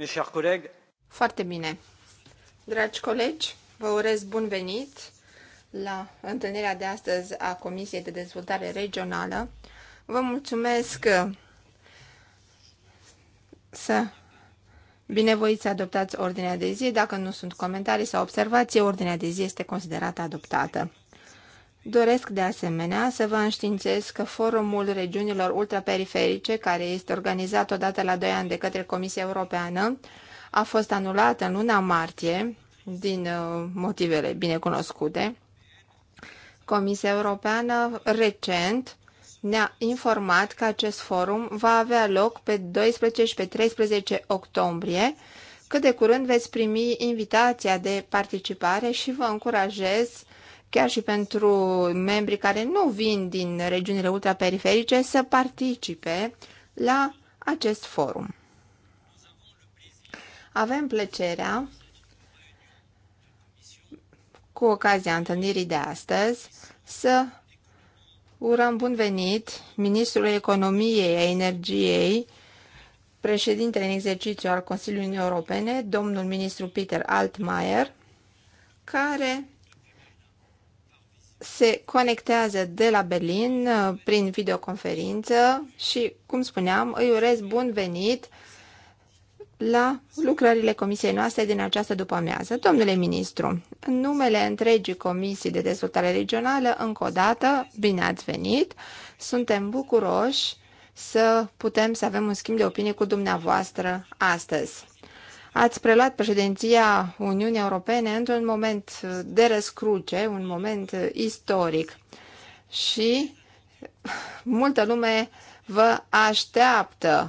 Mes chers collègues. Foarte bine. Dragi colegi, vă urez bun venit la întâlnirea de astăzi a Comisiei de Dezvoltare Regională. Vă mulțumesc să binevoiți să adoptați ordinea de zi. Dacă nu sunt comentarii sau observații, ordinea de zi este considerată adoptată. Doresc de asemenea să vă înștiințez că Forumul Regiunilor Ultraperiferice, care este organizat odată la 2 ani de către Comisia Europeană, a fost anulat în luna martie din uh, motivele binecunoscute. Comisia Europeană recent ne-a informat că acest forum va avea loc pe 12 și pe 13 octombrie. Cât de curând veți primi invitația de participare și vă încurajez chiar și pentru membrii care nu vin din regiunile ultraperiferice, să participe la acest forum. Avem plăcerea, cu ocazia întâlnirii de astăzi, să urăm bun venit Ministrului Economiei, a Energiei, președintele în exercițiu al Consiliului Uniunii Europene, domnul ministru Peter Altmaier, care se conectează de la Berlin uh, prin videoconferință și, cum spuneam, îi urez bun venit la lucrările comisiei noastre din această după-amiază. Domnule ministru, în numele întregii Comisii de Dezvoltare Regională, încă o dată, bine ați venit! Suntem bucuroși să putem să avem un schimb de opinie cu dumneavoastră astăzi. Ați preluat președinția Uniunii Europene într-un moment de răscruce, un moment istoric și multă lume vă așteaptă.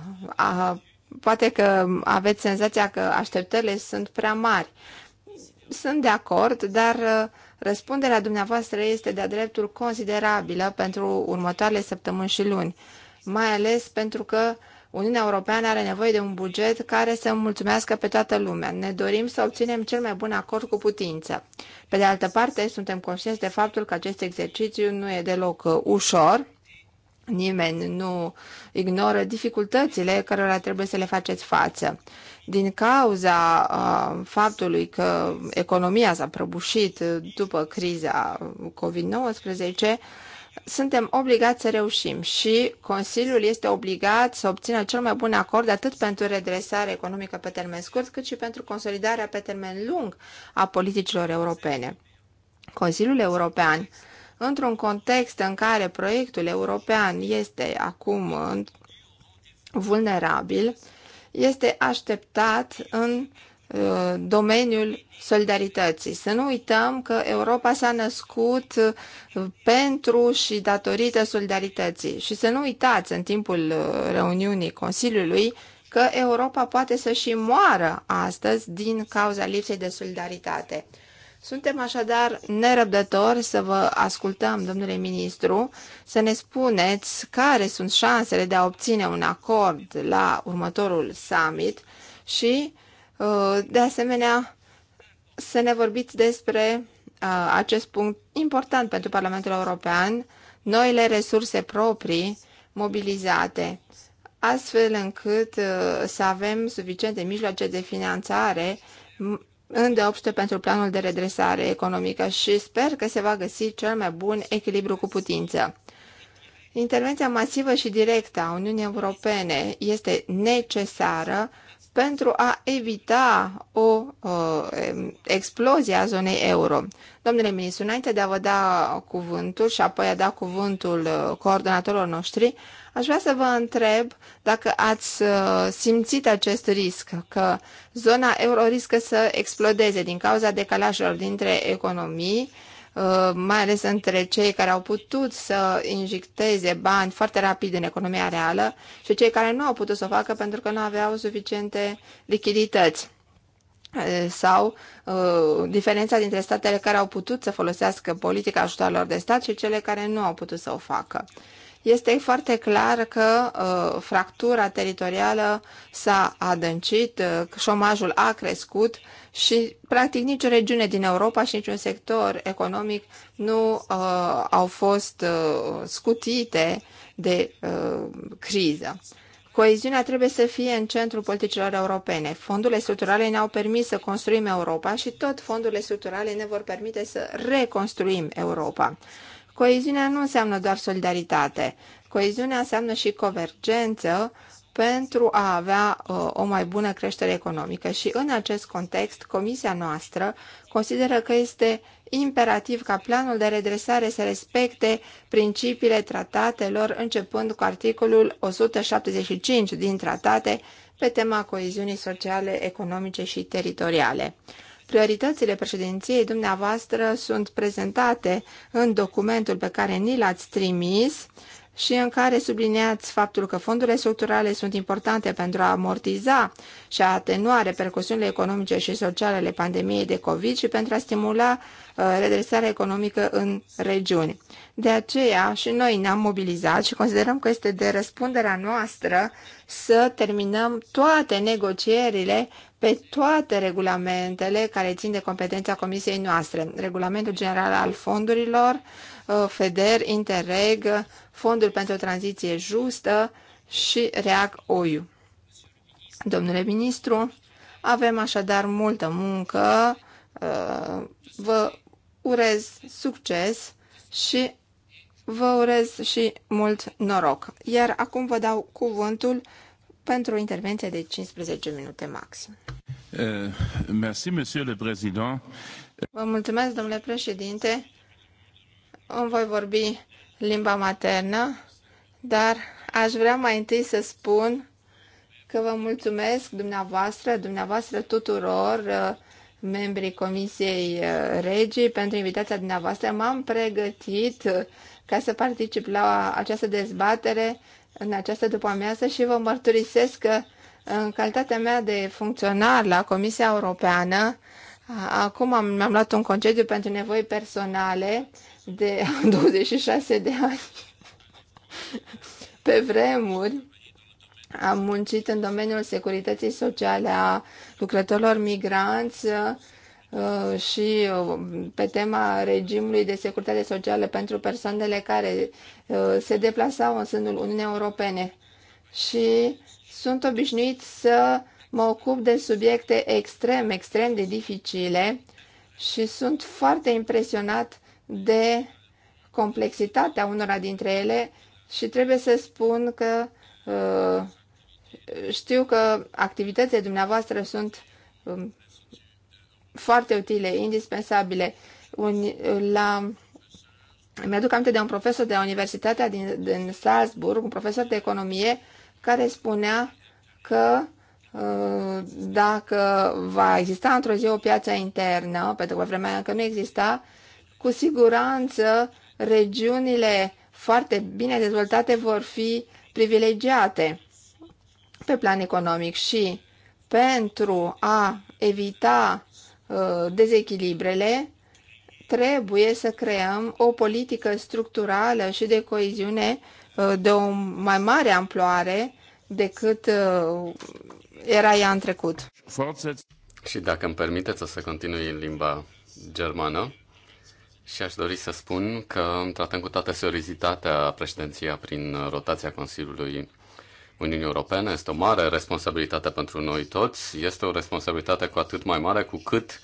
Poate că aveți senzația că așteptările sunt prea mari. Sunt de acord, dar uh, răspunderea dumneavoastră este de-a dreptul considerabilă pentru următoarele săptămâni și luni, mai ales pentru că Uniunea Europeană are nevoie de un buget care să mulțumească pe toată lumea. Ne dorim să obținem cel mai bun acord cu putință. Pe de altă parte, suntem conștienți de faptul că acest exercițiu nu e deloc uh, ușor. Nimeni nu ignoră dificultățile cărora trebuie să le faceți față. Din cauza uh, faptului că economia s-a prăbușit uh, după criza uh, COVID-19, suntem obligați să reușim și Consiliul este obligat să obțină cel mai bun acord atât pentru redresare economică pe termen scurt, cât și pentru consolidarea pe termen lung a politicilor europene. Consiliul European, într-un context în care proiectul european este acum vulnerabil, este așteptat în domeniul solidarității. Să nu uităm că Europa s-a născut pentru și datorită solidarității. Și să nu uitați în timpul uh, reuniunii Consiliului că Europa poate să și moară astăzi din cauza lipsei de solidaritate. Suntem așadar nerăbdători să vă ascultăm, domnule ministru, să ne spuneți care sunt șansele de a obține un acord la următorul summit și Uh, de asemenea, să ne vorbiți despre uh, acest punct important pentru Parlamentul European, noile resurse proprii mobilizate, astfel încât uh, să avem suficiente mijloace de finanțare îndeopște pentru planul de redresare economică și sper că se va găsi cel mai bun echilibru cu putință. Intervenția masivă și directă a Uniunii Europene este necesară pentru a evita o uh, explozie a zonei euro. Domnule ministru, înainte de a vă da cuvântul și apoi a da cuvântul uh, coordonatorilor noștri, aș vrea să vă întreb dacă ați uh, simțit acest risc, că zona euro riscă să explodeze din cauza decalajelor dintre economii, uh, Uh, mai ales între cei care au putut să injecteze bani foarte rapid în economia reală și cei care nu au putut să o facă pentru că nu aveau suficiente lichidități uh, sau uh, diferența dintre statele care au putut să folosească politica ajutorilor de stat și cele care nu au putut să o facă. Este foarte clar că uh, fractura teritorială s-a adâncit, uh, șomajul a crescut și practic nicio regiune din Europa și niciun sector economic nu uh, au fost uh, scutite de uh, criză. Coeziunea trebuie să fie în centrul politicilor europene. Fondurile structurale ne-au permis să construim Europa și tot fondurile structurale ne vor permite să reconstruim Europa. Coeziunea nu înseamnă doar solidaritate. Coeziunea înseamnă și convergență pentru a avea uh, o mai bună creștere economică și în acest context comisia noastră consideră că este imperativ ca planul de redresare să respecte principiile tratatelor începând cu articolul 175 din tratate pe tema coeziunii sociale, economice și teritoriale. Prioritățile președinției dumneavoastră sunt prezentate în documentul pe care ni l-ați trimis și în care subliniați faptul că fondurile structurale sunt importante pentru a amortiza și a atenua repercusiunile economice și sociale ale pandemiei de COVID și pentru a stimula uh, redresarea economică în regiuni. De aceea și noi ne-am mobilizat și considerăm că este de răspunderea noastră să terminăm toate negocierile pe toate regulamentele care țin de competența comisiei noastre, regulamentul general al fondurilor, Uh, FEDER, Interreg, Fondul pentru o Tranziție Justă și REAC-OIU. Domnule ministru, avem așadar multă muncă, uh, vă urez succes și vă urez și mult noroc. Iar acum vă dau cuvântul pentru o intervenție de 15 minute maxim. Eh, merci, monsieur le président. Vă mulțumesc, domnule președinte îmi voi vorbi limba maternă, dar aș vrea mai întâi să spun că vă mulțumesc dumneavoastră, dumneavoastră tuturor, uh, membrii Comisiei uh, Regii, pentru invitația dumneavoastră. M-am pregătit uh, ca să particip la această dezbatere în această după-amiază și vă mărturisesc că în calitatea mea de funcționar la Comisia Europeană, acum am, mi-am luat un concediu pentru nevoi personale de 26 de ani. Pe vremuri am muncit în domeniul securității sociale a lucrătorilor migranți uh, și uh, pe tema regimului de securitate socială pentru persoanele care uh, se deplasau în sânul Uniunii Europene. Și sunt obișnuit să mă ocup de subiecte extrem, extrem de dificile și sunt foarte impresionat de complexitatea unora dintre ele și trebuie să spun că uh, știu că activitățile dumneavoastră sunt um, foarte utile, indispensabile. la, mi-aduc aminte de un profesor de la Universitatea din, din Salzburg, un profesor de economie, care spunea că uh, dacă va exista într-o zi o piață internă, pentru că vremea încă nu exista, cu siguranță, regiunile foarte bine dezvoltate vor fi privilegiate pe plan economic și pentru a evita uh, dezechilibrele, trebuie să creăm o politică structurală și de coeziune uh, de o mai mare amploare decât uh, era ea în trecut. Și dacă îmi permiteți să continui în limba germană, și aș dori să spun că tratăm cu toată seriozitatea președinția prin rotația Consiliului Uniunii Europene. Este o mare responsabilitate pentru noi toți. Este o responsabilitate cu atât mai mare cu cât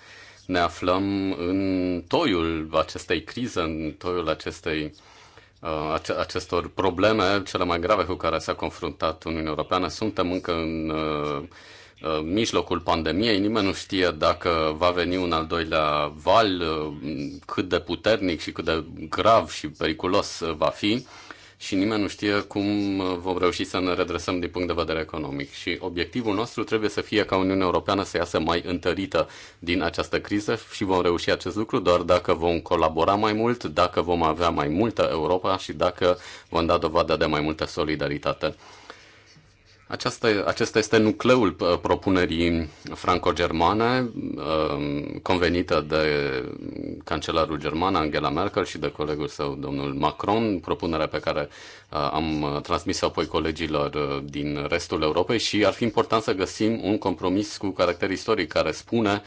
ne aflăm în toiul acestei crize, în toiul acestei, uh, acestor probleme cele mai grave cu care s-a confruntat Uniunea Europeană. Suntem încă în uh, mijlocul pandemiei, nimeni nu știe dacă va veni un al doilea val, cât de puternic și cât de grav și periculos va fi și nimeni nu știe cum vom reuși să ne redresăm din punct de vedere economic. Și obiectivul nostru trebuie să fie ca Uniunea Europeană să iasă mai întărită din această criză și vom reuși acest lucru doar dacă vom colabora mai mult, dacă vom avea mai multă Europa și dacă vom da dovadă de mai multă solidaritate. Aceasta, acesta este nucleul uh, propunerii franco-germane um, convenită de cancelarul german Angela Merkel și de colegul său, domnul Macron, propunerea pe care uh, am uh, transmis-o apoi colegilor din restul Europei și ar fi important să găsim un compromis cu caracter istoric care spune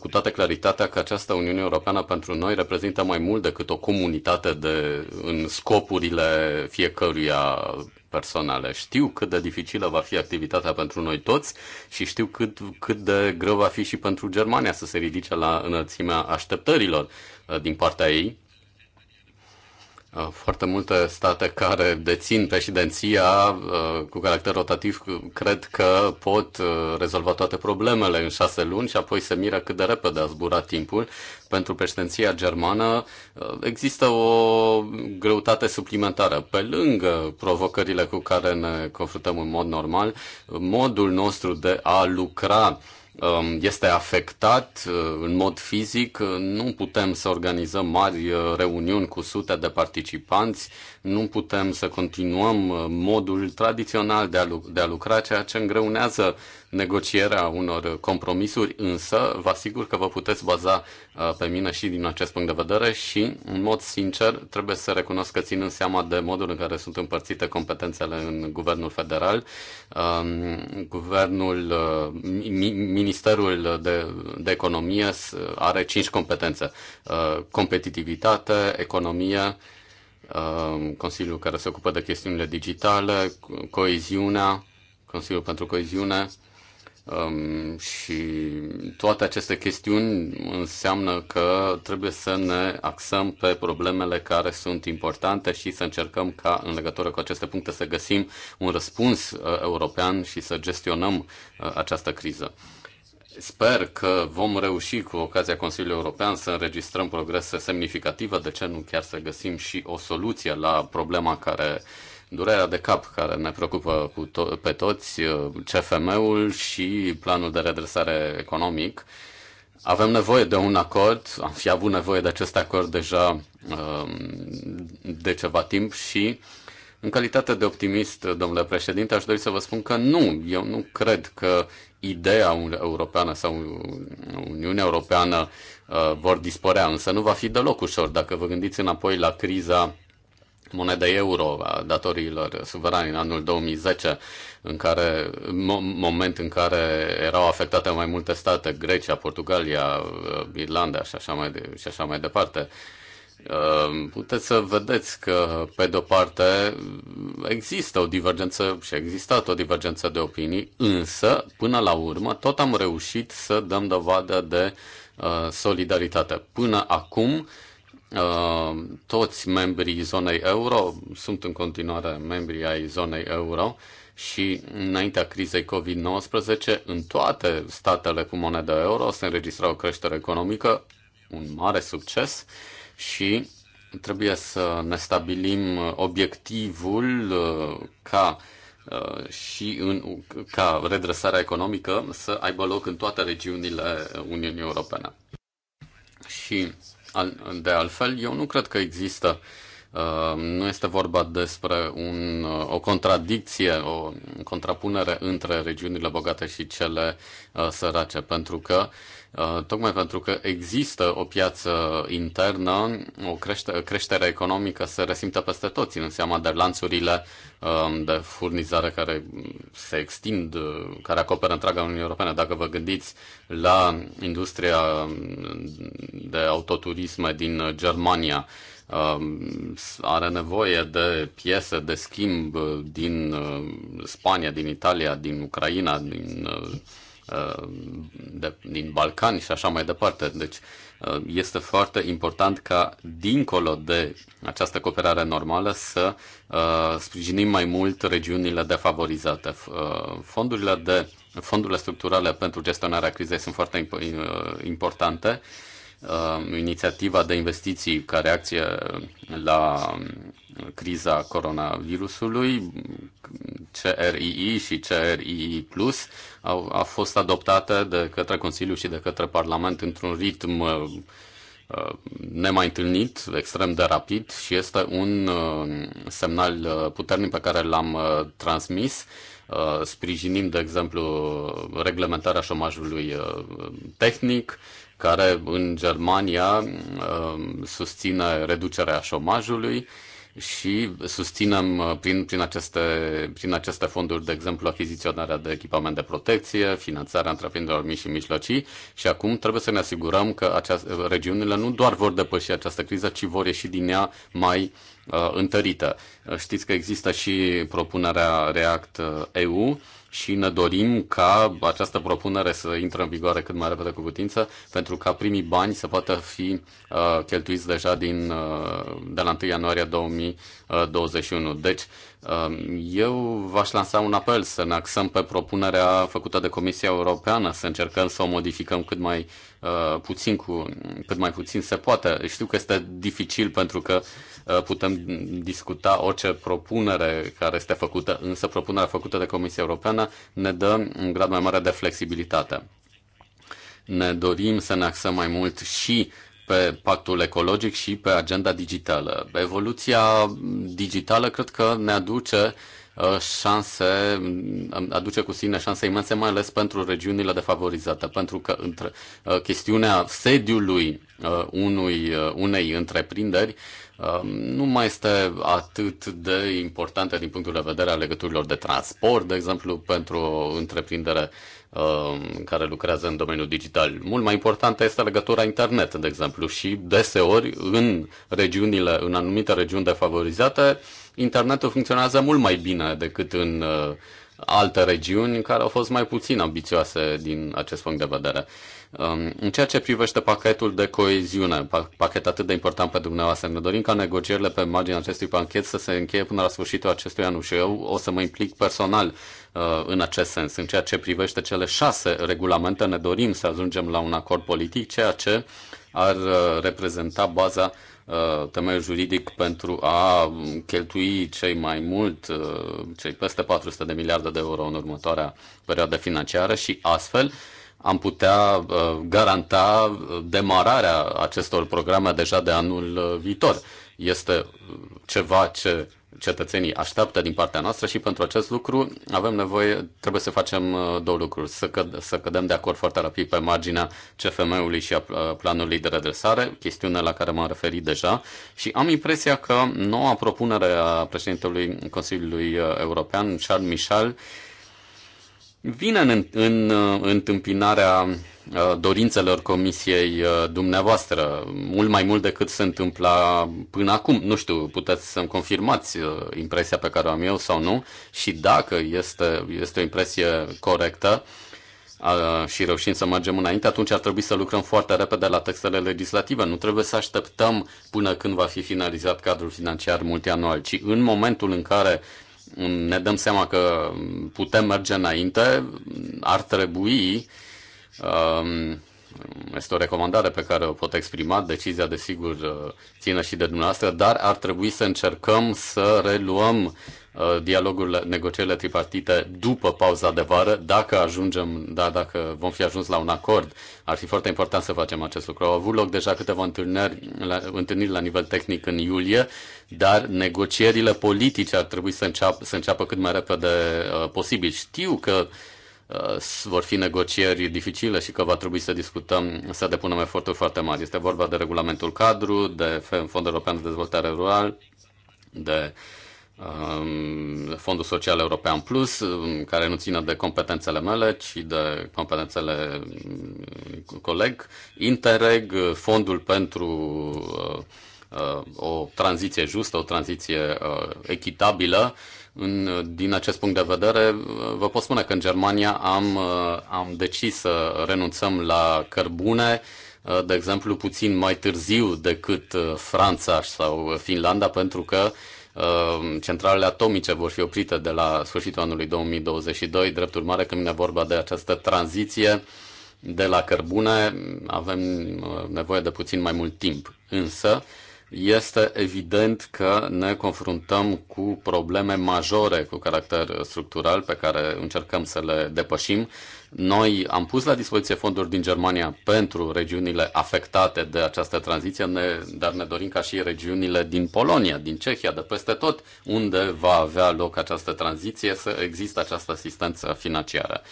cu toată claritatea că această Uniune Europeană pentru noi reprezintă mai mult decât o comunitate de, în scopurile fiecăruia personale. Știu cât de dificilă va fi activitatea pentru noi toți și știu cât, cât de greu va fi și pentru Germania să se ridice la înălțimea așteptărilor uh, din partea ei Uh, foarte multe state care dețin președinția uh, cu caracter rotativ cred că pot uh, rezolva toate problemele în șase luni și apoi se miră cât de repede a zburat timpul. Pentru președinția germană există o greutate suplimentară. Pe lângă provocările cu care ne confruntăm în mod normal, modul nostru de a lucra Um, este afectat uh, în mod fizic, uh, nu putem să organizăm mari uh, reuniuni cu sute de participanți, nu putem să continuăm uh, modul tradițional de a, lu- de a lucra, ceea ce îngreunează negocierea unor compromisuri, însă vă asigur că vă puteți baza uh, pe mine și din acest punct de vedere și, în mod sincer, trebuie să recunosc că în seama de modul în care sunt împărțite competențele în Guvernul Federal, um, Guvernul, uh, Ministerul de, de Economie are cinci competențe. Competitivitate, economie, Um, Consiliul care se ocupă de chestiunile digitale, coeziunea, Consiliul pentru Coeziune um, și toate aceste chestiuni înseamnă că trebuie să ne axăm pe problemele care sunt importante și să încercăm ca în legătură cu aceste puncte să găsim un răspuns uh, european și să gestionăm uh, această criză. Sper că vom reuși cu ocazia Consiliului European să înregistrăm progrese semnificative, de ce nu chiar să găsim și o soluție la problema care durerea de cap care ne preocupă cu to- pe toți, uh, CFM-ul și planul de redresare economic. Avem nevoie de un acord, am fi avut nevoie de acest acord deja um, de ceva timp și în calitate de optimist, domnule președinte, aș dori să vă spun că nu, eu nu cred că ideea europeană sau Uniunea Europeană uh, vor dispărea, însă nu va fi deloc ușor. Dacă vă gândiți înapoi la criza monedei euro a datoriilor suverane în anul 2010, în care, moment în care erau afectate mai multe state, Grecia, Portugalia, uh, Irlanda și așa mai, de, și așa mai departe. Uh, Ehm, puteți să vedeți că, pe de-o parte, există o divergență și a existat o divergență de opinii, însă, până la urmă, tot am reușit să dăm dovadă de eh, solidaritate. Până acum, ehm, toți membrii zonei euro sunt în continuare membrii ai zonei euro și înaintea crizei COVID-19, în toate statele cu monedă euro se înregistra o creștere economică, un mare succes, uh, și trebuie să ne stabilim obiectivul uh, ca uh, și în, ca redresarea economică să aibă loc în toate regiunile Uniunii Europene. Și de altfel, eu nu cred că există, uh, nu este vorba despre un, o contradicție, o contrapunere între regiunile bogate și cele sărace, pentru că Uh, tocmai pentru că există o piață internă, o creștere, creștere economică se resimte peste tot, ținând seama de lanțurile um, de furnizare care se extind, uh, care acoperă întreaga Uniune Europeană. Dacă vă gândiți la industria um, de autoturisme din Germania, um, are nevoie de piese de schimb uh, din Spania, din Italia, din Ucraina, din Uh, de, din Balcani și așa mai departe. Deci uh, este foarte important ca, dincolo de această cooperare normală, să uh, sprijinim mai mult regiunile defavorizate. Fondurile, de, fondurile structurale pentru gestionarea crizei sunt foarte importante. Inițiativa de investiții ca reacție la criza coronavirusului, CRII și CRII Plus au, fost adoptată de către Consiliu și de către Parlament într-un ritm uh, uh nemai întâlnit, extrem de rapid și este un uh, semnal uh, puternic pe care l-am uh, transmis. Uh, Sprijinim, de exemplu, reglementarea șomajului tehnic, care în Germania susține reducerea șomajului și susținem uh, prin, prin, aceste, prin aceste fonduri, de exemplu, achiziționarea de echipament de protecție, finanțarea întreprinderilor mici și mijlocii și acum trebuie să ne asigurăm că aceast, regiunile nu doar vor depăși această criză, ci vor ieși din ea mai uh, întărită. Uh, știți că există și propunerea React uh, EU, și ne dorim ca această propunere să intre în vigoare cât mai repede cu putință, pentru ca primii bani să poată fi uh, cheltuiți deja din, uh, de la 1 ianuarie 2021. Uh, deci, Um, eu v-aș lansa un apel să ne axăm pe propunerea făcută de Comisia Europeană, să încercăm să o modificăm cât mai uh, puțin cu cât mai puțin se poate. Știu că este dificil pentru că uh, putem discuta orice propunere care este făcută, însă propunerea făcută de Comisia Europeană ne dă un grad mai mare de flexibilitate. Ne dorim să ne axăm mai mult și uh, pe pactul ecologic și pe agenda digitală. Evoluția digitală cred că ne aduce uh, șanse, mm, aduce cu sine șanse imense, mai ales pentru regiunile defavorizate, pentru că între uh, chestiunea sediului uh, unui, unei întreprinderi um, nu mai este atât de importantă din punctul de vedere a legăturilor de transport, de exemplu, pentru o întreprindere uh, Uh, care lucrează în domeniul digital. Mult mai importantă este legătura internet, de exemplu, și deseori în regiunile, în anumite regiuni defavorizate, internetul funcționează mult mai bine decât în uh, alte regiuni care au fost mai puțin ambițioase din acest punct de vedere. Um, în ceea ce privește pachetul de coeziune, pachet atât de important pe dumneavoastră, ne dorim ca negocierile pe marginea acestui pachet să se încheie până la sfârșitul acestui an și eu o să mă implic personal uh, în acest sens. În ceea ce privește cele șase regulamente, ne dorim să ajungem la un acord politic, ceea ce ar uh, reprezenta baza uh, temeiul juridic pentru a um, cheltui cei mai mult, cei peste 400 de miliarde de euro în următoarea perioadă financiară și astfel am putea uh, garanta demararea acestor programe deja de anul uh, viitor. Este uh, ceva ce cetățenii așteaptă din partea noastră și pentru acest lucru avem nevoie, trebuie să facem două lucruri, să, căd, să cădem de acord foarte rapid pe marginea CFM-ului și a planului de redresare, chestiune la care m-am referit deja și am impresia că noua propunere a președintelui Consiliului European, Charles Michel, uh, vine în, în uh, întâmpinarea uh, dorințelor comisiei uh, dumneavoastră, mult mai mult decât se întâmpla până acum. Nu știu, puteți să-mi confirmați impresia pe care o am eu sau nu și dacă este, este o impresie corectă și reușim să mergem înainte, atunci ar trebui să lucrăm foarte repede la textele legislative. Nu trebuie să așteptăm până când va fi finalizat cadrul financiar multianual, ci în momentul în care ne dăm seama că putem merge înainte, ar trebui, um, este o recomandare pe care o pot exprima, decizia desigur uh, ține și de dumneavoastră, dar ar trebui să încercăm să reluăm Uh, dialogurile, negocierile tripartite după pauza de vară, dacă ajungem, da, dacă vom fi ajuns la un acord, ar fi foarte important să facem acest lucru. Au avut loc deja câteva întâlniri la, întâlniri la nivel tehnic în iulie, dar negocierile politice ar trebui să, înceapă, să înceapă cât mai repede uh, posibil. Știu că uh, vor fi negocieri dificile și că va trebui să discutăm, să depunem eforturi foarte mari. Este vorba de regulamentul cadru, de Fondul European de Dezvoltare Rural, de uh, Um, fondul Social European Plus, um, care nu ține de competențele mele, ci de competențele um, coleg, Interreg, Fondul pentru uh, uh, o tranziție justă, o tranziție uh, echitabilă. În, din acest punct de vedere, vă pot spune că în Germania am, am decis să renunțăm la cărbune, de exemplu, puțin mai târziu decât Franța sau Finlanda, pentru că uh, Ehm, centralele atomice vor fi oprite de la sfârșitul anului 2022. Drept urmare, când vine vorba de această tranziție de la cărbune, avem ehm, nevoie de puțin mai mult timp. Însă, este evident că ne confruntăm cu probleme majore cu caracter structural pe care încercăm să le depășim. Noi am pus la dispoziție fonduri din Germania pentru regiunile afectate de această tranziție, ne, dar ne dorim ca și regiunile din Polonia, din Cehia, de peste tot, unde va avea loc această tranziție, să există această asistență financiară.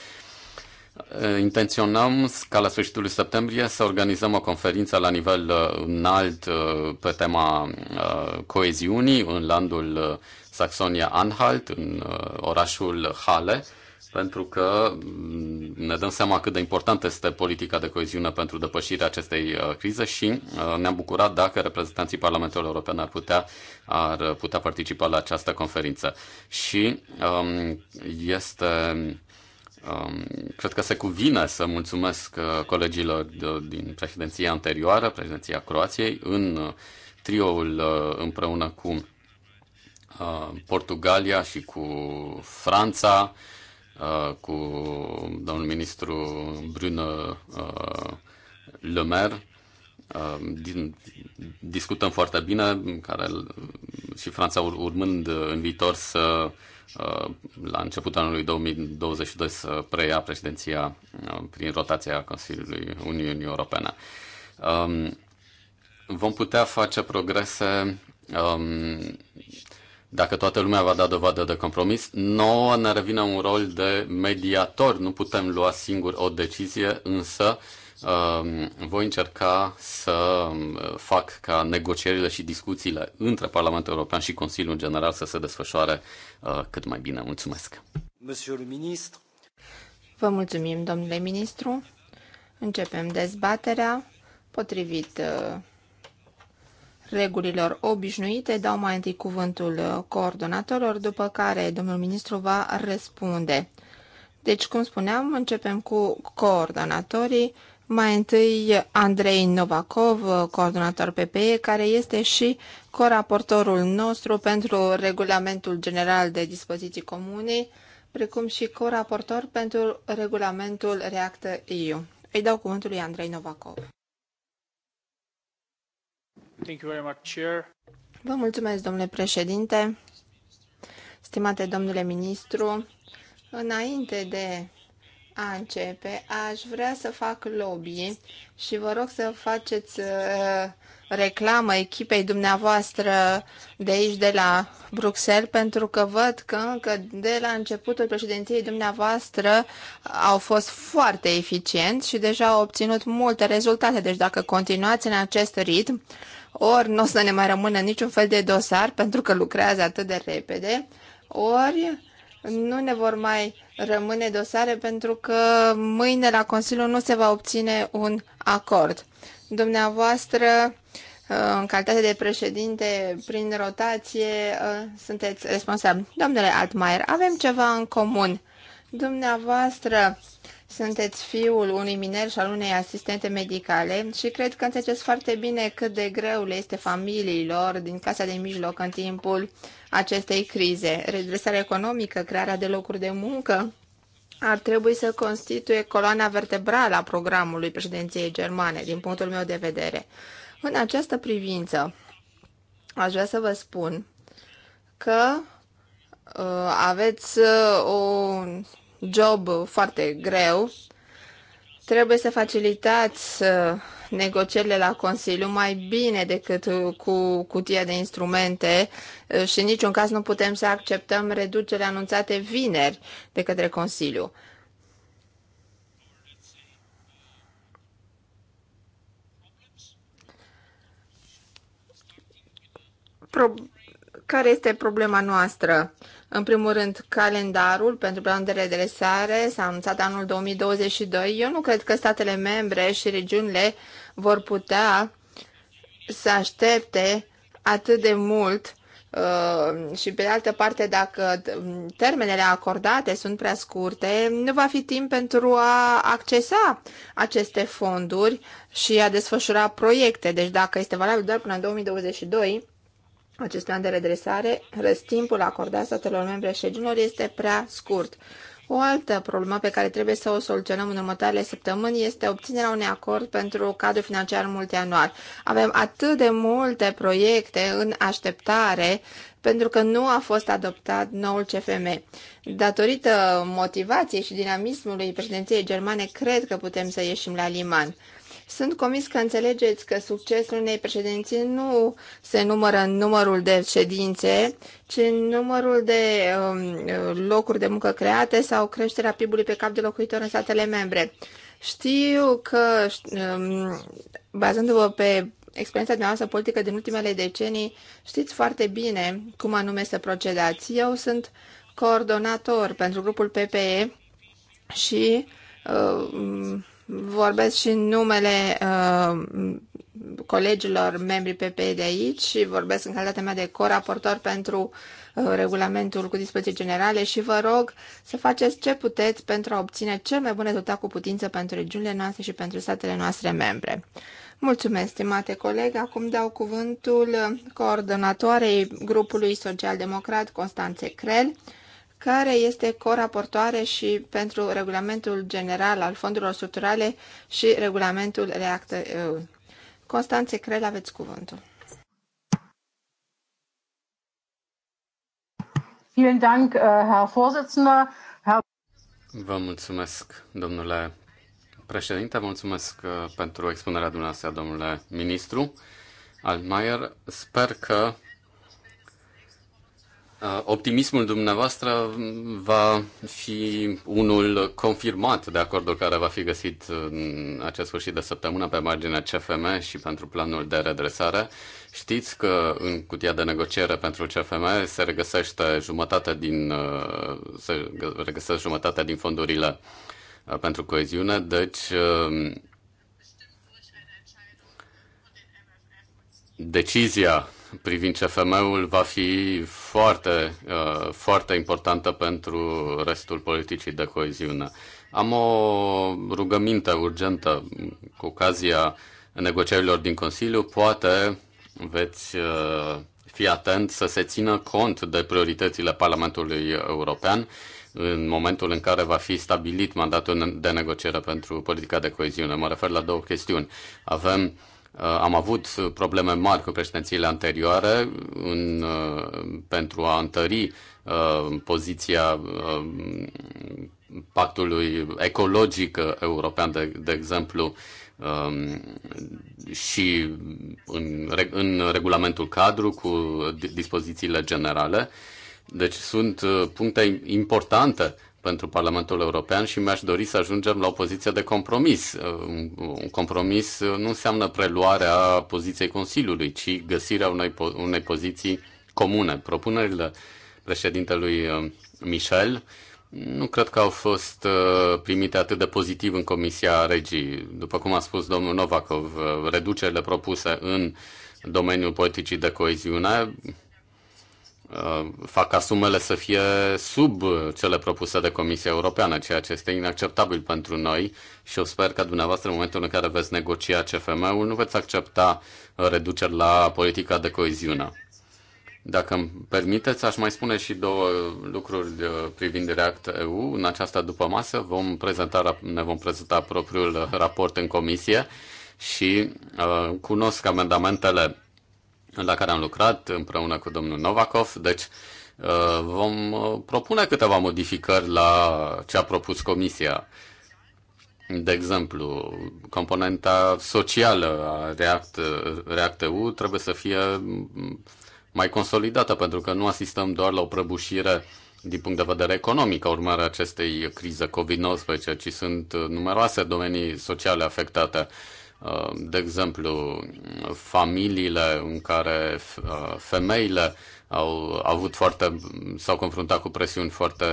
Eh, intenționăm ca la sfârșitul septembrie să organizăm o conferință la nivel eh, înalt eh, pe tema coeziunii în landul Saxonia-Anhalt, în orașul Halle, pentru că mm, ne dăm seama cât de importantă este politica de coeziune pentru depășirea acestei crize și ne-am bucurat dacă reprezentanții Parlamentului European ar putea, ar putea participa la această conferință. Și ehm, este Um, cred că se cuvine să mulțumesc uh, colegilor de, din președinția anterioară, președinția Croației, în uh, trioul uh, împreună cu uh, Portugalia și cu Franța, uh, cu domnul ministru Bruno uh, Le Maire, din, discutăm foarte bine, care și Franța urmând în viitor să Uh, la începutul anului 2022 să preia președinția uh, prin rotația Consiliului Uniunii Europene. Um, vom putea face progrese um, dacă toată lumea va da dovadă de compromis, nouă ne revine un rol de mediator. Nu putem lua singur o decizie, însă Um, voi încerca să um, fac ca negocierile și discuțiile între Parlamentul European și Consiliul general să se desfășoare uh, cât mai bine. Mulțumesc! Vă mulțumim, domnule ministru. Începem dezbaterea potrivit uh, regulilor obișnuite. Dau mai întâi cuvântul uh, coordonatorilor, după care domnul ministru va răspunde. Deci, cum spuneam, începem cu coordonatorii. Mai întâi Andrei Novakov, coordonator PPE, care este și coraportorul nostru pentru Regulamentul General de Dispoziții Comune, precum și coraportor pentru Regulamentul REACT-EU. Îi dau cuvântul lui Andrei Novakov. Thank you very much, Chair. Vă mulțumesc, domnule președinte, stimate domnule ministru. Înainte de a începe, aș vrea să fac lobby și vă rog să faceți uh, reclamă echipei dumneavoastră de aici, de la Bruxelles, pentru că văd că încă de la începutul președinției dumneavoastră au fost foarte eficienți și deja au obținut multe rezultate. Deci dacă continuați în acest ritm, ori nu o să ne mai rămână niciun fel de dosar pentru că lucrează atât de repede, ori nu ne vor mai rămâne dosare pentru că mâine la Consiliu nu se va obține un acord. Dumneavoastră, uh, în calitate de președinte, prin rotație, uh, sunteți responsabil. Domnule Altmaier, avem ceva în comun. Dumneavoastră, sunteți fiul unui miner și al unei asistente medicale și cred că înțelegeți foarte bine cât de greu le este familiilor din casa de mijloc în timpul acestei crize. Redresarea economică, crearea de locuri de muncă ar trebui să constituie coloana vertebrală a programului președinției germane, din punctul meu de vedere. În această privință, aș vrea să vă spun că uh, aveți uh, o job foarte greu. Trebuie să facilitați uh, negocierile la Consiliu mai bine decât uh, cu cutia de instrumente uh, și în niciun caz nu putem să acceptăm reducerea anunțate vineri de către Consiliu. Pro- care este problema noastră? În primul rând, calendarul pentru planul de redresare s-a anunțat anul 2022. Eu nu cred că statele membre și regiunile vor putea să aștepte atât de mult uh, și pe de altă parte, dacă um, termenele acordate sunt prea scurte, nu va fi timp pentru a accesa aceste fonduri și a desfășura proiecte. Deci dacă este valabil doar până în 2022, acest plan de redresare, răstimpul acordat statelor membre șeginilor este prea scurt. O altă problemă pe care trebuie să o soluționăm în următoarele săptămâni este obținerea unui acord pentru cadrul financiar multianual. Avem atât de multe proiecte în așteptare pentru că nu a fost adoptat noul CFM. Datorită motivației și dinamismului președinției germane, cred că putem să ieșim la liman. Sunt comis că înțelegeți că succesul unei președinții nu se numără în numărul de ședințe, ci în numărul de um, locuri de muncă create sau creșterea PIB-ului pe cap de locuitor în statele membre. Știu că, um, bazându-vă pe experiența dumneavoastră politică din ultimele decenii, știți foarte bine cum anume să procedați. Eu sunt coordonator pentru grupul PPE și uh, um, vorbesc și în numele uh, colegilor membrii PP de aici și vorbesc în calitatea mea de coraportor pentru uh, regulamentul cu dispoziții generale și vă rog să faceți ce puteți pentru a obține cel mai bun rezultat cu putință pentru regiunile noastre și pentru statele noastre membre. Mulțumesc, stimate coleg. Acum dau cuvântul uh, coordonatoarei grupului social-democrat Constanțe Crel care este coraportoare și pentru regulamentul general al fondurilor structurale și regulamentul REACT-EU. Uh, Constanțe Crel, aveți cuvântul. Uh, Vă mulțumesc, domnule președinte, mulțumesc uh, pentru expunerea dumneavoastră, domnule ministru Altmaier. Sper că Uh, optimismul dumneavoastră va fi unul confirmat de acordul care va fi găsit în acest sfârșit de săptămână pe marginea CFM și pentru planul de redresare. Știți că în cutia de negociere pentru CFM se regăsește jumătate din, uh, se regăsește jumătate din fondurile uh, pentru coeziune, deci decizia privind CFM-ul va fi foarte, uh, foarte importantă pentru restul politicii de coeziune. Am o rugăminte urgentă cu ocazia negocierilor din Consiliu. Poate veți uh, fi atent să se țină cont de prioritățile Parlamentului European în momentul în care va fi stabilit mandatul de negociere pentru politica de coeziune. Mă refer la două chestiuni. Avem uh, Uh, am avut probleme mari cu președințiile anterioare în, uh, pentru a întări uh, poziția pactului ecologic european, de, de exemplu, um, și în, în regulamentul cadru cu dispozițiile generale. Deci sunt puncte importante pentru Parlamentul European și mi-aș dori să ajungem la o poziție de compromis. Uh, un compromis uh, nu înseamnă preluarea poziției Consiliului, ci găsirea unei, unei poziții comune. Propunerile președintelui uh, Michel nu cred că au fost primite atât de pozitiv în Comisia Regii. După cum a spus domnul Novakov, reducerile propuse în domeniul politicii de coeziune Uh, fac ca sumele să fie sub cele propuse de Comisia Europeană, ceea ce este inacceptabil pentru noi și eu sper că dumneavoastră în momentul în care veți negocia CFM-ul nu veți accepta uh, reduceri la politica de coeziune. Dacă îmi permiteți, aș mai spune și două lucruri uh, privind React EU. În această după masă vom prezenta, ne vom prezenta propriul raport în comisie și uh, cunosc amendamentele la care am lucrat împreună cu domnul Novakov. Deci uh, vom uh, propune câteva modificări la ce a propus Comisia. De exemplu, componenta socială a React, React-EU trebuie să fie mai consolidată, pentru că nu asistăm doar la o prăbușire din punct de vedere economic, ca urmare acestei crize COVID-19, ci sunt numeroase domenii sociale afectate Uh, de exemplu, familiile în care uh, femeile au avut foarte, s-au confruntat cu presiuni foarte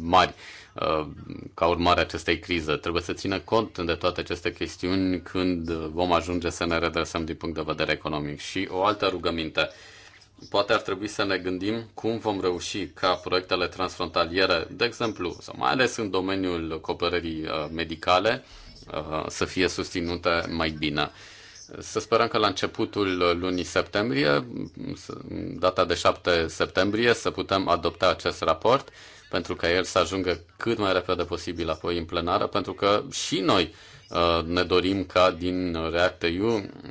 mari uh, ca urmare a acestei crize. Trebuie să țină cont de toate aceste chestiuni când vom ajunge să ne redresăm din punct de vedere economic. Și o altă rugăminte. Poate ar trebui să ne gândim cum vom reuși ca proiectele transfrontaliere, de exemplu, sau mai ales în domeniul cooperării medicale, Uh, să fie susținută mai bine. Să sperăm că la începutul lunii septembrie, data de 7 septembrie, să putem adopta acest raport pentru ca el să ajungă cât mai repede posibil apoi în plenară, pentru că și noi uh, ne dorim ca din react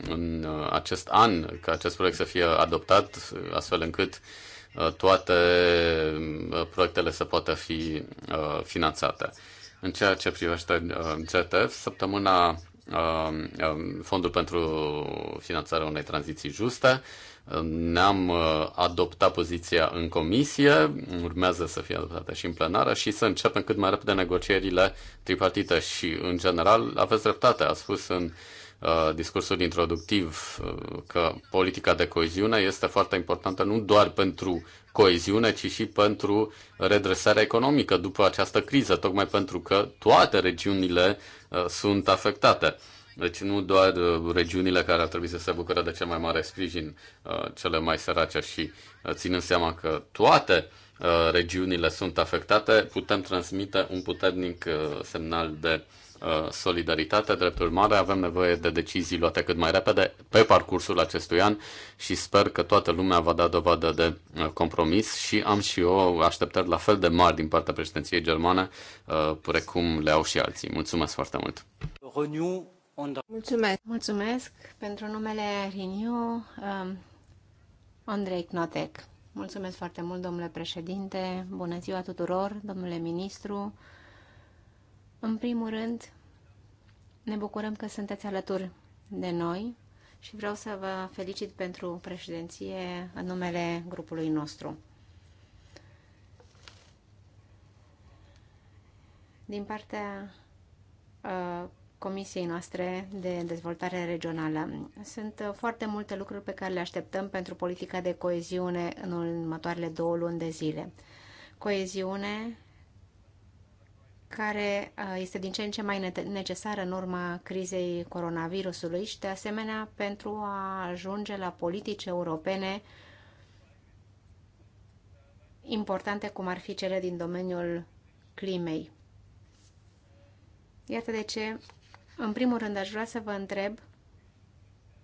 în uh, acest an, ca acest proiect să fie adoptat, astfel încât toate proiectele să poată fi finanțate. În ceea ce privește uh, CTF săptămâna uh, uh, Fondul pentru finanțarea unei tranziții juste. Ne-am adoptat poziția în comisie, urmează să fie adoptată și în plenară și să începem cât mai repede negocierile tripartite și, în general, aveți dreptate, a spus în Uh, discursul introductiv uh, că politica de coeziune este foarte importantă nu doar pentru coeziune, ci și pentru redresarea economică după această criză, tocmai pentru că toate regiunile uh, sunt afectate. Deci nu doar regiunile care ar trebui să se bucure de cel mai mare sprijin, cele mai sărace și ținând seama că toate regiunile sunt afectate, putem transmite un puternic semnal de uh, Uh, solidaritate. Drept urmare, avem nevoie de decizii luate cât mai repede pe parcursul acestui an și sper că toată lumea va da dovadă de uh, compromis și am și eu așteptări la fel de mari din partea președinției germane, uh, precum le au și alții. Mulțumesc foarte mult! Mulțumesc! Mulțumesc pentru numele Renew um, Andrei Knotek. Mulțumesc foarte mult, domnule președinte. Bună ziua tuturor, domnule ministru. În primul rând, ne bucurăm că sunteți alături de noi și vreau să vă felicit pentru președinție în numele grupului nostru. Din partea uh, Comisiei noastre de dezvoltare regională. Sunt uh, foarte multe lucruri pe care le așteptăm pentru politica de coeziune în următoarele două luni de zile. Coeziune care uh, este din ce în ce mai necesară în urma crizei coronavirusului și, de asemenea, pentru a ajunge la politici europene importante, cum ar fi cele din domeniul climei. Iată de ce, în primul rând, aș vrea să vă întreb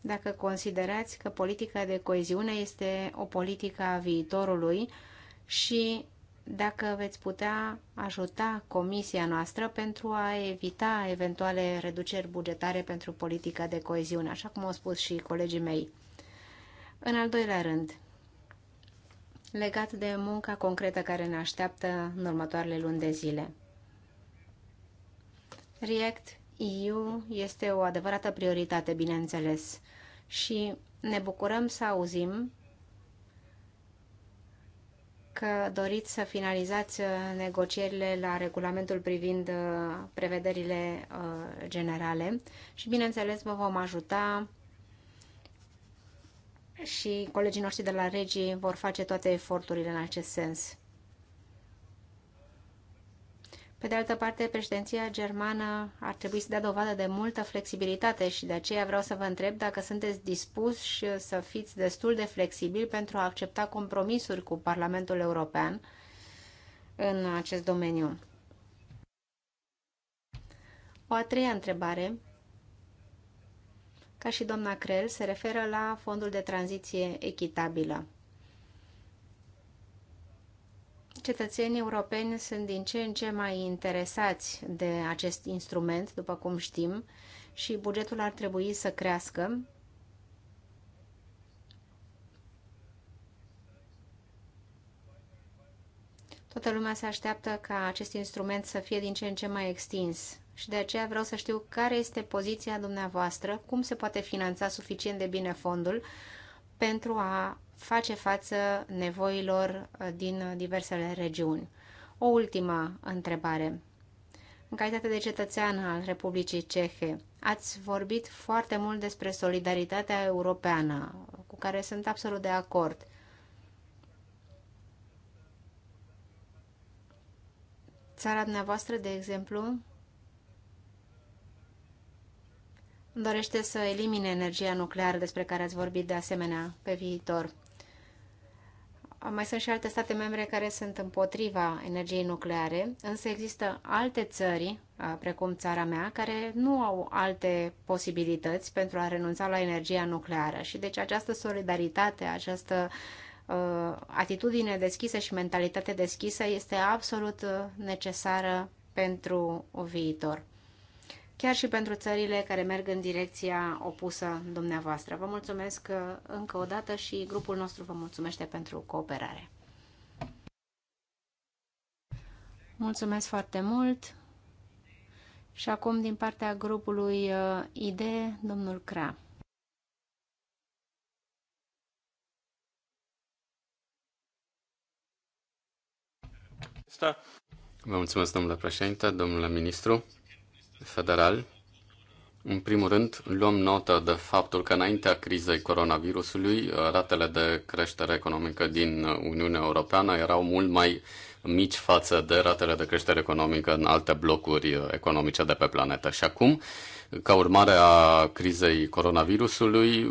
dacă considerați că politica de coeziune este o politică a viitorului și dacă veți putea ajuta comisia noastră pentru a evita eventuale reduceri bugetare pentru politica de coeziune, așa cum au spus și colegii mei. În al doilea rând, legat de munca concretă care ne așteaptă în următoarele luni de zile. React EU este o adevărată prioritate, bineînțeles, și ne bucurăm să auzim dacă doriți să finalizați uh, negocierile la regulamentul privind uh, prevederile uh, generale și, bineînțeles, vă vom ajuta și colegii noștri de la Regii vor face toate eforturile în acest sens. Pe de altă parte, președinția germană ar trebui să dea dovadă de multă flexibilitate și de aceea vreau să vă întreb dacă sunteți dispuși să fiți destul de flexibili pentru a accepta compromisuri cu Parlamentul European în acest domeniu. O a treia întrebare, ca și doamna Crel, se referă la fondul de tranziție echitabilă cetățenii europeni sunt din ce în ce mai interesați de acest instrument, după cum știm, și bugetul ar trebui să crească. Toată lumea se așteaptă ca acest instrument să fie din ce în ce mai extins și de aceea vreau să știu care este poziția dumneavoastră, cum se poate finanța suficient de bine fondul pentru a face față nevoilor uh, din diversele regiuni. O ultimă întrebare. În calitate de cetățean al Republicii Cehe, ați vorbit foarte mult despre solidaritatea europeană, cu care sunt absolut de acord. Țara dumneavoastră, de exemplu, dorește să elimine energia nucleară despre care ați vorbit de asemenea pe viitor mai sunt și alte state membre care sunt împotriva energiei nucleare, însă există alte țări, precum țara mea, care nu au alte posibilități pentru a renunța la energia nucleară. Și deci această solidaritate, această uh, atitudine deschisă și mentalitate deschisă este absolut necesară pentru o viitor chiar și pentru țările care merg în direcția opusă dumneavoastră. Vă mulțumesc uh, încă o dată și grupul nostru vă mulțumește pentru cooperare. Mulțumesc foarte mult! Și acum din partea grupului uh, ID, domnul Cra. Vă mulțumesc, domnule președinte, domnule ministru federal. În primul rând, luăm notă de faptul că înaintea crizei coronavirusului, ratele de creștere economică din Uniunea Europeană erau mult mai mici față de ratele de creștere economică în alte blocuri economice de pe planetă. Și acum, ca urmare a crizei coronavirusului,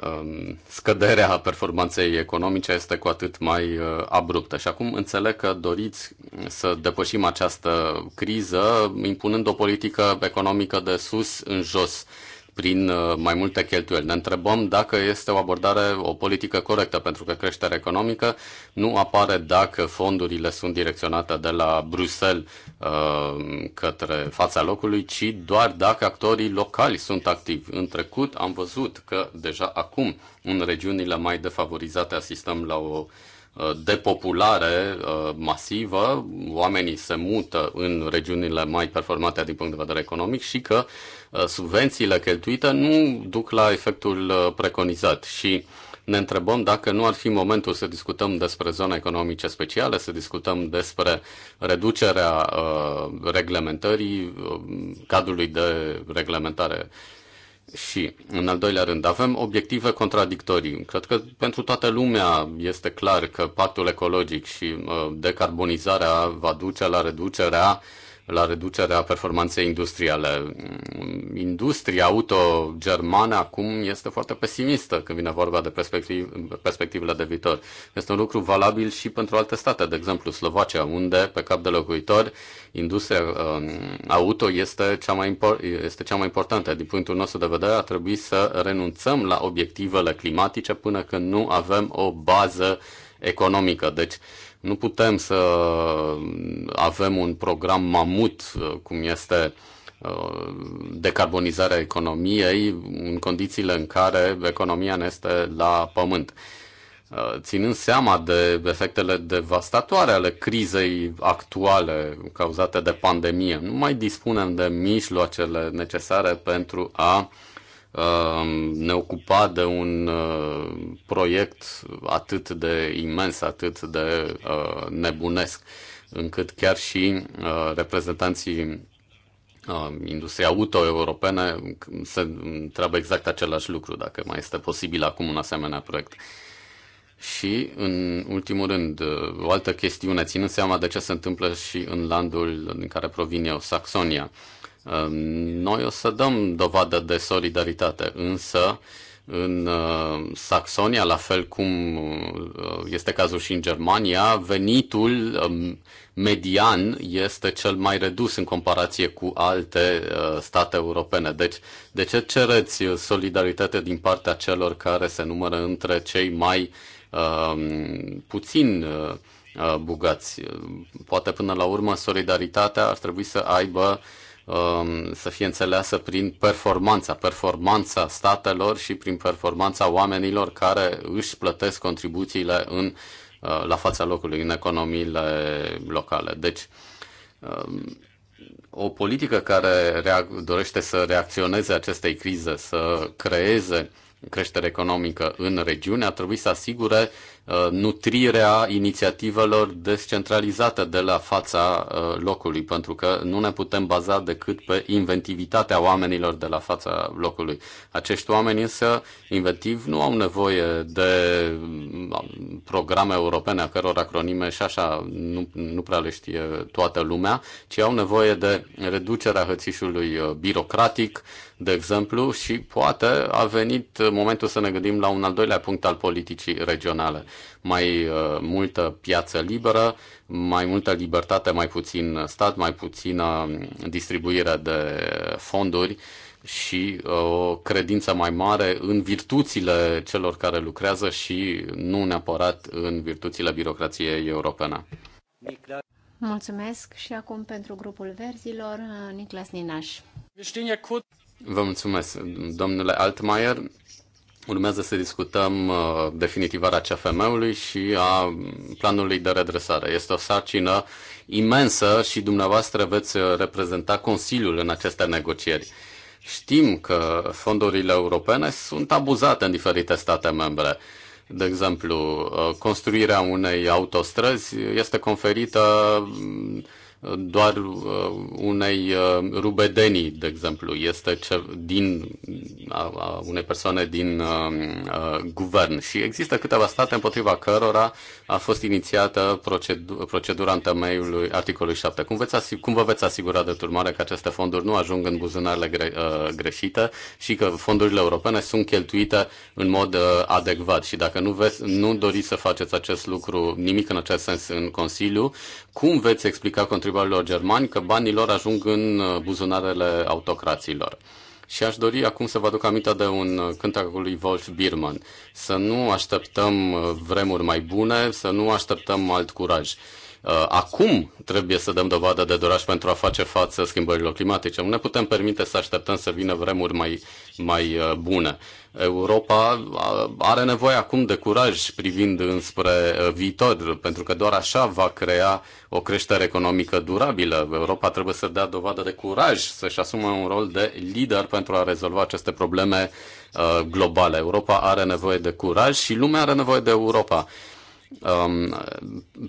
Um, scăderea performanței economice este cu atât mai uh, abruptă. Și acum înțeleg că doriți să depășim această criză impunând o politică economică de sus în jos prin uh, mai multe cheltuieli. Ne întrebăm dacă este o abordare, o politică corectă pentru că creșterea economică nu apare dacă fondurile sunt direcționate de la Bruxelles uh, către fața locului, ci doar dacă actorii locali sunt activi. În trecut am văzut că deja acum în regiunile mai defavorizate asistăm la o uh, depopulare masivă, oamenii se mută în regiunile mai performate din punct de vedere economic și că uh, Uh, subvențiile cheltuite nu duc la efectul uh, preconizat și ne întrebăm dacă nu ar fi momentul să discutăm despre zone economice speciale, să discutăm despre reducerea uh, reglementării, uh, cadrului de reglementare. Și, în al doilea rând, avem obiective contradictorii. Cred că pentru toată lumea este clar că pactul ecologic și uh, decarbonizarea va duce la reducerea uh, la reducerea performanței industriale. Industria auto germană acum este foarte pesimistă când vine vorba de perspectiv, perspectivele de viitor. Este un lucru valabil și pentru alte state, de exemplu Slovacia, unde pe cap de locuitor industria uh, auto este cea, mai impor- este cea mai importantă. Din punctul nostru de vedere, ar trebui să renunțăm la obiectivele climatice până când nu avem o bază economică. Deci, uh, nu putem să avem un program mamut, uh, cum este uh, decarbonizarea economiei, în condițiile în care economia ne este la pământ uh, ținând seama de efectele devastatoare ale crizei actuale cauzate de pandemie, nu mai dispunem de mijloacele necesare pentru a Um, ne ocupa de un uh, proiect atât de imens, atât de uh, nebunesc, încât chiar și uh, reprezentanții um, industria auto-europene se întreabă exact același lucru, dacă mai este posibil acum un asemenea proiect. Și, în ultimul rând, o altă chestiune, ținând seama de ce se întâmplă și în landul din care provin eu, Saxonia. Uh, noi o să dăm dovadă de solidaritate, însă în uh, Saxonia, la fel cum uh, este cazul și în Germania, venitul um, median este cel mai redus în comparație cu alte uh, state europene. Deci, de ce cereți solidaritate din partea celor care se numără între cei mai um, puțin bugați? Poate până la urmă solidaritatea ar trebui să aibă Um, să fie înțeleasă prin performanța, performanța statelor și prin performanța oamenilor care își plătesc contribuțiile în, uh, la fața locului în economiile locale. Deci, um, o politică care dorește să reacționeze acestei crize, să creeze creștere economică în regiune, ar trebui să asigure Uh, nutrirea inițiativelor descentralizate de la fața uh, locului, pentru că nu ne putem baza decât pe inventivitatea oamenilor de la fața locului. Acești oameni însă inventiv nu au nevoie de um, programe europene a căror acronime și așa nu, nu prea le știe toată lumea, ci au nevoie de reducerea hățișului uh, birocratic, de exemplu, și poate a venit momentul să ne gândim la un al doilea punct al politicii regionale mai uh, multă piață liberă, mai multă libertate, mai puțin stat, mai puțină um, distribuire de fonduri și uh, o credință mai mare în virtuțile celor care lucrează și nu neapărat în virtuțile birocrației europene. Mulțumesc și acum pentru grupul verzilor, uh, Niclas Ninaș. Vă mulțumesc, domnule Altmaier. Urmează să discutăm uh, definitivarea CFM-ului și a planului de redresare. Este o sarcină imensă și dumneavoastră veți uh, reprezenta Consiliul în aceste negocieri. Știm că fondurile europene sunt abuzate în diferite state membre. De exemplu, uh, construirea unei autostrăzi este conferită mm, doar uh, unei uh, rubedenii, de exemplu, este ce, din a, unei persoane din uh, guvern. Și există câteva state împotriva cărora a fost inițiată procedu- procedura în temeiului articolului 7. Cum, veți cum vă veți asigura de urmare că aceste fonduri nu ajung în buzunarele gre- greșite și că fondurile europene sunt cheltuite în mod adecvat? Și dacă nu, veți, nu doriți să faceți acest lucru, nimic în acest sens în Consiliu, cum veți explica contribuabililor germani că banii lor ajung în uh, buzunarele autocraților? Și aș dori acum să vă aduc aminte de un uh, cântec al lui Wolf Biermann. Să nu așteptăm uh, vremuri mai bune, să nu așteptăm alt curaj. Uh, acum trebuie să dăm dovadă de doraș pentru a face față schimbărilor climatice. Nu ne putem permite să așteptăm să vină vremuri mai, mai uh, bune. Europa uh, are nevoie acum de curaj privind înspre viitor, pentru că doar așa va crea o creștere economică durabilă. Europa trebuie să dea dovadă de curaj, să-și asume un rol de lider pentru a rezolva aceste probleme globale. Europa are nevoie de curaj și lumea are nevoie de Europa um,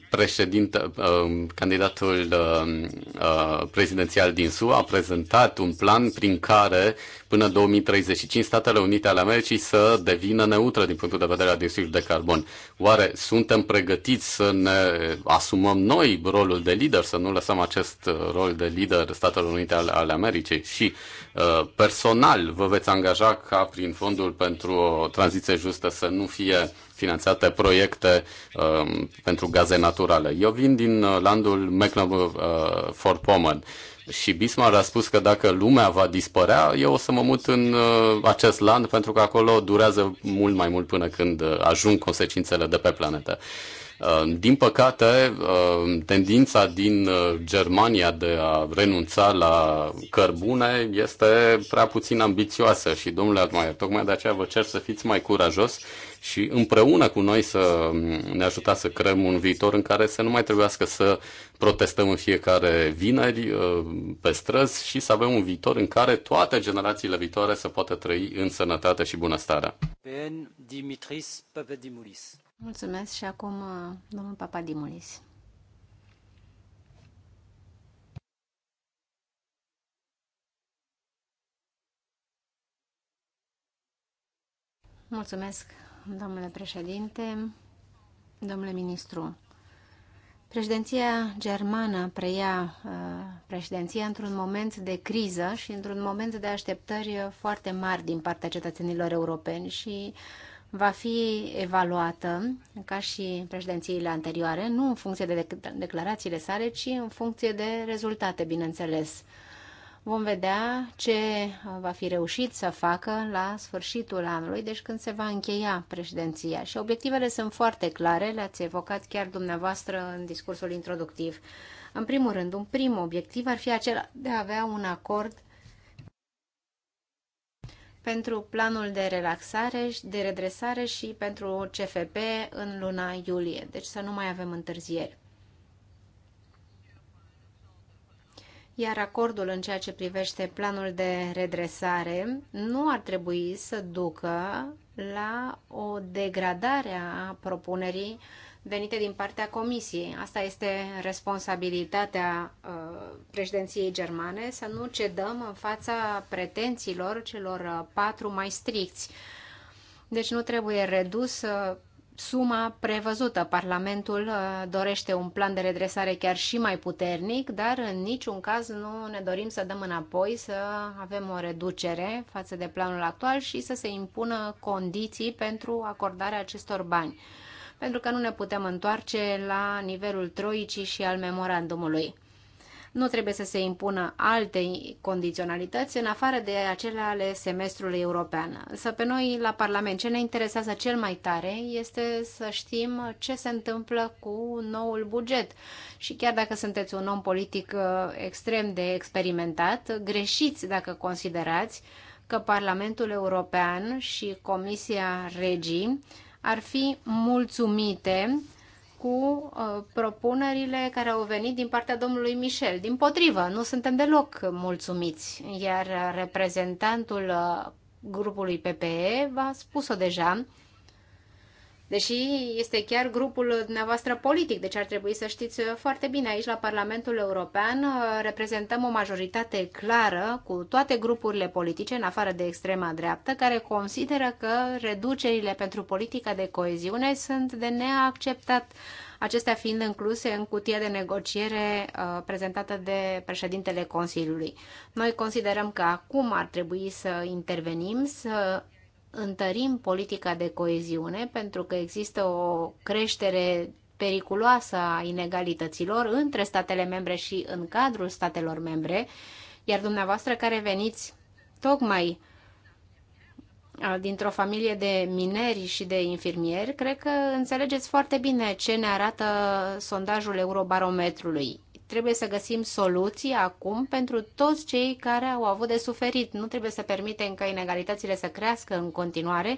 președinte, um, candidatul um, uh, prezidențial din SUA a prezentat un plan prin care până 2035 Statele Unite ale Americii să devină neutră din punctul de vedere al dioxidului de carbon. Oare suntem pregătiți să ne asumăm noi rolul de lider, să nu lăsăm acest uh, rol de lider Statelor Unite ale, ale Americii? Și Uh, personal vă veți angaja ca prin fondul pentru o tranziție justă să nu fie finanțate proiecte um, pentru gaze naturale. Eu vin din uh, landul Mecklenburg-Vorpommern uh, și Bismarck a spus că dacă lumea va dispărea, eu o să mă mut în acest land pentru că acolo durează mult mai mult până când ajung consecințele de pe planetă. Uh, din păcate, uh, tendința din uh, Germania de a renunța la cărbune este prea puțin ambițioasă și, domnule Admaier, tocmai de aceea vă cer să fiți mai curajos și împreună cu noi să um, ne ajutați să creăm un viitor în care să nu mai trebuiască să protestăm în fiecare vineri pe străzi și să avem un viitor în care toate generațiile viitoare să poată trăi în sănătate și bunăstare. Ben Dimitris Mulțumesc și acum uh, domnul Papadimulis. Mulțumesc, domnule președinte, domnule ministru. Președinția germană preia uh, președinția într-un moment de criză și într-un moment de așteptări foarte mari din partea cetățenilor europeni și uh, va fi evaluată, ca și președințiile anterioare, nu în funcție de declarațiile sale, ci în funcție de rezultate, bineînțeles. Vom vedea ce va fi reușit să facă la sfârșitul anului, deci când se va încheia președinția. Și obiectivele sunt foarte clare, le-ați evocat chiar dumneavoastră în discursul introductiv. În primul rând, un prim obiectiv ar fi acela de a avea un acord pentru planul de relaxare, de redresare și pentru CFP în luna iulie, deci să nu mai avem întârzieri. Iar acordul în ceea ce privește planul de redresare nu ar trebui să ducă la o degradare a propunerii uh, venite din partea Comisiei. Asta este responsabilitatea uh, președinției germane, să nu cedăm în fața pretențiilor celor uh, patru mai stricți. Deci nu trebuie redus suma prevăzută. Parlamentul uh, dorește un plan de redresare chiar și mai puternic, dar în niciun caz nu ne dorim să dăm înapoi, să avem o reducere față de planul actual și să se impună condiții pentru acordarea acestor bani pentru că nu ne putem întoarce la nivelul troicii și al memorandumului. Nu trebuie să se impună alte condiționalități în afară de acelea ale semestrului european. Să pe noi la Parlament ce ne interesează cel mai tare este să știm ce se întâmplă cu noul buget. Și chiar dacă sunteți un om politic uh, extrem de experimentat, greșiți dacă considerați că Parlamentul European și Comisia Regii ar fi mulțumite cu uh, propunerile care au venit din partea domnului Michel. Din potrivă, nu suntem deloc mulțumiți, iar reprezentantul uh, grupului PPE v-a spus-o deja, deși este chiar grupul dumneavoastră politic, deci ar trebui să știți foarte bine aici la Parlamentul European uh, reprezentăm o majoritate clară cu toate grupurile politice, în afară de extrema dreaptă, care consideră că reducerile pentru politica de coeziune sunt de neacceptat acestea fiind incluse în cutia de negociere uh, prezentată de președintele Consiliului. Noi considerăm că acum ar trebui să intervenim, să întărim politica de coeziune pentru că există o creștere periculoasă a inegalităților între statele membre și în cadrul statelor membre, iar dumneavoastră care veniți tocmai dintr-o familie de mineri și de infirmieri, cred că înțelegeți foarte bine ce ne arată sondajul Eurobarometrului trebuie să găsim soluții acum pentru toți cei care au avut de suferit. Nu trebuie să permitem ca inegalitățile să crească în continuare,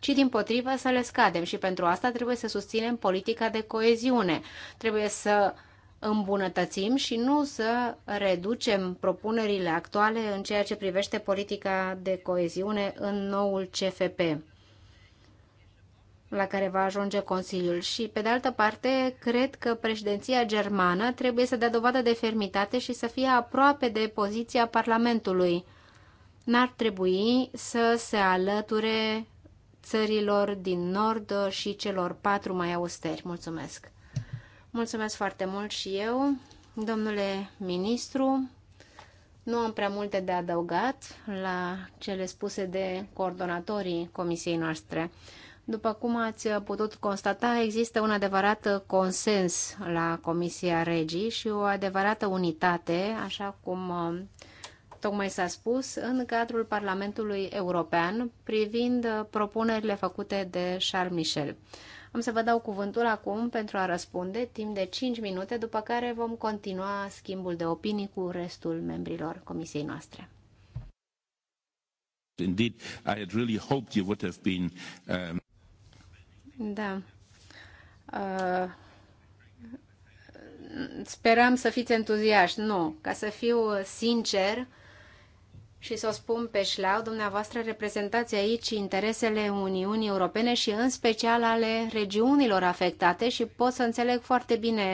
ci din potrivă să le scadem și pentru asta trebuie să susținem politica de coeziune. Trebuie să îmbunătățim și nu să reducem propunerile actuale în ceea ce privește politica de coeziune în noul CFP la care va ajunge Consiliul. Și, pe de altă parte, cred că președinția germană trebuie să dea dovadă de fermitate și să fie aproape de poziția Parlamentului. N-ar trebui să se alăture țărilor din nord și celor patru mai austeri. Mulțumesc! Mulțumesc foarte mult și eu, domnule ministru. Nu am prea multe de adăugat la cele spuse de coordonatorii comisiei noastre. După cum ați putut constata, există un adevărat consens la Comisia Regii și o adevărată unitate, așa cum uh, tocmai s-a spus, în cadrul Parlamentului European privind uh, propunerile făcute de Charles Michel. Am să vă dau cuvântul acum pentru a răspunde timp de 5 minute, după care vom continua schimbul de opinii cu restul membrilor comisiei noastre. Indeed, I had really hoped you would have been um... Da. Uh, speram să fiți entuziaști. Nu. Ca să fiu sincer și să o spun pe șlau, dumneavoastră reprezentați aici interesele Uniunii Europene și în special ale regiunilor afectate și pot să înțeleg foarte bine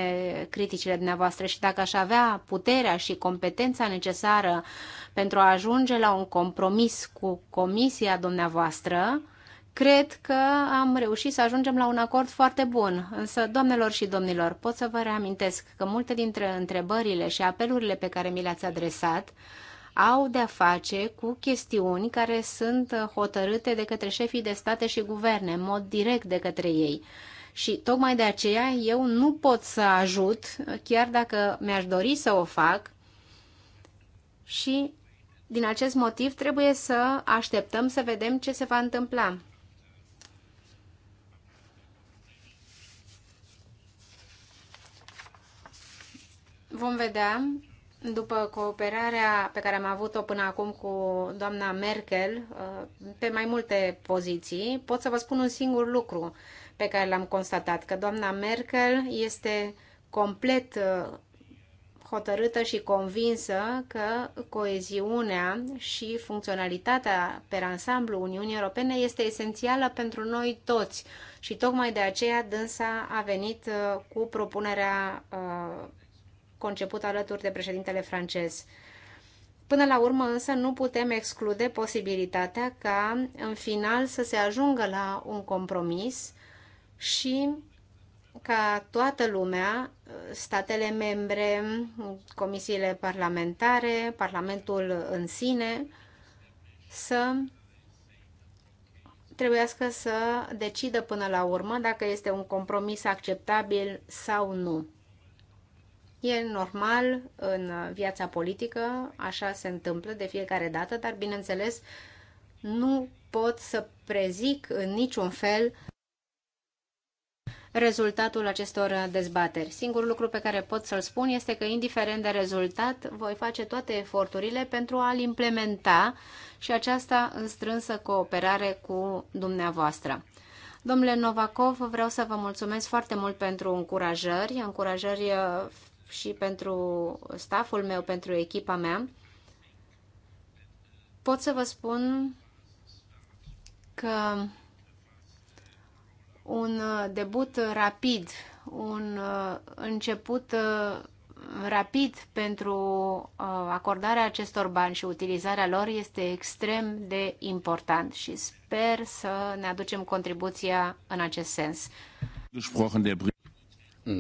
criticile dumneavoastră și dacă aș avea puterea și competența necesară pentru a ajunge la un compromis cu comisia dumneavoastră, Cred că am reușit să ajungem la un acord foarte bun, însă, doamnelor și domnilor, pot să vă reamintesc că multe dintre întrebările și apelurile pe care mi le-ați adresat au de-a face cu chestiuni care sunt hotărâte de către șefii de state și guverne, în mod direct de către ei. Și tocmai de aceea eu nu pot să ajut, chiar dacă mi-aș dori să o fac, și din acest motiv trebuie să așteptăm să vedem ce se va întâmpla. Vom vedea, după cooperarea pe care am avut-o până acum cu doamna Merkel, uh, pe mai multe poziții, pot să vă spun un singur lucru pe care l-am constatat, că doamna Merkel este complet uh, hotărâtă și convinsă că coeziunea și funcționalitatea pe ansamblu Uniunii Europene este esențială pentru noi toți și tocmai de aceea dânsa a venit uh, cu propunerea conceput alături de președintele francez. Până la urmă însă nu putem exclude posibilitatea ca în final să se ajungă la un compromis și ca toată lumea, statele membre, comisiile parlamentare, Parlamentul în sine, să trebuiască să decidă până la urmă dacă este un compromis acceptabil sau nu. E normal în viața politică, așa se întâmplă de fiecare dată, dar bineînțeles nu pot să prezic în niciun fel rezultatul acestor dezbateri. Singurul lucru pe care pot să-l spun este că, indiferent de rezultat, voi face toate eforturile pentru a-l implementa și aceasta în strânsă cooperare cu dumneavoastră. Domnule Novakov, vreau să vă mulțumesc foarte mult pentru încurajări, încurajări și pentru stafful meu, pentru echipa mea, pot să vă spun că un uh, debut rapid, un uh, început uh, rapid pentru acordarea acestor bani și utilizarea lor este extrem de important și sper să ne aducem contribuția în acest sens.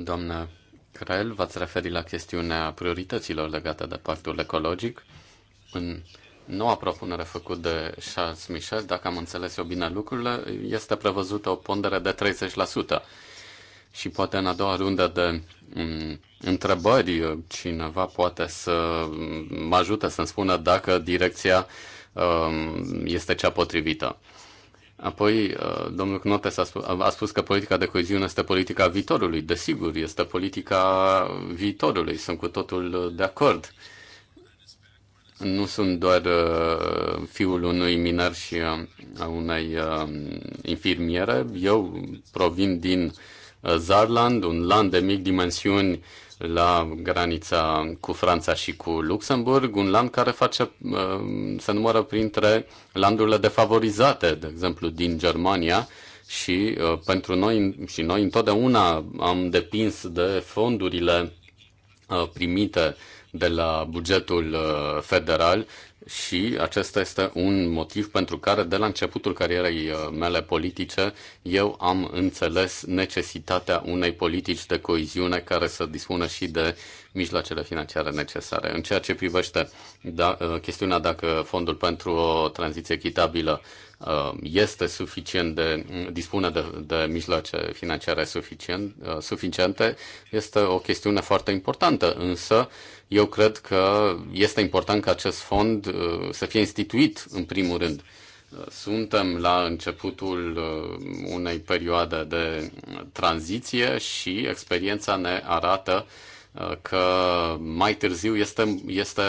Doamna Crel, v-ați referit la chestiunea priorităților legate de pactul ecologic. În noua propunere făcută de Charles Michel, dacă am înțeles eu bine lucrurile, este prevăzută o pondere de 30%. Și poate în a doua rundă de mm, întrebări cineva poate să mă ajute să-mi spună dacă direcția mm, este cea potrivită. Apoi, uh, domnul Knote a spus, a spus că politica de coeziune este politica viitorului. Desigur, este politica viitorului. Sunt cu totul uh, de acord. Nu sunt doar uh, fiul unui miner și a unei infirmiere. Eu provin din Zarland, un land de mic dimensiuni la granița cu Franța și cu Luxemburg, un land care face, uh, se numără printre landurile defavorizate, de exemplu, din Germania, și uh, pentru noi și noi întotdeauna am depins de fondurile uh, primite de la bugetul federal și acesta este un motiv pentru care de la începutul carierei uh, mele politice eu am înțeles necesitatea unei politici de coeziune care să dispună și de mijloacele financiare necesare. În ceea ce privește da, uh, chestiunea dacă fondul pentru o tranziție echitabilă Um, este suficient de, dispune de, de mijloace financiare suficient, uh, suficiente, este o chestiune foarte importantă, însă eu cred că este important ca acest fond uh, să fie instituit în primul rând. Uh, suntem la începutul unei perioade de tranziție și experiența ne arată că mai târziu este, este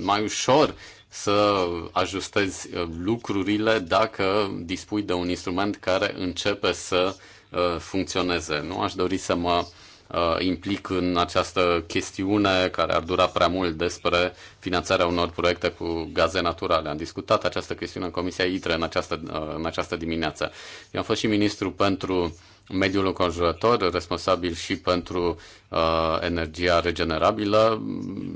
mai ușor să ajustezi uh, lucrurile dacă dispui de un instrument care începe să uh, funcționeze. Nu aș dori să mă Uh, implic în această chestiune care ar dura prea mult despre finanțarea unor proiecte cu gaze naturale. Am discutat această chestiune în Comisia ITRE în această, uh, în această dimineață. Eu am fost și ministru pentru mediul înconjurător, responsabil și pentru uh, energia regenerabilă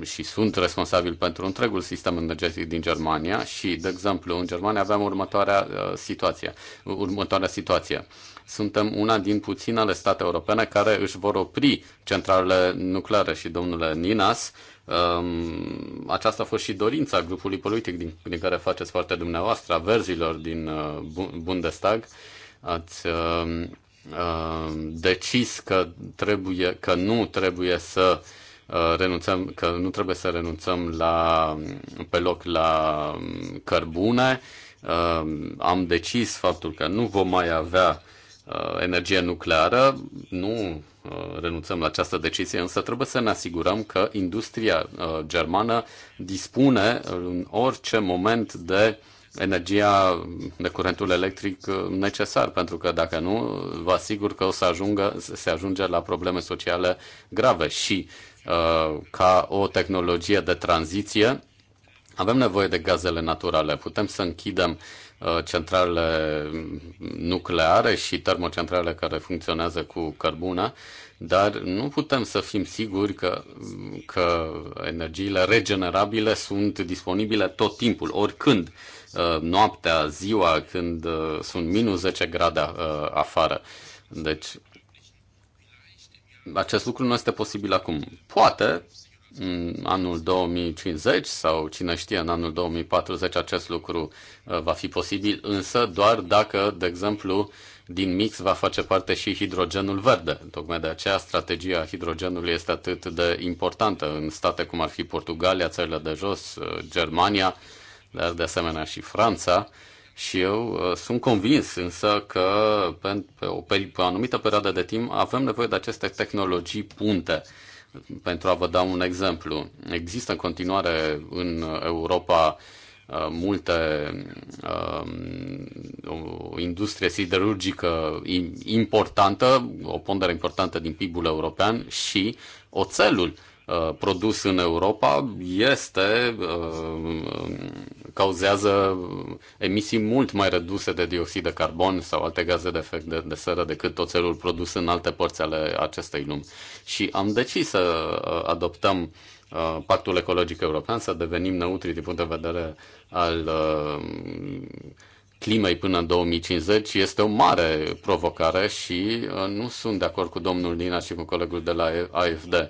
și sunt responsabil pentru întregul sistem energetic din Germania și, de exemplu, în Germania aveam următoarea uh, situație. Următoarea situație. Uh, suntem una din puținele state europene care își vor opri centralele nucleare și domnule Ninas, Um, aceasta a fost și dorința grupului politic din, din care faceți parte dumneavoastră, a verzilor din uh, Bundestag. Ați uh, uh, decis că, trebuie, că nu trebuie să uh, renunțăm, că nu trebuie să renunțăm la, pe loc la um, cărbune. am decis faptul că nu vom mai avea Uh, energie nucleară. Nu uh, renunțăm la această decizie, însă trebuie să ne asigurăm că industria uh, germană dispune în orice moment de energia de curentul electric necesar, pentru că dacă nu, vă asigur că o să ajungă, se ajunge la probleme sociale grave și ca o tehnologie de tranziție avem nevoie de gazele naturale. Putem să închidem Uh, centrale nucleare și termocentrale care funcționează cu cărbune, dar nu putem să fim siguri că, că energiile regenerabile sunt disponibile tot timpul, oricând, uh, noaptea, ziua, când uh, sunt minus 10 grade afară. Deci, acest lucru nu este posibil acum. Poate în anul 2050 sau cine știe în anul 2040 acest lucru uh, va fi posibil, însă doar dacă, de exemplu, din mix va face parte și hidrogenul verde. Tocmai de aceea strategia hidrogenului este atât de importantă în state cum ar fi Portugalia, țările de jos, uh, Germania, dar de asemenea și Franța. Și eu uh, sunt convins însă că pe o, pe o anumită perioadă de timp avem nevoie de aceste tehnologii punte pentru a vă da un exemplu, există în continuare în Europa uh, multe um, o industrie siderurgică importantă, o pondere importantă din PIB-ul european și oțelul uh, produs în Europa este uh, cauzează emisii mult mai reduse de dioxid de carbon sau alte gaze de efect de, de seră decât oțelul produs în alte părți ale acestei lumi. Și am decis să uh, adoptăm uh, Pactul Ecologic European, să devenim neutri din punct de vedere al uh, climei până în 2050 este o mare provocare și nu sunt de acord cu domnul Lina și cu colegul de la AFD.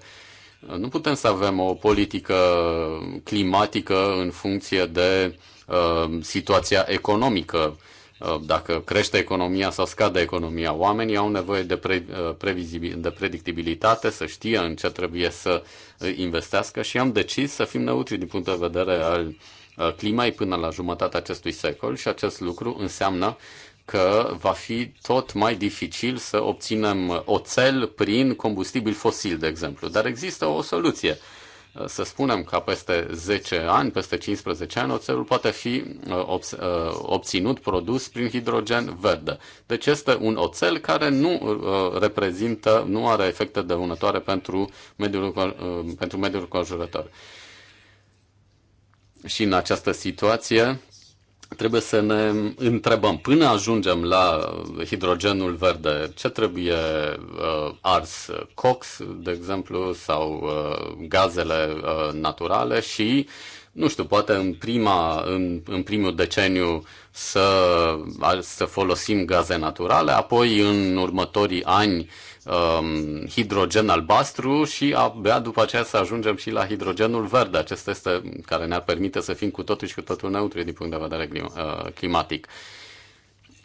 Nu putem să avem o politică climatică în funcție de uh, situația economică. Uh, dacă crește economia sau scade economia, oamenii au nevoie de, pre, uh, de predictibilitate, să știe în ce trebuie să uh, investească și am decis să fim neutri din punct de vedere al climei până la jumătatea acestui secol și acest lucru înseamnă uh, că va fi tot mai dificil să obținem oțel prin combustibil fosil, de exemplu. Dar există o soluție. Să spunem că peste 10 ani, peste 15 ani, oțelul poate fi uh, uh, obținut, produs prin hidrogen verde. Deci este un oțel care nu uh, reprezintă, nu are efecte dăunătoare pentru mediul, pentru mediul conjurător. Și în această situație, trebuie să ne întrebăm, până ajungem la hidrogenul verde, ce trebuie uh, ars? Cox, de exemplu, sau uh, gazele uh, naturale și, nu știu, poate în, prima, în, în primul deceniu să, să folosim gaze naturale, apoi în următorii ani uh, Um, hidrogen albastru și abia după aceea să ajungem și la hidrogenul verde. Acesta este care ne-ar permite să fim cu totul și cu totul neutri din punct de vedere uh, climatic.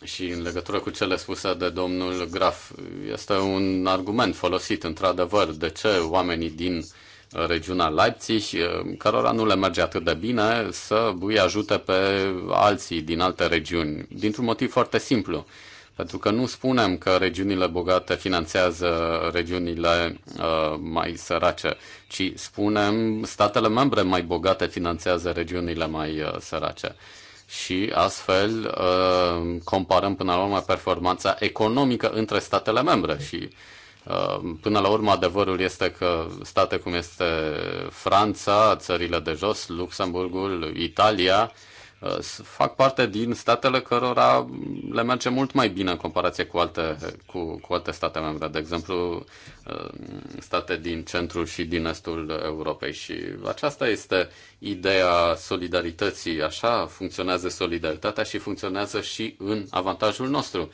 Și în legătură cu cele spuse de domnul Graf, este un argument folosit într-adevăr de ce oamenii din uh, regiunea Leipzig, uh, cărora nu le merge atât de bine, să îi ajute pe alții din alte regiuni, dintr-un motiv foarte simplu pentru că nu spunem că regiunile bogate finanțează regiunile uh, mai sărace, ci spunem statele membre mai bogate finanțează regiunile mai uh, sărace. Și astfel uh, comparăm până la urmă performanța economică între statele membre și uh, Până la urmă, adevărul este că state cum este Franța, țările de jos, Luxemburgul, Italia, Uh, fac parte din statele cărora le merge mult mai bine în comparație cu alte, cu, cu alte state membre, de exemplu uh, state din centrul și din estul Europei. Și aceasta este ideea solidarității. Așa funcționează solidaritatea și funcționează și în avantajul nostru.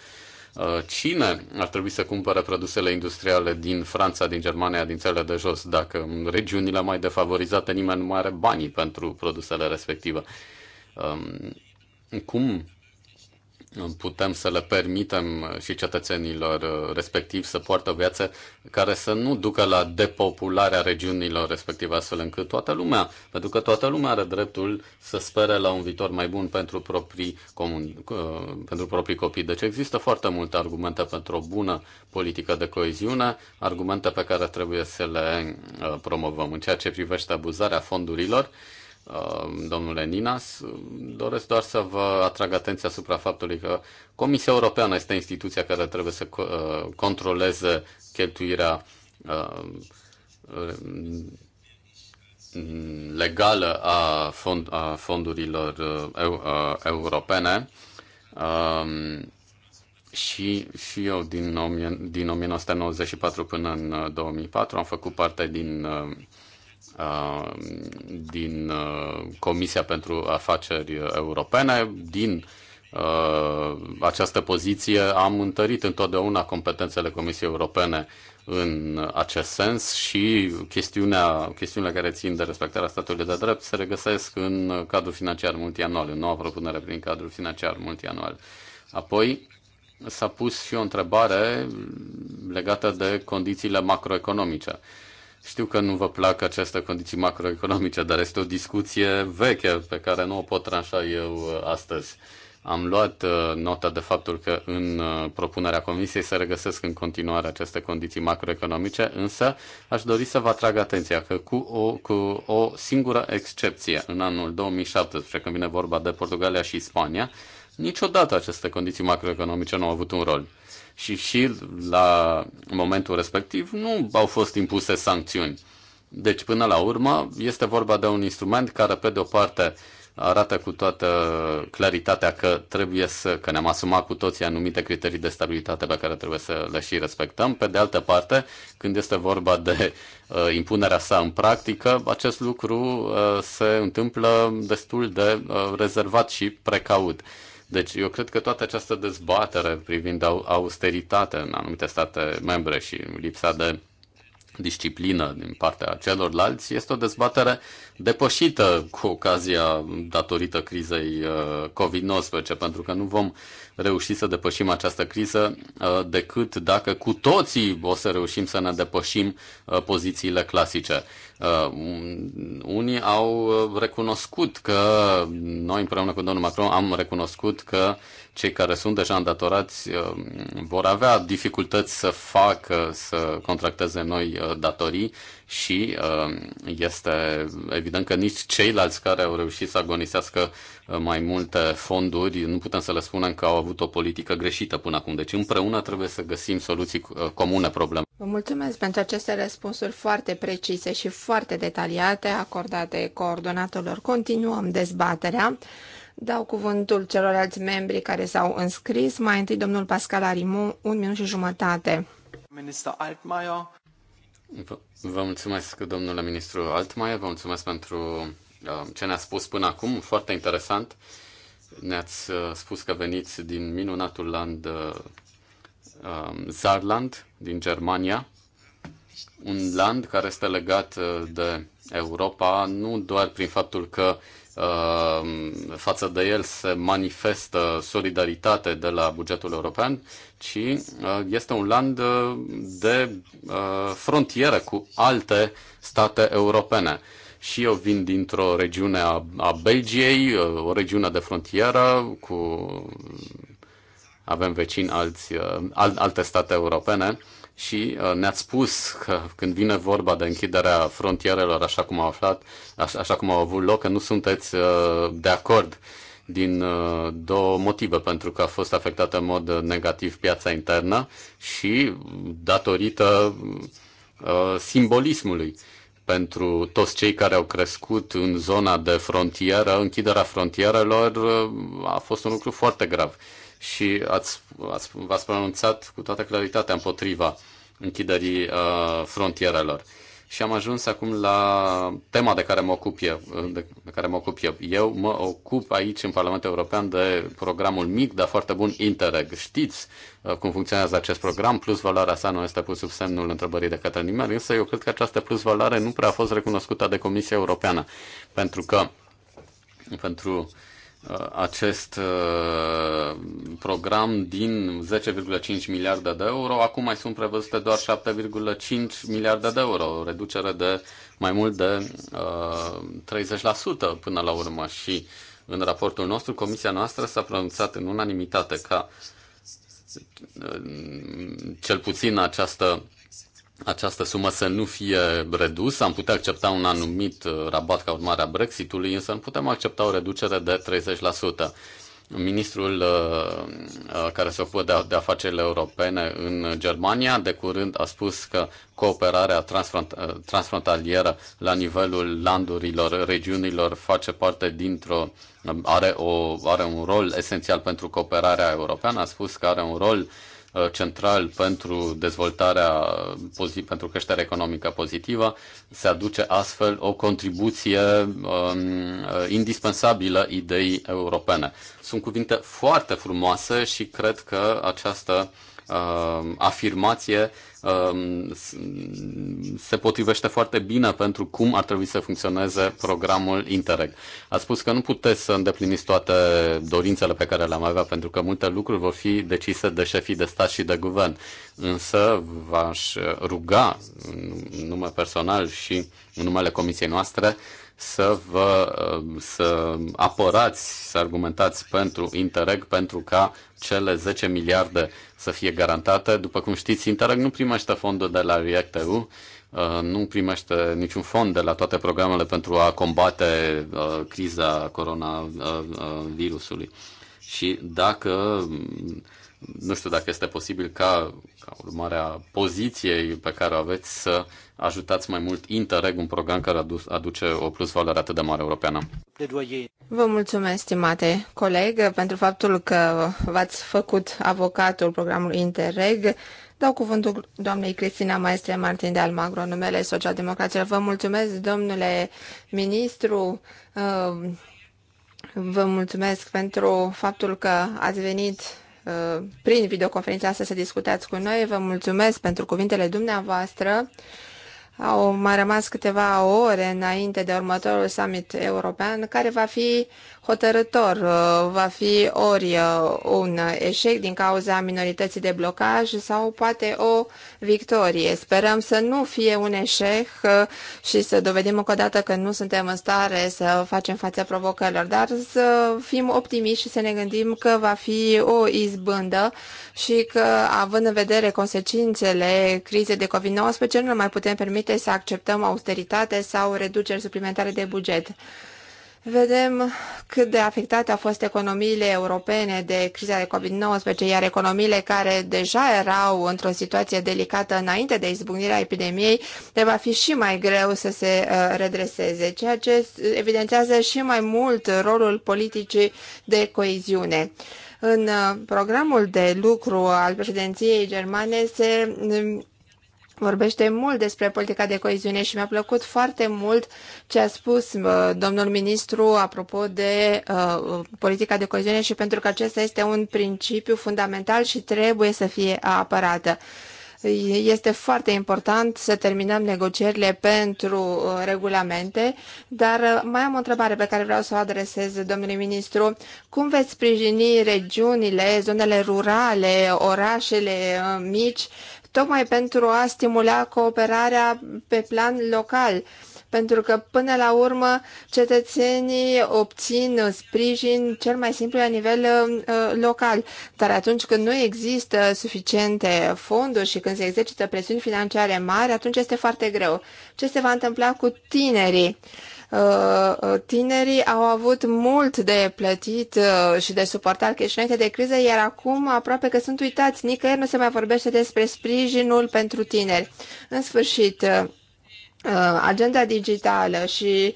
Uh, cine ar trebui să cumpere produsele industriale din Franța, din Germania, din țările de jos, dacă în regiunile mai defavorizate nimeni nu mai are banii pentru produsele respective? Um, cum putem să le permitem și cetățenilor uh, respectiv să poartă viață care să nu ducă la depopularea regiunilor respective, astfel încât toată lumea, pentru că toată lumea are dreptul să spere la un viitor mai bun pentru proprii, comun, uh, pentru proprii copii. Deci există foarte multe argumente pentru o bună politică de coeziune, argumente pe care trebuie să le uh, promovăm. În ceea ce privește abuzarea fondurilor, Um, domnule Ninas. Um, doresc doar să vă atrag atenția asupra faptului că Comisia Europeană este instituția care trebuie să uh, controleze cheltuirea uh, legală a, a fondurilor uh, europene um, și, și eu din, din 1994 până în 2004 am făcut parte din Uh, din uh, Comisia pentru Afaceri Europene. Din uh, această poziție am întărit întotdeauna competențele Comisiei Europene în acest sens și chestiunea, chestiunile care țin de respectarea statului de drept se regăsesc în cadrul financiar multianual, în noua propunere prin cadrul financiar multianual. Apoi s-a pus și o întrebare legată de condițiile macroeconomice. Uh, știu că nu vă plac aceste condiții macroeconomice, dar este o discuție veche pe care nu o pot tranșa eu uh, astăzi. Am luat uh, nota de faptul că în uh, propunerea Comisiei se regăsesc în continuare aceste condiții macroeconomice, însă aș dori să vă atrag atenția că cu o, cu o singură excepție, în anul 2017, când vine vorba de Portugalia și Spania, niciodată aceste condiții macroeconomice nu au avut un rol și și la momentul respectiv nu au fost impuse sancțiuni. Deci, până la urmă, este vorba de un instrument care, pe de o parte, arată cu toată claritatea că trebuie să, că ne-am asumat cu toții anumite criterii de stabilitate pe care trebuie să le și respectăm. Pe de altă parte, când este vorba de uh, impunerea sa în practică, acest lucru uh, se întâmplă destul de uh, rezervat și precaut. Uh, deci eu cred că toată această dezbatere privind austeritatea în anumite state membre și lipsa de disciplină din partea celorlalți, este o dezbatere depășită cu ocazia datorită crizei uh, COVID-19, pentru că nu vom reuși să depășim această criză uh, decât dacă cu toții o să reușim să ne depășim uh, pozițiile clasice. Unii au recunoscut că, noi împreună cu domnul Macron am recunoscut că cei care sunt deja îndatorați uh, vor avea dificultăți să facă, să contracteze noi uh, datorii și uh, este evident că nici ceilalți care au reușit să agonisească mai multe fonduri, nu putem să le spunem că au avut o politică greșită până acum. Deci împreună trebuie să găsim soluții comune probleme. Vă mulțumesc pentru aceste răspunsuri foarte precise și foarte detaliate acordate coordonatorilor. Continuăm dezbaterea. Dau cuvântul celorlalți membri care s-au înscris. Mai întâi domnul Pascal Arimu, un minut și jumătate. Minister Altmaier. Vă, vă mulțumesc, domnule ministru Altmaier, vă mulțumesc pentru uh, ce ne-a spus până acum, foarte interesant. Ne-ați uh, spus că veniți din minunatul land uh, Zarland, uh, din Germania, un land care este legat uh, de Europa nu doar prin faptul că uh, față de el se manifestă solidaritate de la bugetul european, ci uh, este un land de frontieră cu alte state europene. Și eu vin dintr-o regiune a, a Belgiei, o regiune de frontieră cu avem vecini alți, al, alte state europene și uh, ne-ați spus că când vine vorba de închiderea frontierelor, așa cum au aflat, așa cum au avut loc, că nu sunteți uh, de acord din uh, două motive, pentru că a fost afectată în mod negativ piața internă și datorită simbolismului pentru toți cei care au crescut în zona de frontieră, închiderea frontierelor a fost un lucru foarte grav și ați, ați, v-ați pronunțat cu toată claritatea împotriva închiderii uh, frontierelor. Și am ajuns acum la tema de care mă ocup eu. De, de care mă ocup eu. eu mă ocup aici în Parlamentul European de programul mic, dar foarte bun Interreg. Știți uh, cum funcționează acest program, plus valoarea sa nu este pus sub semnul întrebării de către nimeni, însă eu cred că această plus valoare nu prea a fost recunoscută de Comisia Europeană, pentru că pentru uh, acest uh, program din 10,5 miliarde de euro, acum mai sunt prevăzute doar 7,5 miliarde de euro, o reducere de mai mult de 30% uh, până la urmă și în raportul nostru, comisia noastră s-a pronunțat în unanimitate ca uh, cel puțin această această sumă să nu fie redusă. Am putea accepta un anumit uh, rabat ca urmare a Brexitului, însă nu putem accepta o reducere de 30%. Ministrul uh, uh, care se ocupă de, afacerile europene în Germania de curând a spus că cooperarea transfront, transfrontalieră la nivelul landurilor, regiunilor face parte dintr-o are, o, are un rol esențial pentru cooperarea europeană. A spus că are un rol uh, Uh, central pentru dezvoltarea, pentru creșterea economică pozitivă, se aduce astfel o contribuție um, uh, indispensabilă ideii europene. Sunt cuvinte foarte frumoase și cred că această uh, uh, afirmație uh, se potrivește foarte bine pentru cum ar trebui să funcționeze programul Interreg. A spus că nu puteți să îndepliniți toate dorințele pe care le-am avea, pentru că multe lucruri vor fi decise de șefii de stat și de guvern. Însă v-aș ruga în nume personal și în numele comisiei noastre să vă um, să apărați, să argumentați pentru Interreg, pentru ca cele 10 miliarde să fie garantate. După cum știți, Interreg nu primește fonduri de la REACT-EU, uh, nu primește niciun fond de la toate programele pentru a combate uh, criza coronavirusului. Uh, Și dacă nu știu dacă este posibil ca, ca urmarea poziției pe care o aveți să ajutați mai mult Interreg, un program care aduce o plus valoare atât de mare europeană. Vă mulțumesc, stimate coleg, pentru faptul că v-ați făcut avocatul programului Interreg. Dau cuvântul doamnei Cristina Maestre Martin de Almagro, numele Socialdemocraților. Vă mulțumesc, domnule ministru. Uh, vă mulțumesc pentru faptul că ați venit uh, prin videoconferința asta să discutați cu noi. Vă mulțumesc pentru cuvintele dumneavoastră. Au mai rămas câteva ore înainte de următorul summit european, care va fi hotărător. Uh, va fi ori uh, un eșec din cauza minorității de blocaj sau poate o victorie. Sperăm să nu fie un eșec uh, și să dovedim încă o dată că nu suntem în stare să facem fața provocărilor, dar să fim optimiști și să ne gândim că va fi o izbândă și că, având în vedere consecințele crizei de COVID-19, nu mai putem permite permite să acceptăm austeritate sau reduceri suplimentare de buget. Vedem cât de afectate au fost economiile europene de criza de COVID-19, iar economiile care deja erau într-o situație delicată înainte de izbucnirea epidemiei, le va fi și mai greu să se uh, redreseze, ceea ce evidențează și mai mult rolul politicii de coeziune. În uh, programul de lucru al președinției germane se vorbește mult despre politica de coeziune și mi-a plăcut foarte mult ce a spus uh, domnul ministru apropo de uh, politica de coeziune și pentru că acesta este un principiu fundamental și trebuie să fie apărată. Este foarte important să terminăm negocierile pentru uh, regulamente, dar uh, mai am o întrebare pe care vreau să o adresez domnului ministru. Cum veți sprijini regiunile, zonele rurale, orașele uh, mici tocmai pentru a stimula cooperarea pe plan local, pentru că până la urmă cetățenii obțin sprijin cel mai simplu la nivel uh, local. Dar atunci când nu există suficiente fonduri și când se exercită presiuni financiare mari, atunci este foarte greu. Ce se va întâmpla cu tinerii? Uh, Uh, uh, tinerii au avut mult de plătit uh, și de suportat că și înainte de criză, iar acum aproape că sunt uitați. Nicăieri nu se mai vorbește despre sprijinul pentru tineri. În sfârșit, Uh, agenda digitală și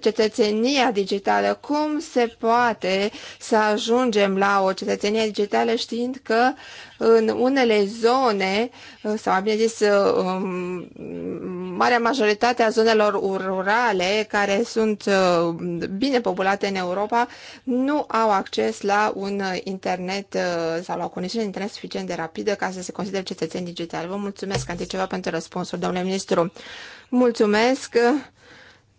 cetățenia digitală, cum se poate să ajungem la o cetățenie digitală știind că în unele zone, uh, sau am bine zis, uh, um, marea majoritate a zonelor rurale care sunt bine populate în Europa nu au acces la un internet sau la o conexiune de internet suficient de rapidă ca să se considere cetățeni digitali. Vă mulțumesc anticipat pentru răspunsul, domnule ministru. Mulțumesc.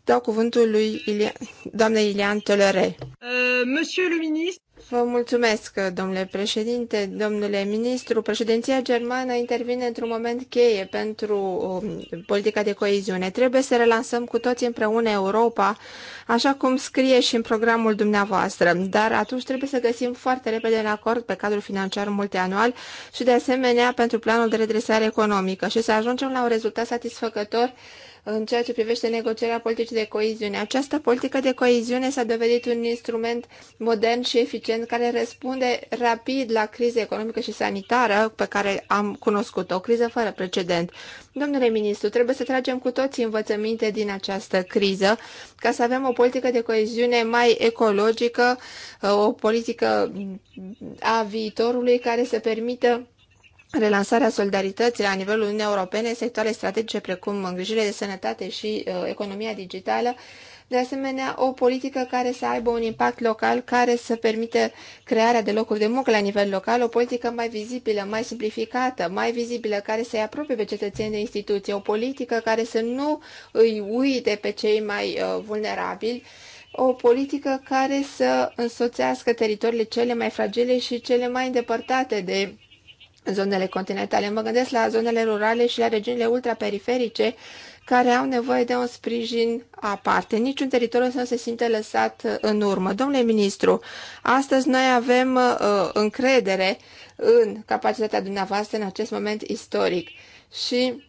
Dau cuvântul lui Ilian, doamnei Ilian Tolere. Uh, monsieur le ministre. Vă mulțumesc, domnule președinte, domnule ministru. Președinția germană intervine într-un moment cheie pentru um, politica de coeziune. Trebuie să relansăm cu toți împreună Europa, așa cum scrie și în programul dumneavoastră. Dar atunci trebuie să găsim foarte repede un acord pe cadrul financiar multianual și, de asemenea, pentru planul de redresare economică și să ajungem la un rezultat satisfăcător în ceea ce privește negocierea politicii de coeziune. Această politică de coeziune s-a dovedit un instrument modern și eficient care răspunde rapid la criza economică și sanitară pe care am cunoscut-o, o criză fără precedent. Domnule ministru, trebuie să tragem cu toții învățăminte din această criză ca să avem o politică de coeziune mai ecologică, o politică a viitorului care să permită relansarea solidarității la nivelul Uniunii Europene, sectoare strategice precum îngrijirile de sănătate și uh, economia digitală, de asemenea o politică care să aibă un impact local, care să permită crearea de locuri de muncă la nivel local, o politică mai vizibilă, mai simplificată, mai vizibilă, care să-i apropie pe cetățenii de instituție, o politică care să nu îi uite pe cei mai uh, vulnerabili, o politică care să însoțească teritoriile cele mai fragile și cele mai îndepărtate de în zonele continentale. Mă gândesc la zonele rurale și la regiunile ultraperiferice care au nevoie de un sprijin aparte. Niciun teritoriu să nu se simte lăsat uh, în urmă. Domnule ministru, astăzi noi avem uh, încredere în capacitatea dumneavoastră în acest moment istoric și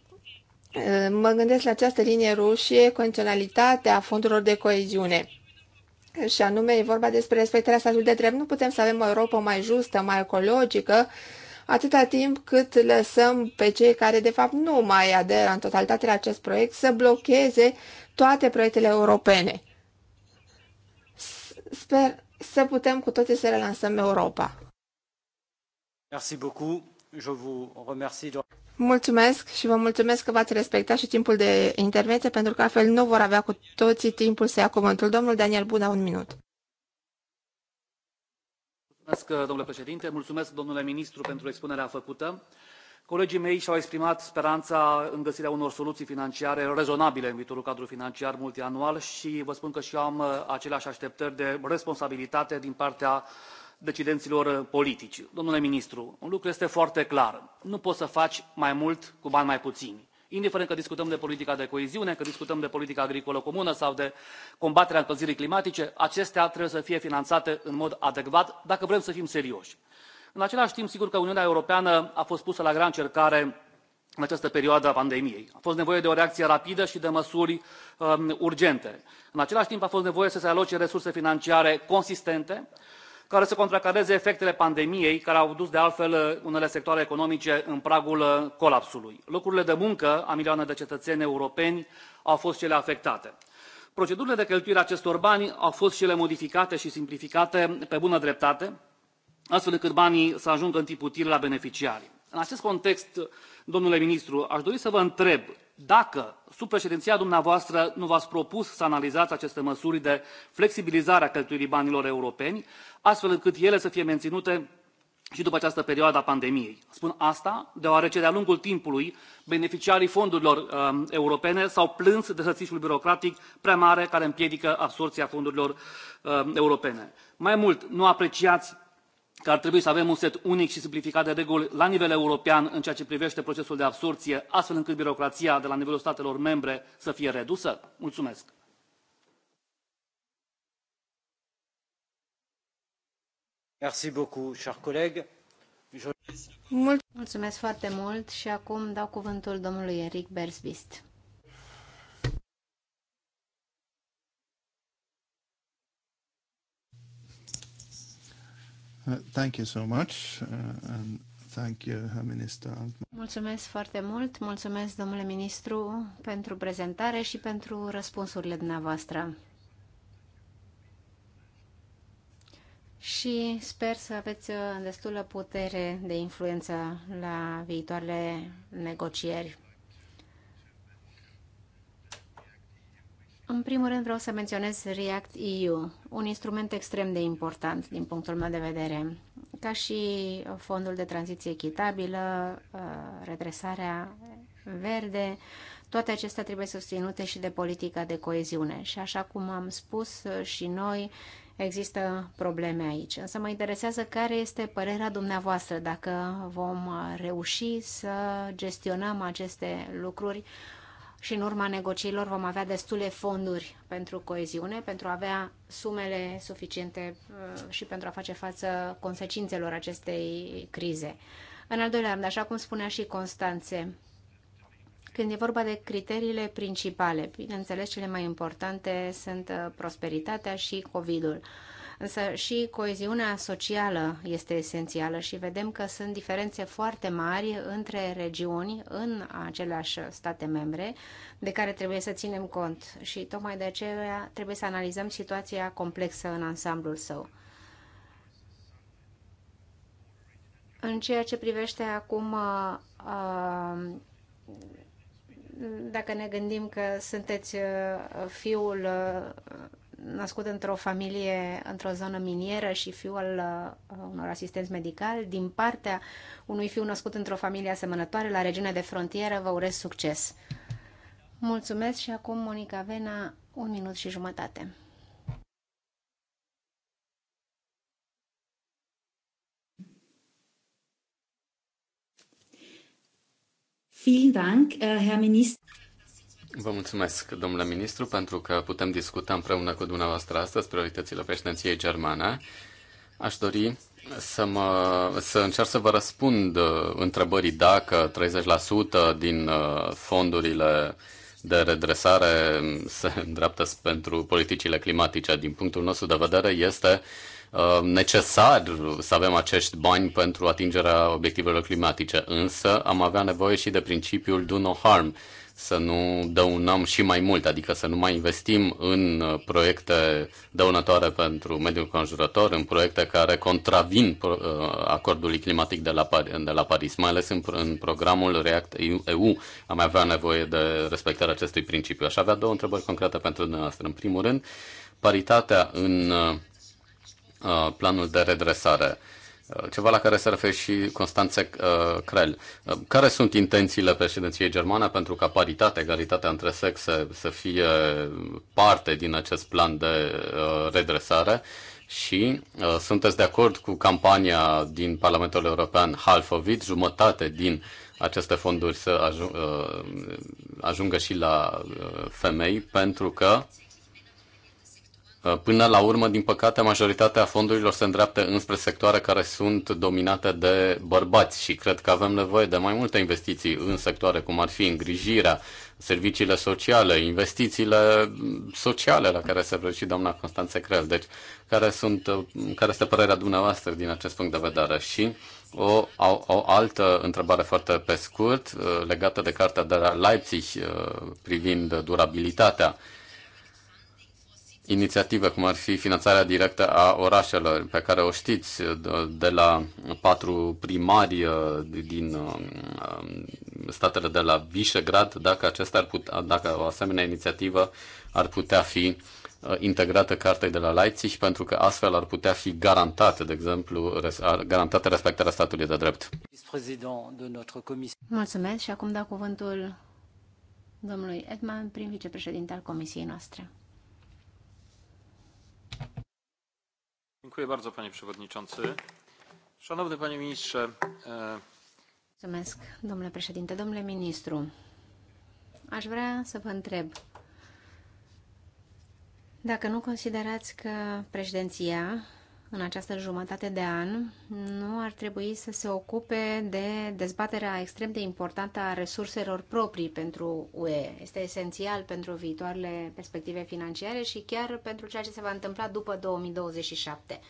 uh, mă gândesc la această linie rușie, condiționalitatea fondurilor de coeziune. Și anume, e vorba despre respectarea statului de drept. Nu putem să avem o Europa mai justă, mai ecologică, uh, atâta timp cât lăsăm pe cei care de fapt nu mai aderă în totalitate la acest proiect să blocheze toate proiectele europene. Sper să putem cu toții să relansăm Europa. Merci beaucoup. Je vous remercie. Mulțumesc și vă mulțumesc că v-ați respectat și timpul de intervenție, pentru că altfel nu vor avea cu toții timpul să ia cuvântul. Domnul Daniel Buna, un minut domnule președinte mulțumesc domnule ministru pentru expunerea făcută. colegii mei și au exprimat speranța în găsirea unor soluții financiare rezonabile în viitorul cadru financiar multianual și vă spun că și eu am uh, aceleași așteptări de responsabilitate din partea decidenților politici. domnule ministru un lucru este foarte clar nu poți să faci mai mult cu bani mai puțini indiferent că discutăm de politica de coeziune că discutăm de politica agricolă comună sau de combaterea încălzirii climatice acestea trebuie să fie finanțate în mod adecvat dacă vrem să fim serioși. în același timp sigur că uniunea europeană a fost pusă la grea încercare în această perioadă a pandemiei. a fost nevoie de o reacție rapidă și de măsuri um, urgente. în același timp a fost nevoie să se aloce resurse financiare consistente care să contracareze efectele pandemiei care au dus de altfel uh, unele sectoare economice în pragul uh, colapsului. locurile de muncă a milioane de cetățeni europeni au fost cele afectate. procedurile de cheltuire a acestor bani au fost și ele modificate și simplificate pe bună dreptate astfel încât banii să ajungă în timp util la beneficiari. în acest context domnule ministru aș dori să vă întreb dacă sub președinția dumneavoastră nu v ați propus să analizați aceste măsuri de flexibilizare a cheltuirii banilor europeni astfel încât ele să fie menținute și după această perioadă a pandemiei. spun asta deoarece de a lungul timpului beneficiarii fondurilor um, europene s au plâns de sățișul birocratic prea mare care împiedică absorbția fondurilor um, europene. mai mult nu apreciați că ar trebui să avem un set unic și simplificat de reguli la nivel european în ceea ce privește procesul de absorbție astfel încât birocrația de la nivelul statelor membre să fie redusă? mulțumesc. Mulțumesc foarte mult și acum dau cuvântul domnului Eric Bersbist. Uh, thank you so much uh, and thank you, Minister Mulțumesc foarte mult, mulțumesc domnule ministru pentru prezentare și pentru răspunsurile dumneavoastră. și sper să aveți uh, destulă putere de influență la viitoarele negocieri. În primul rând vreau să menționez React EU, un instrument extrem de important din punctul meu de vedere, ca și fondul de tranziție echitabilă, uh, redresarea verde, toate acestea trebuie susținute și de politica de coeziune. Și așa cum am spus și noi, există probleme aici. Însă mă interesează care este părerea dumneavoastră dacă vom reuși să gestionăm aceste lucruri și în urma negocierilor vom avea destule fonduri pentru coeziune, pentru a avea sumele suficiente uh, și pentru a face față consecințelor acestei crize. În al doilea rând, așa cum spunea și Constanțe, când e vorba de criteriile principale, bineînțeles cele mai importante sunt uh, prosperitatea și COVID-ul. Însă și coeziunea socială este esențială și vedem că sunt diferențe foarte mari între regiuni în aceleași state membre de care trebuie să ținem cont și tocmai de aceea trebuie să analizăm situația complexă în ansamblul său. În ceea ce privește acum uh, uh, dacă ne gândim că sunteți uh, fiul născut într-o familie, într-o zonă minieră și fiul al uh, unor asistenți medicali, din partea unui fiu născut într-o familie asemănătoare la regiunea de frontieră, vă urez succes! Mulțumesc și acum Monica Vena, un minut și jumătate. Vielen Dank, äh, Herr Minister. Vă mulțumesc, domnule ministru, pentru că putem discuta împreună cu dumneavoastră astăzi prioritățile președinției germane. Aș dori să, mă, să încerc să vă răspund uh, întrebării dacă 30% din uh, fondurile de redresare se îndreaptă pentru politicile climatice. Din punctul nostru de vedere, este uh, necesar să avem acești bani pentru atingerea obiectivelor climatice, însă am avea nevoie și de principiul do no harm, să nu dăunăm și mai mult, adică să nu mai investim în uh, proiecte dăunătoare pentru mediul conjurător, în proiecte care contravin uh, acordului climatic de la, de la Paris, mai ales în, în programul REACT-EU. Am avea nevoie de respectarea acestui principiu. Aș avea două întrebări concrete pentru dumneavoastră. În primul rând, paritatea în uh, planul de redresare Uh, ceva la care se referă și Constanțe uh, Crel. Uh, care sunt intențiile președinției germane pentru ca paritatea, egalitatea între sexe să fie parte din acest plan de redresare? Și uh, sunteți de acord cu campania din Parlamentul European Half of It, jumătate din aceste fonduri să ajung, uh, ajungă și la uh, femei, pentru că Uh, până la urmă, din păcate, majoritatea fondurilor se îndreaptă înspre sectoare care sunt dominate de bărbați și cred că avem nevoie de mai multe investiții în sectoare, cum ar fi îngrijirea, serviciile sociale, investițiile sociale la care se vrea și doamna Constanțe Crel. Deci, care, sunt, uh, care este părerea dumneavoastră din acest punct de vedere? Și o, o, o altă întrebare foarte pe scurt, uh, legată de cartea de la Leipzig privind durabilitatea inițiativă, cum ar fi finanțarea directă a orașelor, pe care o știți, de la patru primari uh, din uh, um, statele de la Visegrad, dacă, acesta ar putea, dacă o asemenea inițiativă ar putea fi uh, integrată cartei de la Leipzig, pentru că astfel ar putea fi garantată, de exemplu, garantată respectarea statului de drept. Mulțumesc și acum dau cuvântul domnului Edman, prim vicepreședinte al comisiei noastre. Dziękuję bardzo, panie przewodniczący. Szanowny panie ministrze. Mulțumesc, domnule președinte, domnule ministru. Aș vrea să vă întreb dacă nu considerați că președinția în această jumătate de an nu ar trebui să se ocupe de dezbaterea extrem de importantă a resurselor proprii pentru UE. Este esențial pentru viitoarele perspective financiare și chiar pentru ceea ce se va întâmpla după 2027.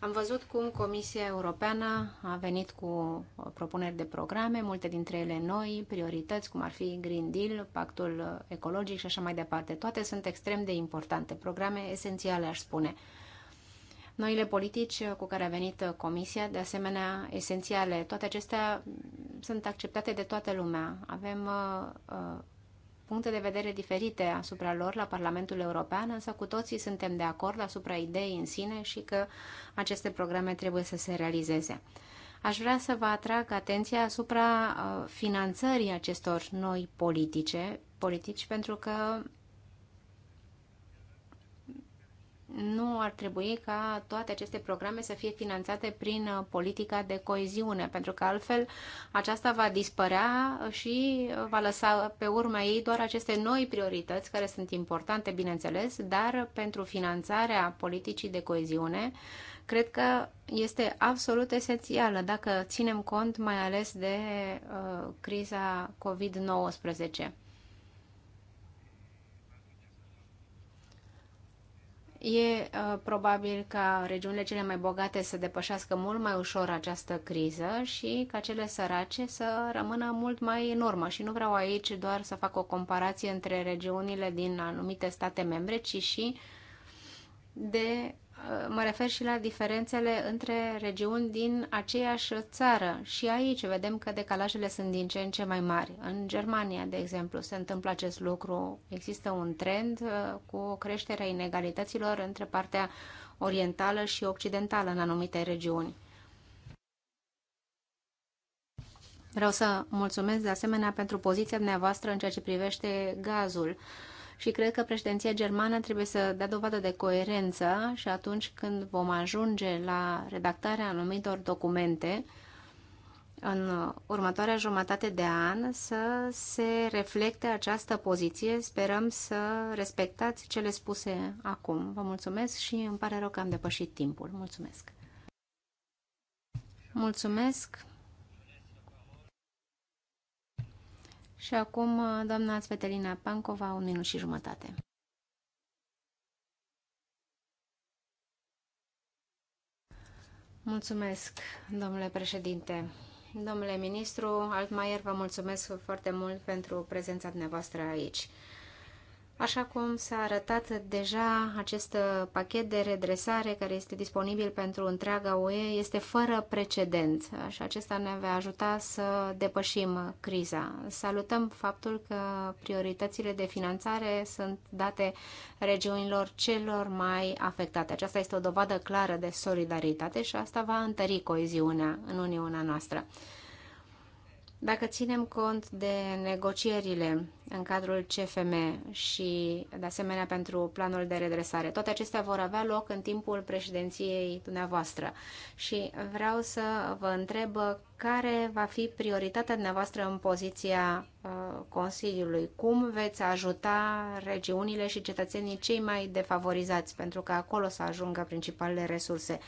Am văzut cum Comisia Europeană a venit cu propuneri de programe, multe dintre ele noi, priorități, cum ar fi Green Deal, Pactul Ecologic și așa mai departe. Toate sunt extrem de importante, programe esențiale, aș spune noile politici cu care a venit Comisia, de asemenea esențiale. Toate acestea sunt acceptate de toată lumea. Avem uh, uh, puncte de vedere diferite asupra lor la Parlamentul European, însă cu toții suntem de acord asupra ideii în sine și că aceste programe trebuie să se realizeze. Aș vrea să vă atrag atenția asupra uh, finanțării acestor noi politice, politici pentru că nu ar trebui ca toate aceste programe să fie finanțate prin uh, politica de coeziune, pentru că altfel aceasta va dispărea și uh, va lăsa pe urma ei doar aceste noi priorități, care sunt importante, bineînțeles, dar pentru finanțarea politicii de coeziune, cred că este absolut esențială dacă ținem cont mai ales de uh, criza COVID-19. E uh, probabil ca regiunile cele mai bogate să depășească mult mai ușor această criză și ca cele sărace să rămână mult mai în urmă. Și nu vreau aici doar să fac o comparație între regiunile din anumite state membre, ci și de mă refer și la diferențele între regiuni din aceeași țară. Și aici vedem că decalajele sunt din ce în ce mai mari. În Germania, de exemplu, se întâmplă acest lucru. Există un trend uh, cu o creștere a inegalităților între partea orientală și occidentală în anumite regiuni. Vreau să mulțumesc de asemenea pentru poziția dumneavoastră în ceea ce privește gazul. Uh, și cred că președinția germană trebuie să dea dovadă de coerență și atunci când vom ajunge la redactarea anumitor documente, în următoarea jumătate de an să se reflecte această poziție. Sperăm să respectați cele spuse acum. Vă mulțumesc și îmi pare rău că am depășit timpul. Mulțumesc! Mulțumesc! Și acum, uh, doamna Svetelina Pancova, un minut și jumătate. Mulțumesc, domnule președinte. Domnule ministru Altmaier, vă mulțumesc foarte mult pentru prezența dumneavoastră aici. Așa cum s-a arătat deja, acest pachet de redresare care este disponibil pentru întreaga UE este fără precedent și acesta ne va ajuta să depășim criza. Salutăm faptul că prioritățile de finanțare sunt date regiunilor celor mai afectate. Aceasta este o dovadă clară de solidaritate și asta va întări coeziunea în Uniunea noastră. Dacă ținem cont de negocierile în cadrul CFM și, de asemenea, pentru planul de redresare, toate acestea vor avea loc în timpul președinției dumneavoastră. Și vreau să vă întreb care va fi prioritatea dumneavoastră în poziția uh, Consiliului? Cum veți ajuta regiunile și cetățenii cei mai defavorizați pentru că acolo să ajungă principalele resurse?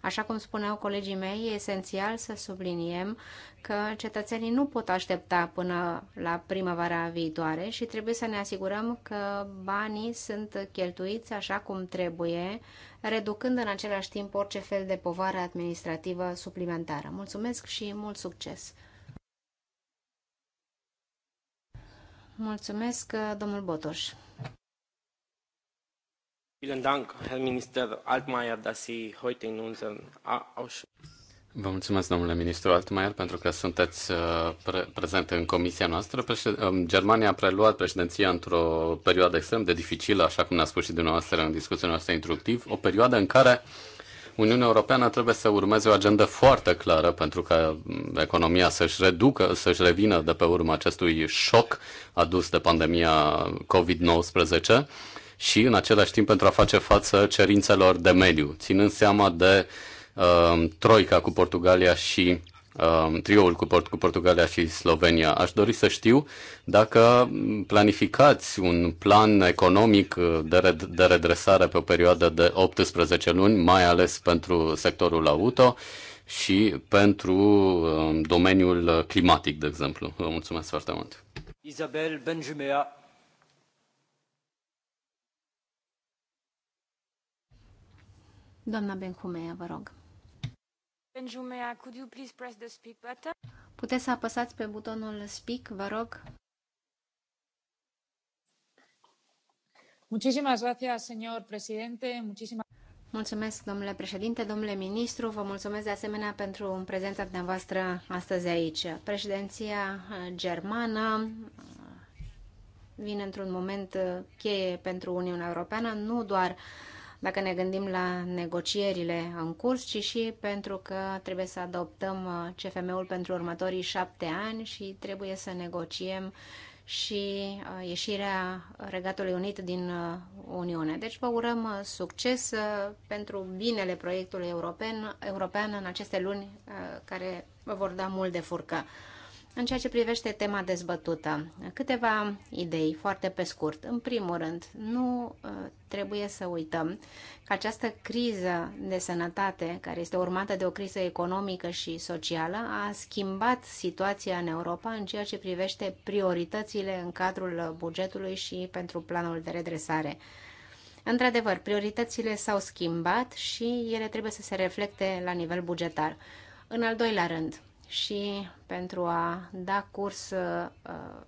Așa cum spuneau colegii mei, e esențial să subliniem că cetățenii nu pot aștepta până la primăvara viitoare și trebuie să ne asigurăm că banii sunt cheltuiți așa cum trebuie reducând în același timp orice fel de povară administrativă suplimentară. Mulțumesc și mult succes! Mulțumesc, domnul Botoș. Vielen Dank, Herr Minister Altmaier, dass Sie heute in unserem Ausschuss Vă mulțumesc, domnule ministru Altmaier, pentru că sunteți uh, pre- prezent în comisia noastră. Președ- um, Germania a preluat președinția într-o perioadă extrem de dificilă, așa cum ne-a spus și dumneavoastră în discuția noastră introductiv, o perioadă în care Uniunea Europeană trebuie să urmeze o agendă foarte clară pentru ca um, economia să-și reducă, să-și revină de pe urma acestui șoc adus de pandemia COVID-19 și în același timp pentru a face față cerințelor de mediu, ținând seama de uh, Um, troica cu Portugalia și um, trioul cu, cu Portugalia și Slovenia. Aș dori să știu dacă planificați un plan economic uh, de, de redresare pe o perioadă de 18 luni, mai ales pentru sectorul auto și pentru um, domeniul climatic, de exemplu. Vă mulțumesc foarte mult. Isabel Benjumea. Doamna Benjumea, vă rog. Puteți să apăsați pe butonul speak, vă rog. Mulțumesc, domnule președinte, domnule ministru, vă mulțumesc de asemenea pentru prezența dumneavoastră astăzi aici. Președinția germană vine într-un moment cheie pentru Uniunea Europeană, nu doar uh, dacă ne gândim la negocierile în curs, ci și pentru că trebuie să adoptăm uh, CFM-ul pentru următorii șapte ani și trebuie să negociem și uh, ieșirea Regatului Unit din uh, Uniune. Deci vă urăm succes pentru binele proiectului european, european în aceste luni care vă vor da mult de furcă. În ceea ce privește tema dezbătută, câteva idei foarte pe scurt. În primul rând, nu uh, trebuie să uităm că această criză de sănătate, care este urmată de o criză economică și socială, a schimbat situația în Europa în ceea ce privește prioritățile în cadrul bugetului și pentru planul de redresare. Într-adevăr, prioritățile s-au schimbat și ele trebuie să se reflecte la nivel bugetar. În al doilea rând, și pentru a da curs uh,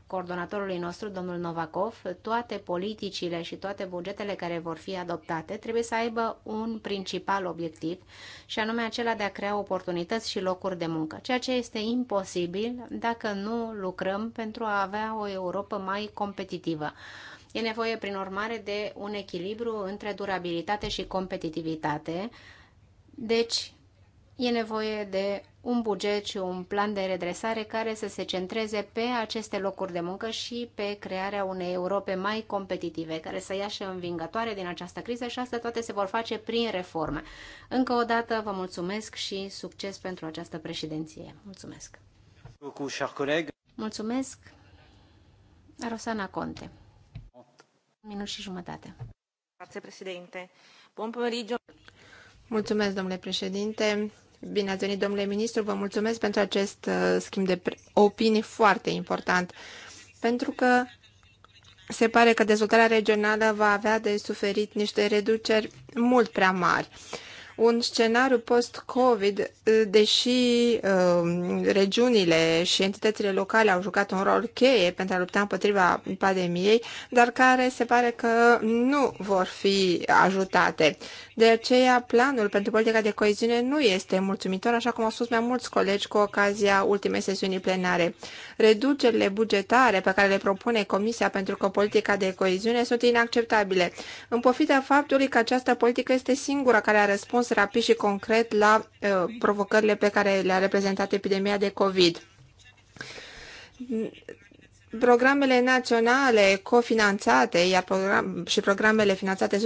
coordonatorului nostru, domnul Novakov, toate politicile și toate bugetele care vor fi adoptate trebuie să aibă un principal obiectiv și anume acela de a crea oportunități și locuri de muncă, ceea ce este imposibil dacă nu lucrăm pentru a avea o Europa mai competitivă. E nevoie, prin urmare, de un echilibru între durabilitate și competitivitate, deci e nevoie de un buget și un plan de redresare care să se centreze pe aceste locuri de muncă și pe crearea unei Europe mai competitive, care să iasă învingătoare din această criză și asta toate se vor face prin reforme. Încă o dată vă mulțumesc și succes pentru această președinție. Mulțumesc! Mulțumesc! Rosana Conte. Minut și jumătate. Grazie, președinte. Bun pomeriggio. Mulțumesc, domnule președinte. Bine ați venit, domnule ministru, vă mulțumesc pentru acest uh, schimb de opinii foarte important, pentru că se pare că dezvoltarea regională va avea de suferit niște reduceri mult prea mari un scenariu post-COVID, eh, deși uh, regiunile și entitățile locale au jucat un rol cheie pentru a lupta împotriva pandemiei, dar care se pare că nu vor fi ajutate. De aceea, planul pentru politica de coeziune nu este mulțumitor, așa cum au spus mai mulți colegi cu ocazia ultimei sesiuni plenare. Reducerile bugetare pe care le propune Comisia pentru că politica de coeziune sunt inacceptabile, în pofita faptului că această politică este singura care a răspuns răspuns rapid și concret la uh, provocările pe care le-a reprezentat epidemia de COVID. Programele naționale cofinanțate iar program, și programele finanțate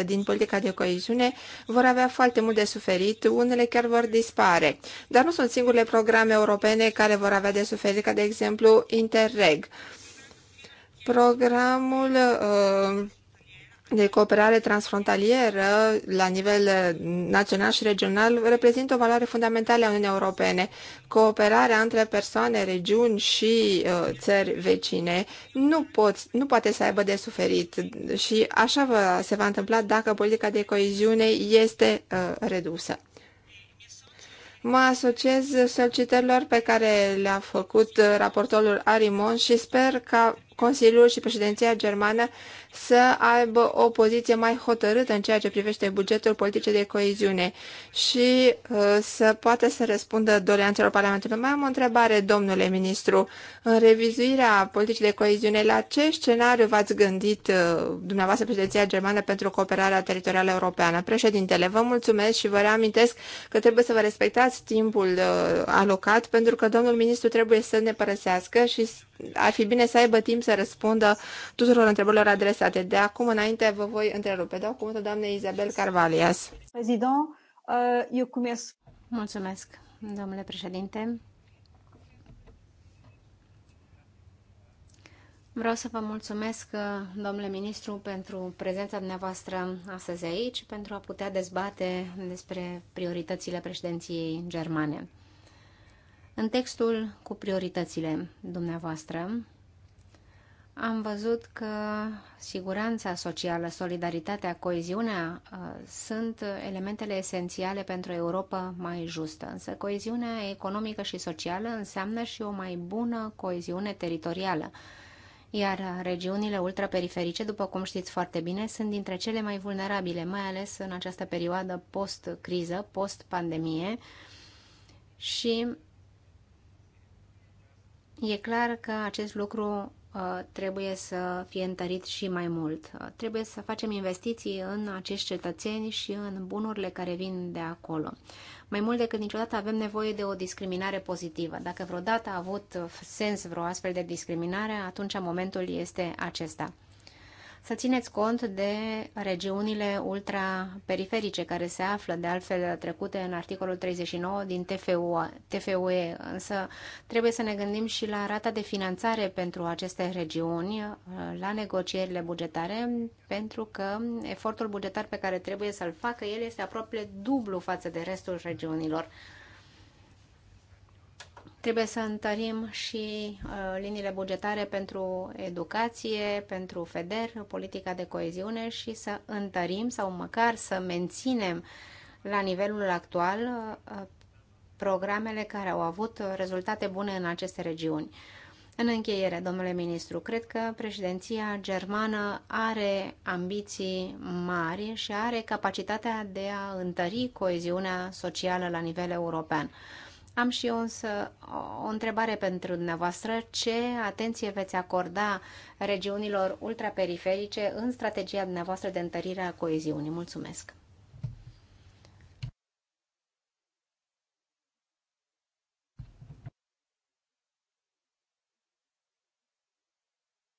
100% din politica de coeziune vor avea foarte mult de suferit, unele chiar vor dispare. Dar nu sunt singurele programe europene care vor avea de suferit, ca de exemplu Interreg. Programul uh, de cooperare transfrontalieră la nivel eh, național și regional reprezintă o valoare fundamentală a Uniunii Europene. Cooperarea între persoane, regiuni și uh, țări vecine nu, pot, nu poate să aibă de suferit și așa va, se va întâmpla dacă politica de coeziune este uh, redusă. Mă asociez solicitărilor pe care le-a făcut raportorul Arimon și sper ca Consiliul și președinția germană să aibă o poziție mai hotărâtă în ceea ce privește bugetul politice de coeziune și uh, să poată să răspundă doleanțelor Parlamentului. Mai am o întrebare, domnule ministru. În revizuirea politicii de coeziune, la ce scenariu v-ați gândit uh, dumneavoastră președinția germană pentru cooperarea teritorială europeană? Președintele, vă mulțumesc și vă reamintesc că trebuie să vă respectați timpul uh, alocat pentru că domnul ministru trebuie să ne părăsească și ar fi bine să aibă timp să răspundă tuturor întrebărilor adresate fixate. De acum înainte vă voi întrerupe. Dau cuvântul doamnei Izabel Carvalias. Prezident, uh, eu cum Mulțumesc, domnule președinte. Vreau să vă mulțumesc, uh, domnule ministru, pentru prezența dumneavoastră astăzi aici, pentru a putea dezbate despre prioritățile președinției germane. În textul cu prioritățile dumneavoastră, am văzut că siguranța socială, solidaritatea, coeziunea uh, sunt elementele esențiale pentru o Europa mai justă. Însă coeziunea economică și socială înseamnă și o mai bună coeziune teritorială. Iar regiunile ultraperiferice, după cum știți foarte bine, sunt dintre cele mai vulnerabile, mai ales în această perioadă post-criză, post-pandemie și E clar că acest lucru Uh, trebuie să fie întărit și mai mult. Uh, trebuie să facem investiții în acești cetățeni și în bunurile care vin de acolo. Mai mult decât niciodată avem nevoie de o discriminare pozitivă. Dacă vreodată a avut sens vreo astfel de discriminare, atunci momentul este acesta să țineți cont de regiunile ultraperiferice care se află de altfel trecute în articolul 39 din TFUE, însă trebuie să ne gândim și la rata de finanțare pentru aceste regiuni, la negocierile bugetare, pentru că efortul bugetar pe care trebuie să-l facă el este aproape dublu față de restul regiunilor. Trebuie să întărim și uh, liniile bugetare pentru educație, pentru FEDER, politica de coeziune și să întărim sau măcar să menținem la nivelul actual uh, programele care au avut rezultate bune în aceste regiuni. În încheiere, domnule ministru, cred că președinția germană are ambiții mari și are capacitatea de a întări coeziunea socială la nivel european. Am și eu însă o întrebare pentru dumneavoastră. Ce atenție veți acorda regiunilor ultraperiferice în strategia dumneavoastră de întărire a coeziunii? Mulțumesc!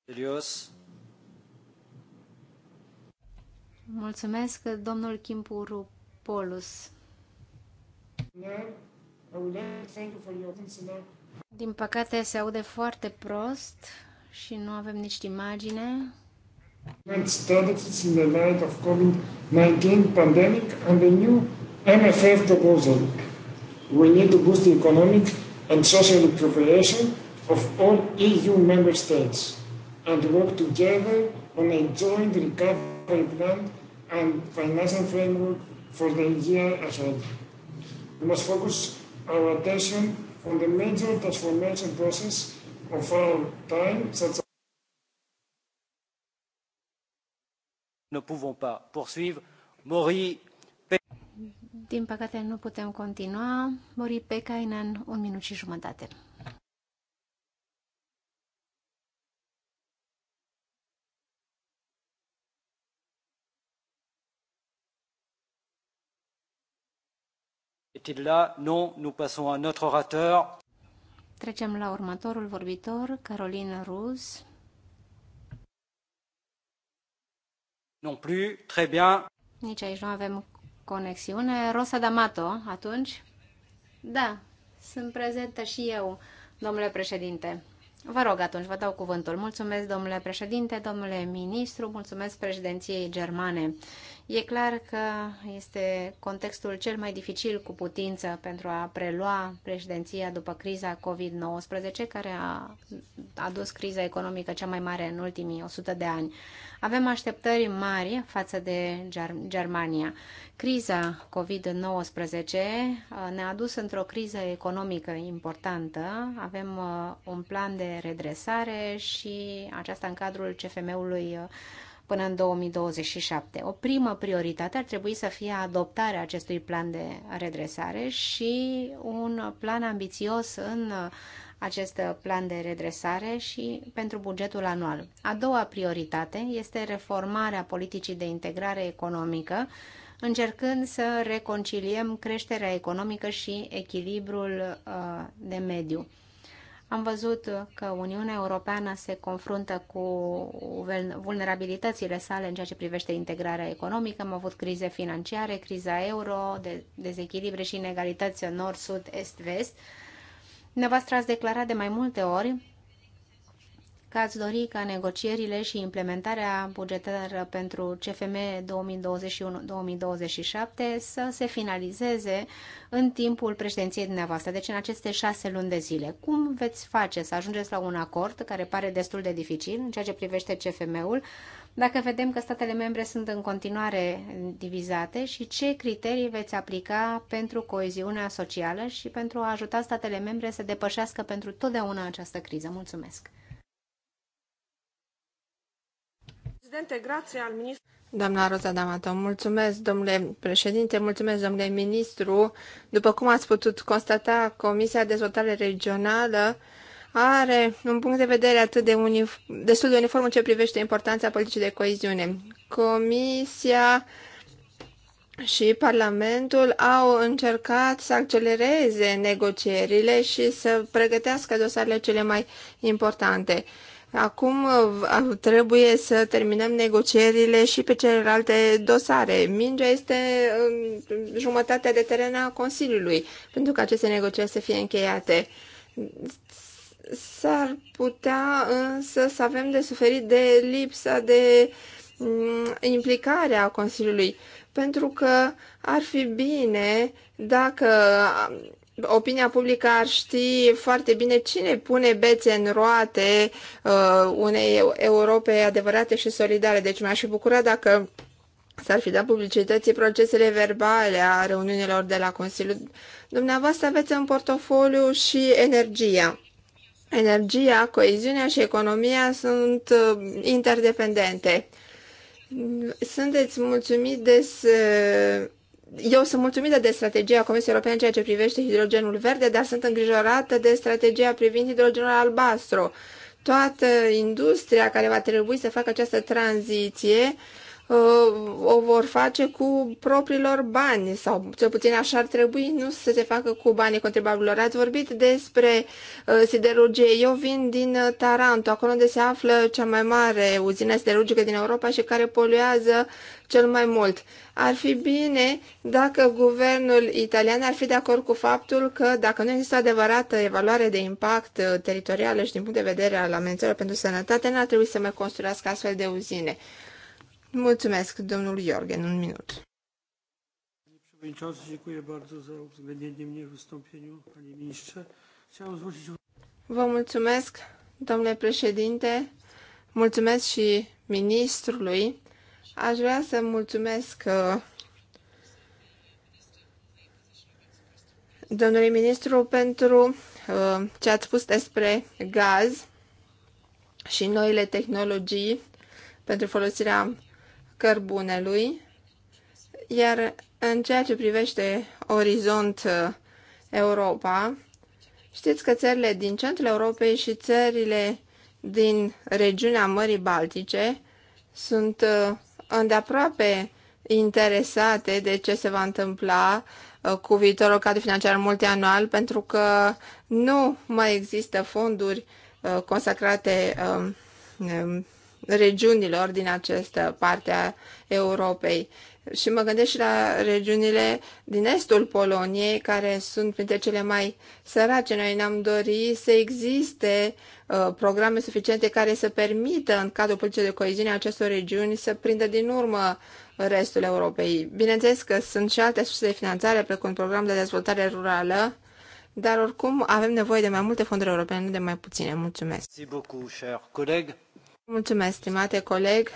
Serios? Mulțumesc, domnul Kimpuru Polus. Din păcate se aude foarte prost și nu avem nici imagine. Strategies in the light of COVID-19 pandemic and the new MFF proposal. We need to boost the economic and social appropriation of all EU member states and work together on a joint recovery plan and financial framework for the year ahead. We must focus our attention on the major transformation process of our time, such as ne pouvons pas poursuivre. Mori Din păcate nu putem continua. Mori Pekainen, un minut și jumătate. Tilla. la notre Trecem la următorul vorbitor, Carolina Ruz. Non plus, très bien. Nici aici nu avem conexiune. Rosa D'Amato, atunci? Da, sunt prezentă și eu, domnule președinte. Vă rog atunci, vă dau cuvântul. Mulțumesc, domnule președinte, domnule ministru, mulțumesc președinției germane. E clar că este contextul cel mai dificil cu putință pentru a prelua președinția după criza COVID-19, care a adus criza economică cea mai mare în ultimii 100 de ani. Avem așteptări mari față de Germania. Criza COVID-19 uh, ne-a dus într-o criză economică importantă. Avem uh, un plan de redresare și aceasta în cadrul CFM-ului uh, până în 2027. O primă prioritate ar trebui să fie adoptarea acestui plan de redresare și un plan ambițios în acest plan de redresare și pentru bugetul anual. A doua prioritate este reformarea politicii de integrare economică, încercând să reconciliem creșterea economică și echilibrul uh, de mediu. Am văzut că Uniunea Europeană se confruntă cu vulnerabilitățile sale în ceea ce privește integrarea economică. Am avut crize financiare, criza euro, de dezechilibre și inegalități nord-sud, est-vest. Dumneavoastră ați declarat de mai multe ori că ați dori ca negocierile și implementarea bugetară pentru CFM 2021-2027 să se finalizeze în timpul președinției dumneavoastră, deci în aceste șase luni de zile. Cum veți face să ajungeți la un acord care pare destul de dificil în ceea ce privește CFM-ul, dacă vedem că statele membre sunt în continuare divizate și ce criterii veți aplica pentru coeziunea socială și pentru a ajuta statele membre să depășească pentru totdeauna această criză? Mulțumesc! Președinte, grație al ministru. Doamna Roza D'Amato, mulțumesc, domnule președinte, mulțumesc, domnule ministru. După cum ați putut constata, Comisia de Dezvoltare Regională are un punct de vedere atât de unif- destul de uniform în ce privește importanța politicii de coeziune. Comisia și Parlamentul au încercat să accelereze negocierile și să pregătească dosarele cele mai importante. Acum uh, uh, trebuie să terminăm negocierile și pe celelalte dosare. Mingea este um, jumătatea de teren a Consiliului pentru că aceste negocieri să fie încheiate. S-ar putea însă să avem de suferit de lipsa de mm, implicare a Consiliului, pentru că ar fi bine dacă opinia publică ar ști foarte bine cine pune bețe în roate uh, unei Europe adevărate și solidare. Deci mi-aș fi bucurat dacă s-ar fi dat publicității procesele verbale a reuniunilor de la Consiliu. Dumneavoastră aveți în portofoliu și energia. Energia, coeziunea și economia sunt uh, interdependente. Sunteți mulțumit de uh, eu sunt mulțumită de strategia Comisiei Europene în ceea ce privește hidrogenul verde, dar sunt îngrijorată de strategia privind hidrogenul albastru. Toată industria care va trebui să facă această tranziție Uh, o vor face cu propriilor bani sau cel puțin așa ar trebui, nu să se facă cu banii contribuabililor. Ați vorbit despre uh, siderurgie. Eu vin din uh, Taranto, acolo unde se află cea mai mare uzină siderurgică din Europa și care poluează cel mai mult. Ar fi bine dacă guvernul italian ar fi de acord cu faptul că dacă nu există adevărată evaluare de impact teritorială și din punct de vedere al amenințărilor pentru sănătate, n-ar trebui să mai construiască astfel de uzine. Mulțumesc, domnul Iorgen, un minut. Vă mulțumesc, domnule președinte, mulțumesc și ministrului. Aș vrea să mulțumesc uh, domnului ministru pentru uh, ce ați spus despre gaz și noile tehnologii pentru folosirea cărbunelui, iar în ceea ce privește orizont uh, Europa, știți că țările din centrul Europei și țările din regiunea Mării Baltice sunt uh, îndeaproape interesate de ce se va întâmpla uh, cu viitorul cadru financiar multianual, pentru că nu mai există fonduri consacrate um, um, regiunilor din această parte a Europei. Și mă gândesc și la regiunile din estul Poloniei, care sunt printre cele mai sărace. Noi ne-am dorit să existe uh, programe suficiente care să permită, în cadrul politicii de coeziune, acestor regiuni să prindă din urmă restul Europei. Bineînțeles că sunt și alte surse de finanțare, precum programul de dezvoltare rurală, dar oricum avem nevoie de mai multe fonduri europene, nu de mai puține. Mulțumesc! Mulțumesc Mulțumesc, stimate coleg.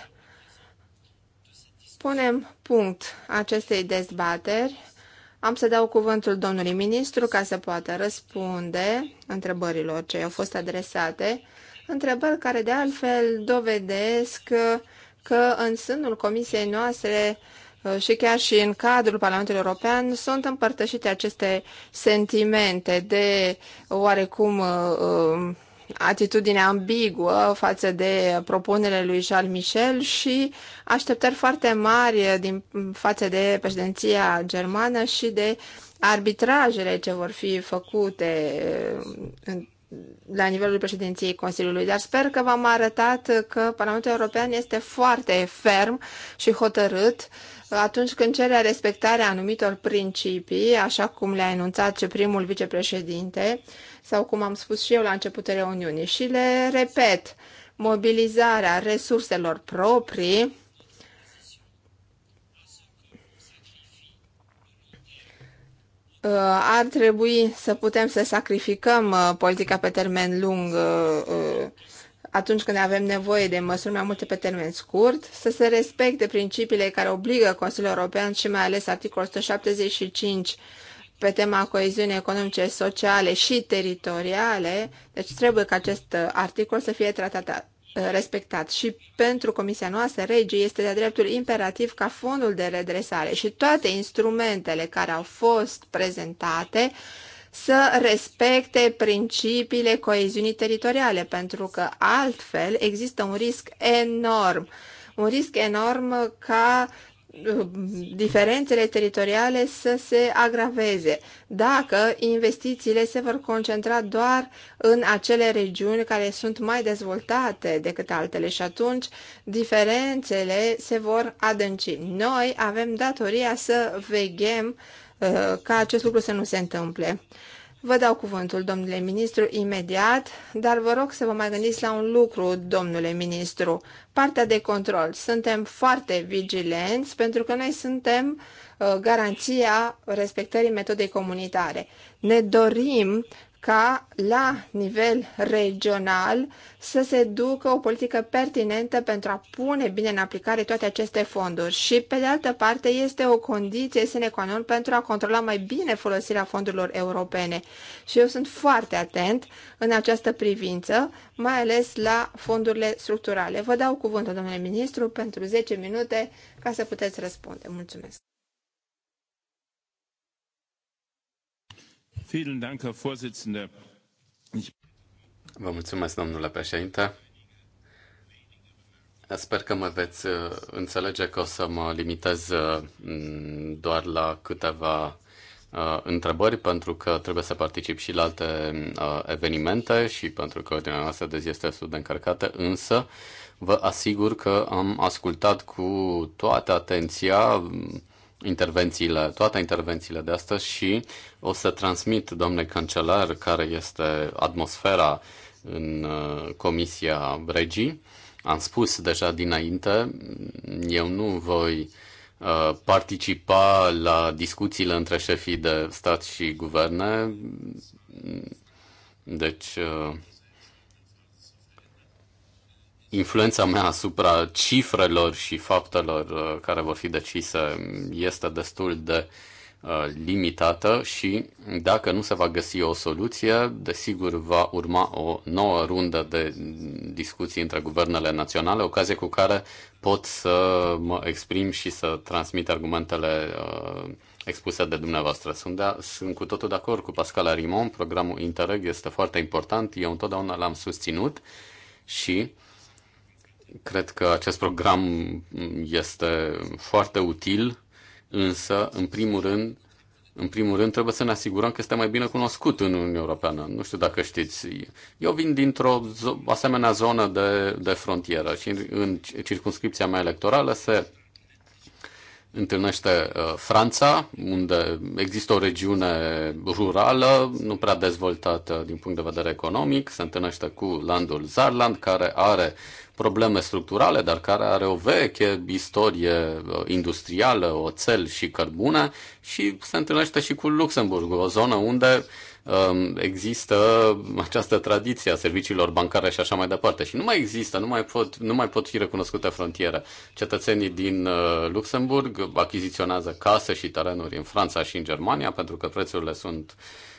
Punem punct acestei dezbateri. Am să dau cuvântul domnului ministru ca să poată răspunde întrebărilor ce au fost adresate, întrebări care de altfel dovedesc că în sânul comisiei noastre uh, și chiar și în cadrul Parlamentului European sunt împărtășite aceste sentimente de oarecum uh, um, atitudine ambiguă față de propunerea lui Charles Michel și așteptări foarte mari din față de președinția germană și de arbitrajele ce vor fi făcute uh, la nivelul președinției Consiliului, dar sper că v-am arătat că Parlamentul European este foarte ferm și hotărât atunci când cere respectarea anumitor principii, așa cum le-a enunțat și primul vicepreședinte, sau cum am spus și eu la începutul reuniunii și le repet, mobilizarea resurselor proprii uh, ar trebui să putem să sacrificăm uh, politica pe termen lung uh, atunci când avem nevoie de măsuri mai multe pe termen scurt, să se respecte principiile care obligă Consiliul European și mai ales articolul 175 pe tema coeziunii economice, sociale și teritoriale, deci trebuie ca acest uh, articol să fie tratat uh, respectat și pentru comisia noastră, regi este de dreptul imperativ ca fondul de redresare și toate instrumentele care au fost prezentate să respecte principiile coeziunii teritoriale, pentru că altfel există un risc enorm, un risc enorm ca uh, diferențele teritoriale să se agraveze dacă investițiile se vor concentra doar în acele regiuni care sunt mai dezvoltate decât altele și atunci diferențele se vor adânci. Noi avem datoria să veghem uh, ca acest lucru să nu se întâmple. Vă dau cuvântul, domnule ministru, imediat, dar vă rog să vă mai gândiți la un lucru, domnule ministru. Partea de control. Suntem foarte vigilenți pentru că noi suntem uh, garanția respectării metodei comunitare. Ne dorim ca la nivel regional să se ducă o politică pertinentă pentru a pune bine în aplicare toate aceste fonduri și, pe de altă parte, este o condiție sine qua non pentru a controla mai bine folosirea fondurilor europene. Și eu sunt foarte atent în această privință, mai ales la fondurile structurale. Vă dau cuvântul, domnule ministru, pentru 10 minute ca să puteți răspunde. Mulțumesc! Vielen Dank, Herr Vorsitzender. Vă mulțumesc, domnule președinte. Sper că mă veți uh, înțelege că o să mă limitez uh, doar la câteva uh, întrebări, pentru că trebuie să particip și la alte evenimente și pentru că ordinea noastră de zi este destul de încărcată, însă vă asigur că am ascultat cu toată atenția intervențiile, toate intervențiile de astăzi și o să transmit doamnei cancelar care este atmosfera în uh, Comisia Regii. Am spus deja dinainte, eu nu voi uh, participa la discuțiile între șefii de stat și guverne. Deci uh, influența mea asupra cifrelor și faptelor uh, care vor fi decise este destul de uh, limitată și dacă nu se va găsi o soluție, desigur va urma o nouă rundă de discuții între guvernele naționale, ocazie cu care pot să mă exprim și să transmit argumentele uh, expuse de dumneavoastră. Sunt, de, sunt cu totul de acord cu Pascal Arimon, programul Interreg este foarte important, eu întotdeauna l-am susținut și uh, Cred că acest program este foarte util, însă, în primul rând, în primul rând, trebuie să ne asigurăm că este mai bine cunoscut în Uniunea Europeană. Nu știu dacă știți. Eu vin dintr-o zo- asemenea zonă de, de frontieră și în, în circunscripția mea electorală se întâlnește uh, Franța, unde există o regiune rurală, nu prea dezvoltată din punct de vedere economic, se întâlnește cu landul Zarland, care are probleme structurale, dar care are o veche istorie uh, industrială, oțel și cărbune și se întâlnește și cu Luxemburg, o zonă unde um, există această tradiție a serviciilor bancare și așa mai departe. Și nu mai există, nu mai pot, nu mai pot fi recunoscute frontiere. Cetățenii din uh, Luxemburg achiziționează case și terenuri în Franța și în Germania pentru că prețurile sunt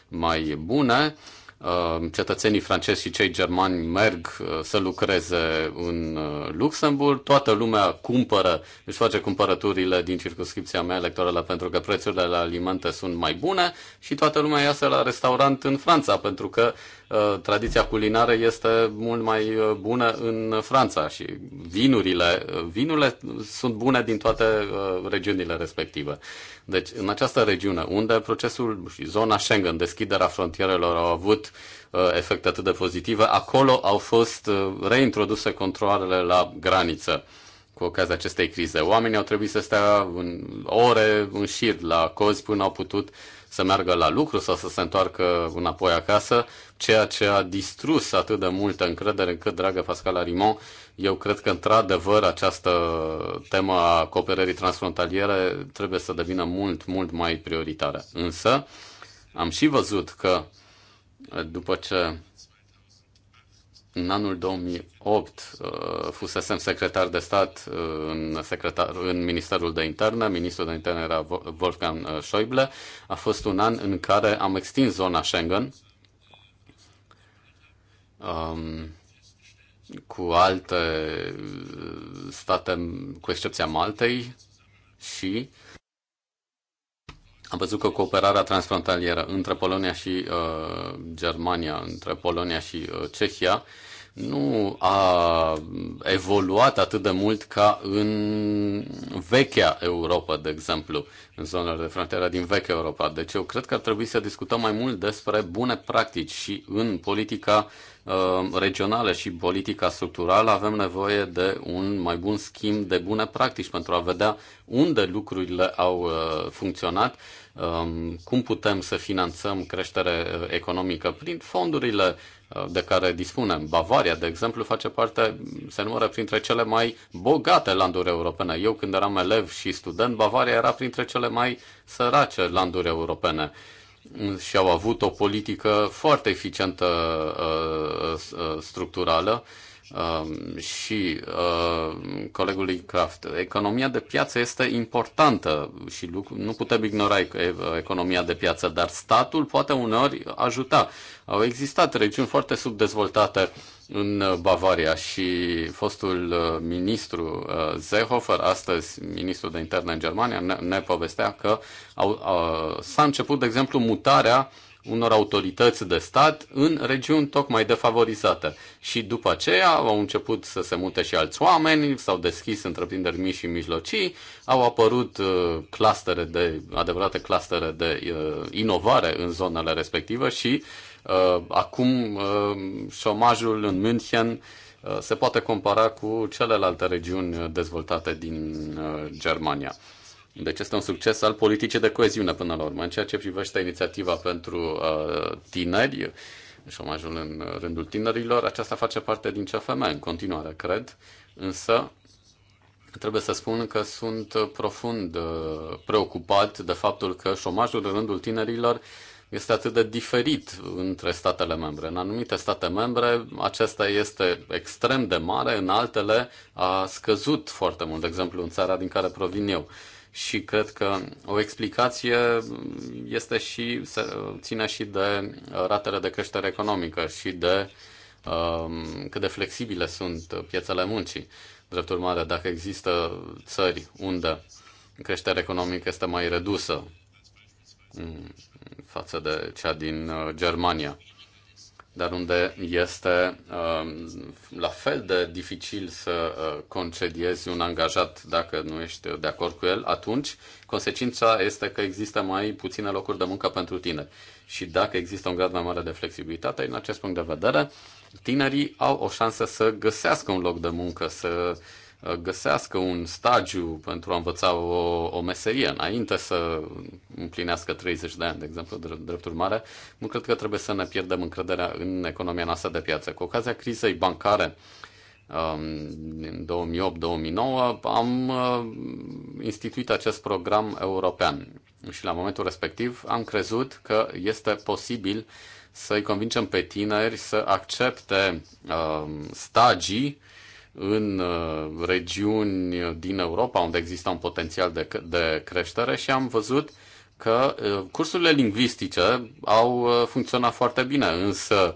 mai bune Uh, cetățenii francezi și cei germani merg uh, să lucreze în uh, Luxemburg, toată lumea cumpără, își face cumpărăturile din circunscripția mea electorală pentru că prețurile la alimente sunt mai bune și toată lumea iasă la restaurant în Franța pentru că Uh, tradiția culinară este mult mai uh, bună în Franța și vinurile, uh, vinurile sunt bune din toate regiunile respective. Deci, în această regiune, unde procesul și zona Schengen, deschiderea frontierelor au avut efecte atât de pozitive, acolo au fost reintroduse controlele la graniță cu ocazia acestei crize. Oamenii au trebuit să stea în ore în șir la cozi până au putut să meargă la lucru sau să se întoarcă înapoi acasă ceea ce a distrus atât de multă încredere încât, dragă Pascal Arimon, eu cred că, într-adevăr, această temă a cooperării transfrontaliere trebuie să devină mult, mult mai prioritară. Însă, am și văzut că, eh, după ce în anul 2008 eh, fusesem secretar de stat eh, în, secretar, în Ministerul de Interne, ministrul de interne era Wolfgang Schäuble, a fost un an în care am extins zona Schengen um, cu alte uh, state, cu excepția Maltei și am văzut că cooperarea transfrontalieră între Polonia și uh, Germania, între Polonia și uh, Cehia, nu a evoluat atât de mult ca în vechea Europa, de exemplu, în zonele de frontieră din vechea Europa. Deci eu cred că ar trebui să discutăm mai mult despre bune practici și în politica Uh, regionale și politica structurală, avem nevoie de un mai bun schimb de bune practici pentru a vedea unde lucrurile au uh, funcționat, um, cum putem să finanțăm creștere uh, economică prin fondurile de care dispunem. Bavaria, de exemplu, face parte, se numără printre cele mai bogate landuri europene. Eu, când eram elev și student, Bavaria era printre cele mai sărace landuri europene. Uh, și au avut o politică foarte eficientă uh, uh, uh, structurală Um, și uh, colegului Kraft. Economia de piață este importantă și nu putem ignora economia de piață, dar statul poate uneori ajuta. Au existat regiuni foarte subdezvoltate în Bavaria și fostul uh, ministru Zehofer, uh, astăzi ministrul de interne în Germania, ne, ne povestea că au, uh, s-a început, de exemplu, mutarea unor autorități de stat în regiuni tocmai defavorizate. Și după aceea au început să se mute și alți oameni, s-au deschis întreprinderi mici și mijlocii, au apărut uh, clustere de, adevărate clustere de uh, inovare în zonele respective și uh, acum șomajul în München se poate compara cu celelalte regiuni dezvoltate din Germania. Deci este un succes al politicii de coeziune până la urmă. În ceea ce privește inițiativa pentru uh, tineri, șomajul în rândul tinerilor, aceasta face parte din CFM în continuare, cred, însă trebuie să spun că sunt profund uh, preocupat de faptul că șomajul în rândul tinerilor este atât de diferit între statele membre. În anumite state membre acesta este extrem de mare, în altele a scăzut foarte mult, de exemplu în țara din care provin eu și cred că o explicație este și ține și de ratele de creștere economică și de um, cât de flexibile sunt piețele muncii. Drept urmare, dacă există țări unde creșterea economică este mai redusă mm, față de cea din uh, Germania, dar unde este um, la fel de dificil să uh, concediezi un angajat dacă nu ești de acord cu el, atunci consecința este că există mai puține locuri de muncă pentru tine. Și dacă există un grad mai mare de flexibilitate, în acest punct de vedere, tinerii au o șansă să găsească un loc de muncă, să Uh, găsească un stagiu pentru a învăța o, o meserie înainte să împlinească 30 de ani, de exemplu, drept urmare, nu cred că trebuie să ne pierdem încrederea în economia noastră de piață. Cu ocazia crizei bancare um, din 2008-2009 am uh, instituit acest program european și la momentul respectiv am crezut că este posibil să-i convingem pe tineri să accepte um, stagii în uh, regiuni din Europa unde există un potențial de, de creștere și am văzut că uh, cursurile lingvistice au uh, funcționat foarte bine, însă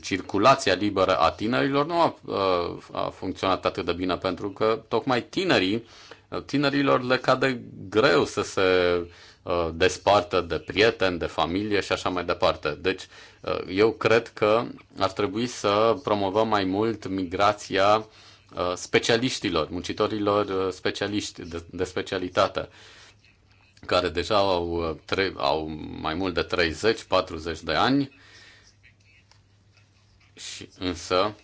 circulația liberă a tinerilor nu a, a funcționat atât de bine pentru că tocmai tinerii, tinerilor le cade greu să se despartă de prieteni, de familie și așa mai departe. Deci Uh, eu cred că ar trebui să promovăm mai mult migrația uh, specialiștilor, muncitorilor uh, specialiști de, de specialitate, care deja au, tre- au mai mult de 30-40 de ani, și, însă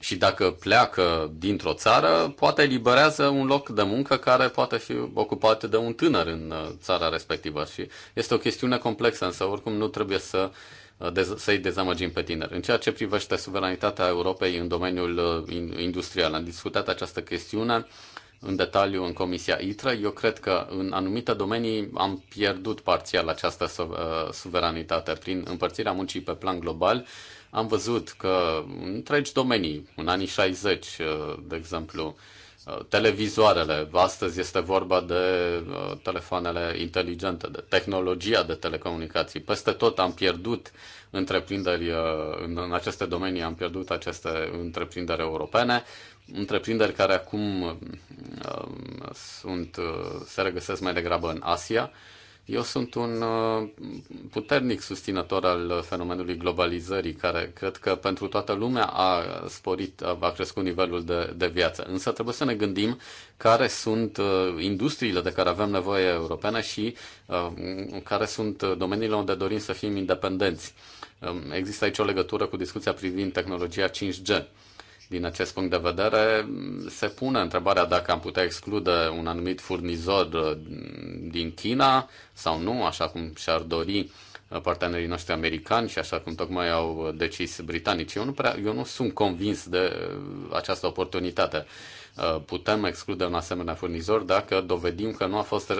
și dacă pleacă dintr-o țară, poate eliberează un loc de muncă care poate fi ocupat de un tânăr în țara respectivă. Și este o chestiune complexă, însă oricum nu trebuie să Uh, să-i dezamăgim pe tineri. În ceea ce privește suveranitatea Europei în domeniul uh, industrial, am discutat această chestiune în detaliu în Comisia ITRA. Eu cred că în anumite domenii am pierdut parțial această uh, suveranitate prin împărțirea muncii pe plan global. Am văzut că întregi domenii, în anii 60, de exemplu, Uh, televizoarele. Astăzi este vorba de uh, telefoanele inteligente, de tehnologia de telecomunicații. Peste tot am pierdut întreprinderi uh, în aceste domenii, am pierdut aceste întreprinderi europene, întreprinderi care acum um, sunt, se regăsesc mai degrabă în Asia eu sunt un uh, puternic susținător al fenomenului globalizării, care cred că pentru toată lumea a sporit, a crescut nivelul de, de viață. Însă trebuie să ne gândim care sunt uh, industriile de care avem nevoie europene și uh, care sunt domeniile unde dorim să fim independenți. Um, există aici o legătură cu discuția privind tehnologia 5G. Din acest punct de vedere, se pune întrebarea dacă am putea exclude un anumit furnizor uh, din China sau nu, așa cum și-ar dori uh, partenerii noștri americani și așa cum tocmai au uh, decis britanici. Eu nu, prea, eu nu sunt convins de această oportunitate. Putem exclude un asemenea furnizor dacă dovedim că nu a fost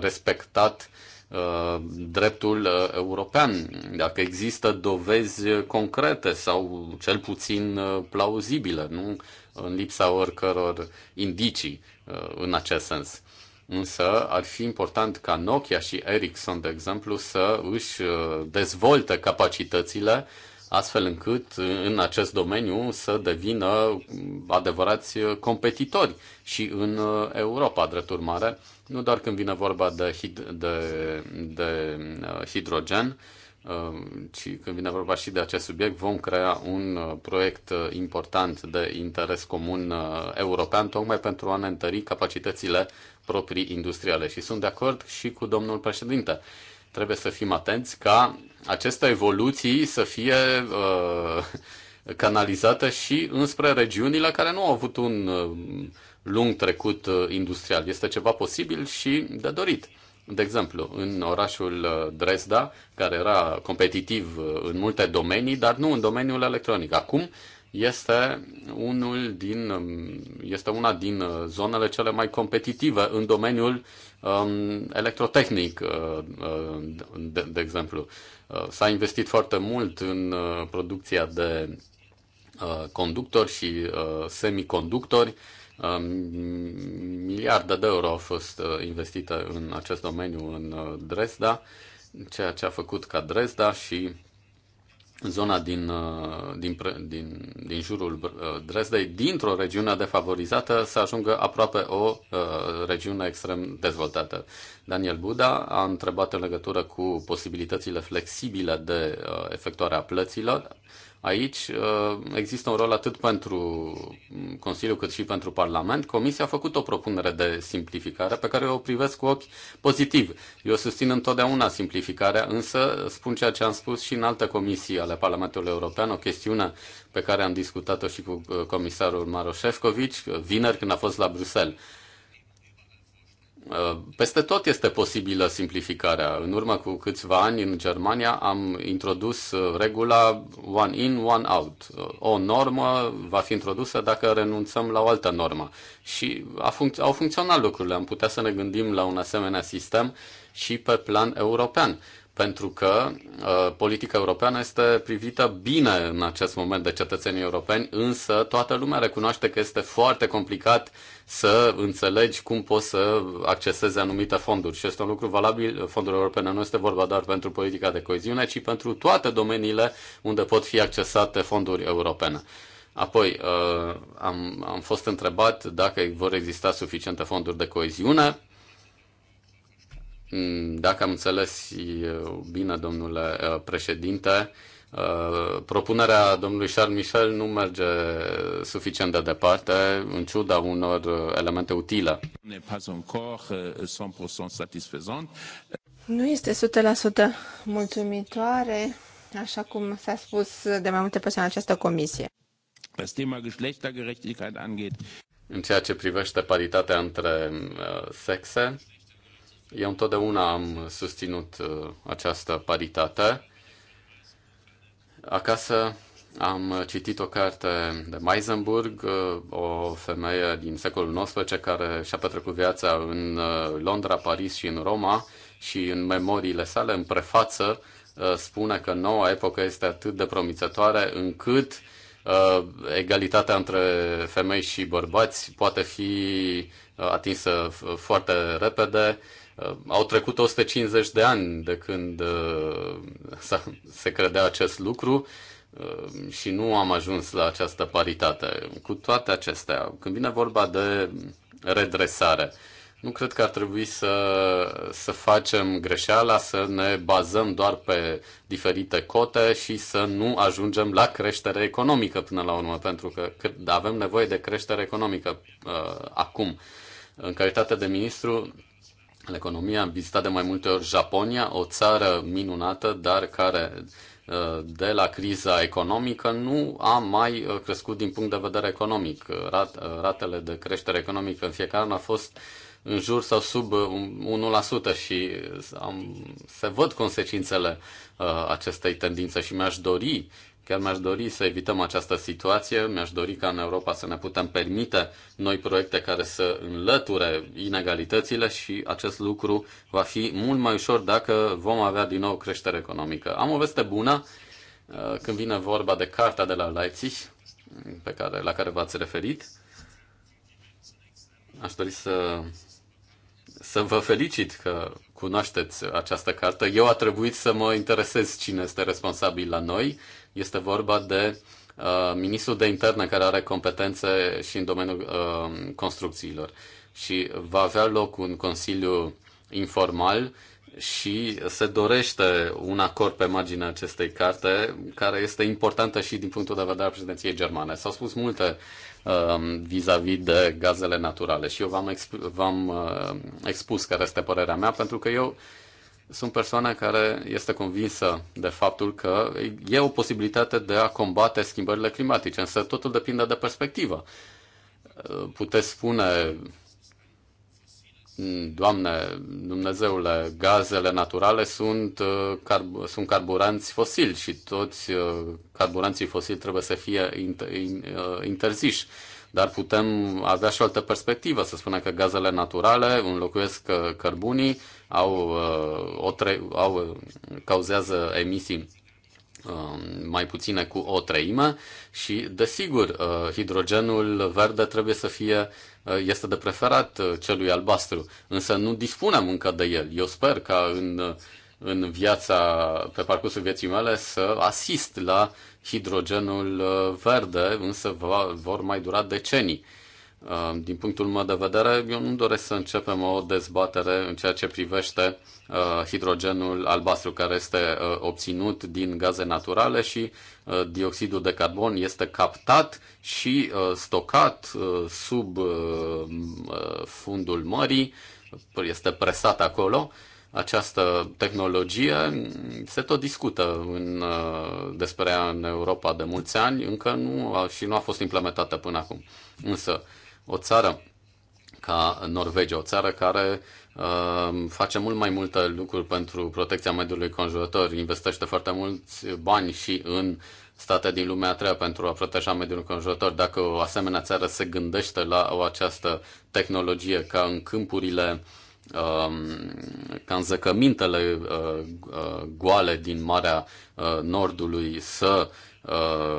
respectat Uh, dreptul uh, european, dacă există dovezi concrete sau cel puțin uh, plauzibile, nu în lipsa oricăror indicii în acest sens. Însă ar fi important ca Nokia și Ericsson, de exemplu, să își dezvolte capacitățile astfel încât în acest domeniu să devină um, adevărați competitori și în Europa, drept urmare nu doar când vine vorba de, hid- de, de uh, hidrogen, uh, ci când vine vorba și de acest subiect, vom crea un uh, proiect important de interes comun european, tocmai pentru a ne întări capacitățile proprii industriale. Și sunt de acord și cu domnul președinte. Trebuie să fim atenți ca aceste evoluții să fie uh, canalizate și înspre regiunile care nu au avut un lung trecut uh, industrial. Este ceva posibil și de dorit. De exemplu, în orașul uh, Dresda, care era competitiv uh, în multe domenii, dar nu în domeniul electronic. Acum este, unul din, um, este una din zonele cele mai competitive în domeniul um, electrotehnic, de, de exemplu. S-a investit foarte mult în producția de conductori și semiconductori miliarde de euro au fost uh, investite în acest domeniu în uh, Dresda, ceea ce a făcut ca Dresda și zona din, uh, din, din, din jurul Dresdei, dintr-o regiune defavorizată, să ajungă aproape o regiune extrem dezvoltată. Daniel Buda a întrebat în legătură cu posibilitățile flexibile de efectuare a plăților, Aici uh, există un rol atât pentru Consiliu cât și pentru Parlament. Comisia a făcut o propunere de simplificare pe care o privesc cu ochi pozitiv. Eu susțin întotdeauna simplificarea, însă spun ceea ce am spus și în alte comisii ale Parlamentului European, o chestiune pe care am discutat-o și cu uh, comisarul Maroșescovici, uh, vineri când a fost la Bruxelles. Peste tot este posibilă simplificarea. În urmă cu câțiva ani în Germania am introdus uh, regula one in, one out. O normă va fi introdusă dacă renunțăm la o altă normă. Și a func- au funcționat lucrurile. Am putea să ne gândim la un asemenea sistem și pe plan european. Pentru că uh, politica europeană este privită bine în acest moment de cetățenii europeni, însă toată lumea recunoaște că este foarte complicat uh, să înțelegi cum poți să accesezi anumite fonduri. Și este un lucru valabil, fondurile europene nu este vorba doar pentru politica de coeziune, ci pentru toate domeniile unde pot fi accesate fonduri europene. Apoi uh, am, am fost întrebat dacă vor exista suficiente fonduri de coeziune. Mm, dacă am înțeles uh, bine, domnule uh, președinte, uh, Uh, propunerea domnului Charles Michel nu merge suficient de departe, în ciuda unor uh, elemente utile. Uh, nu este 100% mulțumitoare, așa cum s-a spus de mai multe persoane în această comisie. În ceea ce privește paritatea între sexe, eu întotdeauna am susținut această paritate Acasă am citit o carte de Meisenburg, o femeie din secolul XIX care și-a petrecut viața în uh, Londra, Paris și în Roma și în memoriile sale, în prefață, uh, spune că noua epocă este atât de promițătoare încât uh, egalitatea între femei și bărbați poate fi atinsă foarte repede, Uh, au trecut 150 de ani de când uh, se credea acest lucru uh, și nu am ajuns la această paritate. Cu toate acestea, când vine vorba de redresare, nu cred că ar trebui să, să facem greșeala, să ne bazăm doar pe diferite cote și să nu ajungem la creștere economică până la urmă, pentru că avem nevoie de creștere economică uh, acum. În calitate de ministru, în economie. Am vizitat de mai multe ori Japonia, o țară minunată, dar care uh, de la criza economică nu a mai uh, crescut din punct de vedere economic. Uh, ratele de creștere economică în fiecare an a fost în jur sau sub 1% um, și am, se văd consecințele uh, acestei tendințe și mi-aș dori Chiar mi-aș dori să evităm această situație, mi-aș dori ca în Europa să ne putem permite noi proiecte care să înlăture inegalitățile și acest lucru va fi mult mai ușor dacă vom avea din nou creștere economică. Am o veste bună uh, când vine vorba de cartea de la Leipzig, pe care, la care v-ați referit. Aș dori să, să vă felicit că cunoașteți această carte. Eu a trebuit să mă interesez cine este responsabil la noi este vorba de uh, ministrul de interne care are competențe și în domeniul uh, construcțiilor. Și va avea loc un consiliu informal și se dorește un acord pe marginea acestei carte, care este importantă și din punctul de vedere al președinției germane. S-au spus multe uh, vis-a-vis -vis de gazele naturale și eu v-am, exp- v-am uh, expus care este părerea mea, pentru că eu sunt persoana care este convinsă de faptul că e o posibilitate de a combate schimbările climatice, însă totul depinde de perspectivă. Puteți spune, Doamne, Dumnezeule, gazele naturale sunt, car- sunt carburanți fosili și toți carburanții fosili trebuie să fie interziși dar putem avea și o altă perspectivă, să spunem că gazele naturale înlocuiesc cărbunii au, uh, o tre- au uh, cauzează emisii um, mai puține cu o treime și, desigur, uh, hidrogenul verde trebuie să fie, este de preferat celui albastru, însă nu dispunem încă de el. Eu sper ca în, în viața, pe parcursul vieții mele, să asist la hidrogenul verde, însă va, vor mai dura decenii. Uh, din punctul meu de vedere, eu nu doresc să începem o dezbatere în ceea ce privește uh, hidrogenul albastru care este uh, obținut din gaze naturale și dioxidul de carbon este captat și stocat sub fundul mării, este presat acolo această tehnologie se tot discută în, despre ea în Europa de mulți ani, încă nu și nu a fost implementată până acum. Însă, o țară ca Norvegia, o țară care uh, face mult mai multe lucruri pentru protecția mediului conjurător, investește foarte mulți bani și în state din lumea a treia pentru a proteja mediul conjurător. Dacă o asemenea țară se gândește la o această tehnologie ca în câmpurile um, ca în zăcămintele uh, uh, goale din Marea uh, Nordului să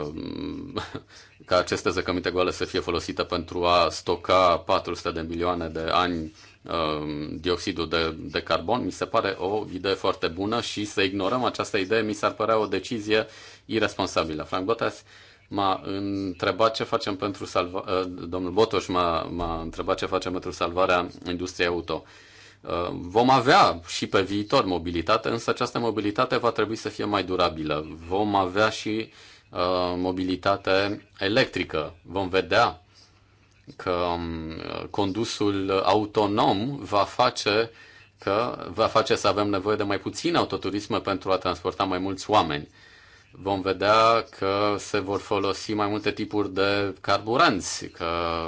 ca aceste zăcăminte goale să fie folosite pentru a stoca 400 de milioane de ani um, dioxidul de, de carbon, mi se pare o idee foarte bună și să ignorăm această idee mi s-ar părea o decizie irresponsabilă. Frank Botas m-a întrebat ce facem pentru salva... Uh, domnul Botoș m-a, m-a întrebat ce facem pentru salvarea industriei auto. Uh, vom avea și pe viitor mobilitate, însă această mobilitate va trebui să fie mai durabilă. Vom avea și uh, Uh, mobilitate electrică. Vom vedea că um, condusul autonom va face că va face să avem nevoie de mai puțin autoturism pentru a transporta mai mulți oameni. Vom vedea că se vor folosi mai multe tipuri de carburanți, că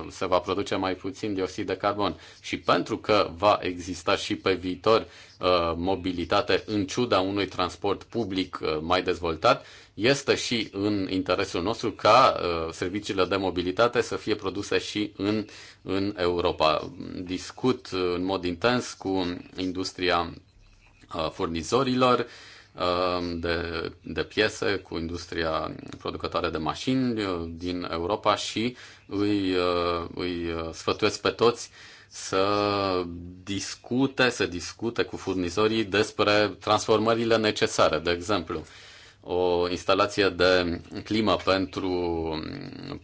se va produce mai puțin dioxid de carbon. Și pentru că va exista și pe viitor uh, mobilitate în ciuda unui transport public uh, mai dezvoltat, este și în interesul nostru ca uh, serviciile de mobilitate să fie produse și în, în Europa. Discut uh, în mod intens cu industria uh, furnizorilor de, de piese, cu industria producătoare de mașini din Europa și îi, îi sfătuiesc pe toți să discute, să discute cu furnizorii despre transformările necesare, de exemplu o instalație de climă pentru,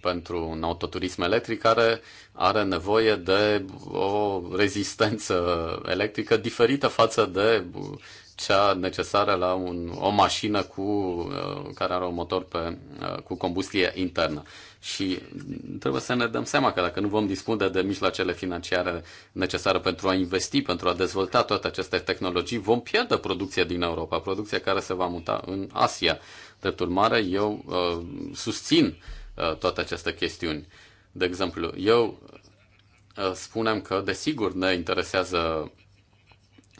pentru un autoturism electric care are nevoie de o rezistență electrică diferită față de cea necesară la un, o mașină cu, uh, care are un motor pe, uh, cu combustie internă. Și trebuie să ne dăm seama că dacă nu vom dispune de mijloacele financiare necesare pentru a investi, pentru a dezvolta toate aceste tehnologii, vom pierde producția din Europa, producția care se va muta în Asia. Drept urmare, eu uh, susțin uh, toate aceste chestiuni. De exemplu, eu uh, spunem că, desigur, ne interesează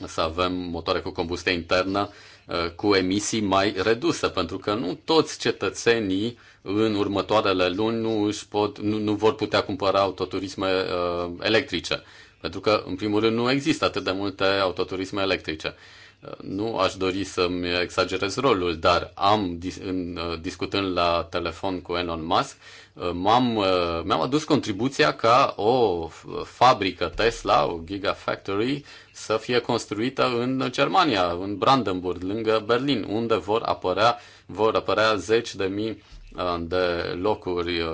să avem motoare cu combustie internă uh, cu emisii mai reduse, pentru că nu toți cetățenii uh, în următoarele luni nu, își pot, nu, nu vor putea cumpăra autoturisme uh, electrice. Pentru că, în primul rând, nu există atât de multe autoturisme electrice. Uh, nu aș dori să-mi exagerez rolul, dar am, în, uh, discutând la telefon cu Elon Musk, uh, m-am, mi-am adus contribuția ca o fabrică Tesla, o Gigafactory, să fie construită în Germania, în Brandenburg, lângă Berlin, unde vor apărea, vor apărea zeci de mii de locuri uh,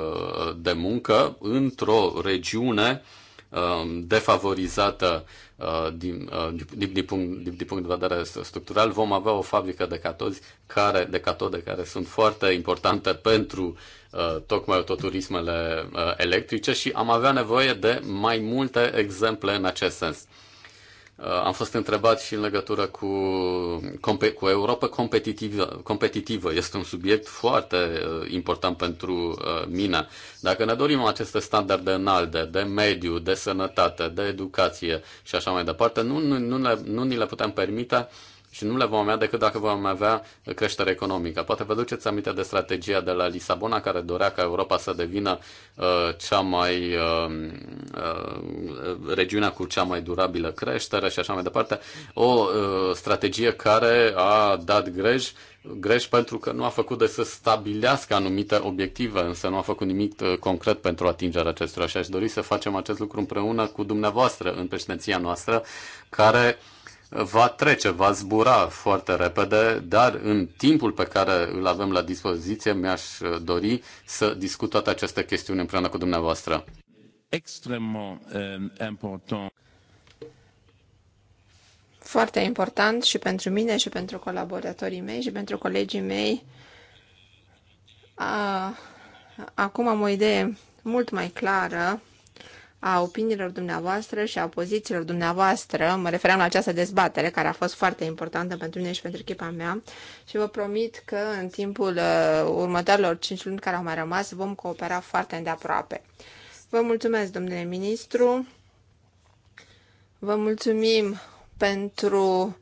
de muncă într-o regiune um, defavorizată uh, uh, din, din, din, punct, din, din punct de vedere structural, vom avea o fabrică de catozi care, de catode care sunt foarte importante pentru uh, tocmai autoturismele uh, electrice și am avea nevoie de mai multe exemple în acest sens. Uh, am fost întrebat și în legătură cu, cu Europa competitivă. competitivă. Este un subiect foarte uh, important pentru uh, mine. Dacă ne dorim aceste standarde înalte de mediu, de sănătate, de educație și așa mai departe, nu, nu, nu, le, nu ni le putem permite uh, și nu le vom avea decât dacă vom avea creștere economică. Poate vă duceți aminte de strategia de la Lisabona care dorea ca Europa să devină uh, cea mai uh, uh, regiunea cu cea mai durabilă creștere și așa mai departe. O uh, strategie care a dat greș greș pentru că nu a făcut de să stabilească anumite obiective, însă nu a făcut nimic uh, concret pentru atingerea acestora și aș dori să facem acest lucru împreună cu dumneavoastră în președinția noastră, care uh, va trece, va zbura foarte repede, dar în timpul pe care îl avem la dispoziție mi-aș uh, dori să discut toate aceste chestiuni împreună cu dumneavoastră. Extremement uh, important. Foarte important și pentru mine și pentru colaboratorii mei și pentru colegii mei. A, acum am o idee mult mai clară a opiniilor dumneavoastră și a pozițiilor dumneavoastră. Mă refeream la această dezbatere care a fost foarte importantă pentru mine și pentru echipa mea și vă promit că în timpul uh, următoarelor 5 luni care au mai rămas vom coopera foarte îndeaproape. Vă mulțumesc, domnule ministru. Vă mulțumim pentru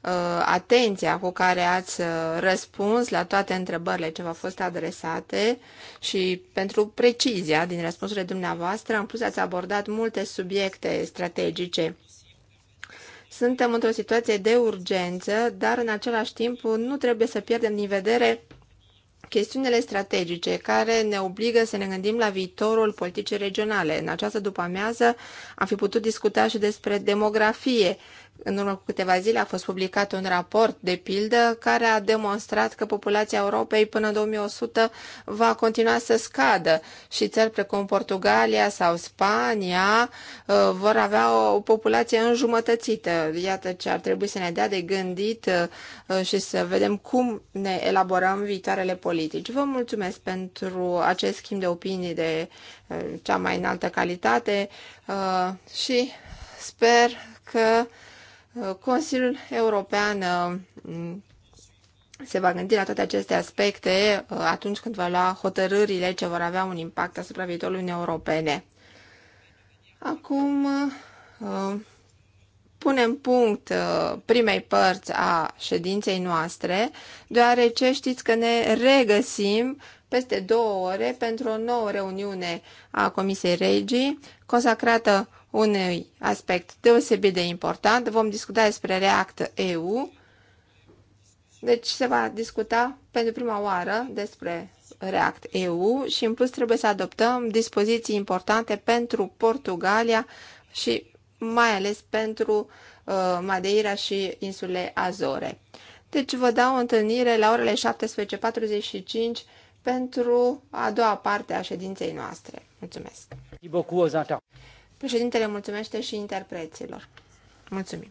Uh, atenția cu care ați uh, răspuns la toate întrebările ce v-au fost adresate și pentru precizia din răspunsurile dumneavoastră. În plus, ați abordat multe subiecte strategice. Suntem într-o situație de urgență, dar în același timp nu trebuie să pierdem din vedere chestiunile strategice care ne obligă să ne gândim la viitorul politicii regionale. În această după-amiază am fi putut discuta și despre demografie, în urmă cu câteva zile a fost publicat un raport, de pildă, care a demonstrat că populația Europei până în 2100 va continua să scadă și țări precum Portugalia sau Spania uh, vor avea o populație înjumătățită. Iată ce ar trebui să ne dea de gândit uh, uh, și să vedem cum ne elaborăm viitoarele politici. Vă mulțumesc pentru acest schimb de opinii de cea mai înaltă calitate și sper că Consiliul European uh, se va gândi la toate aceste aspecte uh, atunci când va lua hotărârile ce vor avea un impact asupra viitorului Uniunii Europene. Acum uh, punem punct primei părți a ședinței noastre, deoarece știți că ne regăsim peste două ore pentru o nouă reuniune a Comisiei Regii, consacrată unui aspect deosebit de important. Vom discuta despre React EU. Deci se va discuta pentru prima oară despre React EU și în plus trebuie să adoptăm dispoziții importante pentru Portugalia și mai ales pentru uh, Madeira și insulele Azore. Deci vă dau o întâlnire la orele 17.45 pentru a doua parte a ședinței noastre. Mulțumesc! Președintele mulțumește și interpreților. Mulțumim!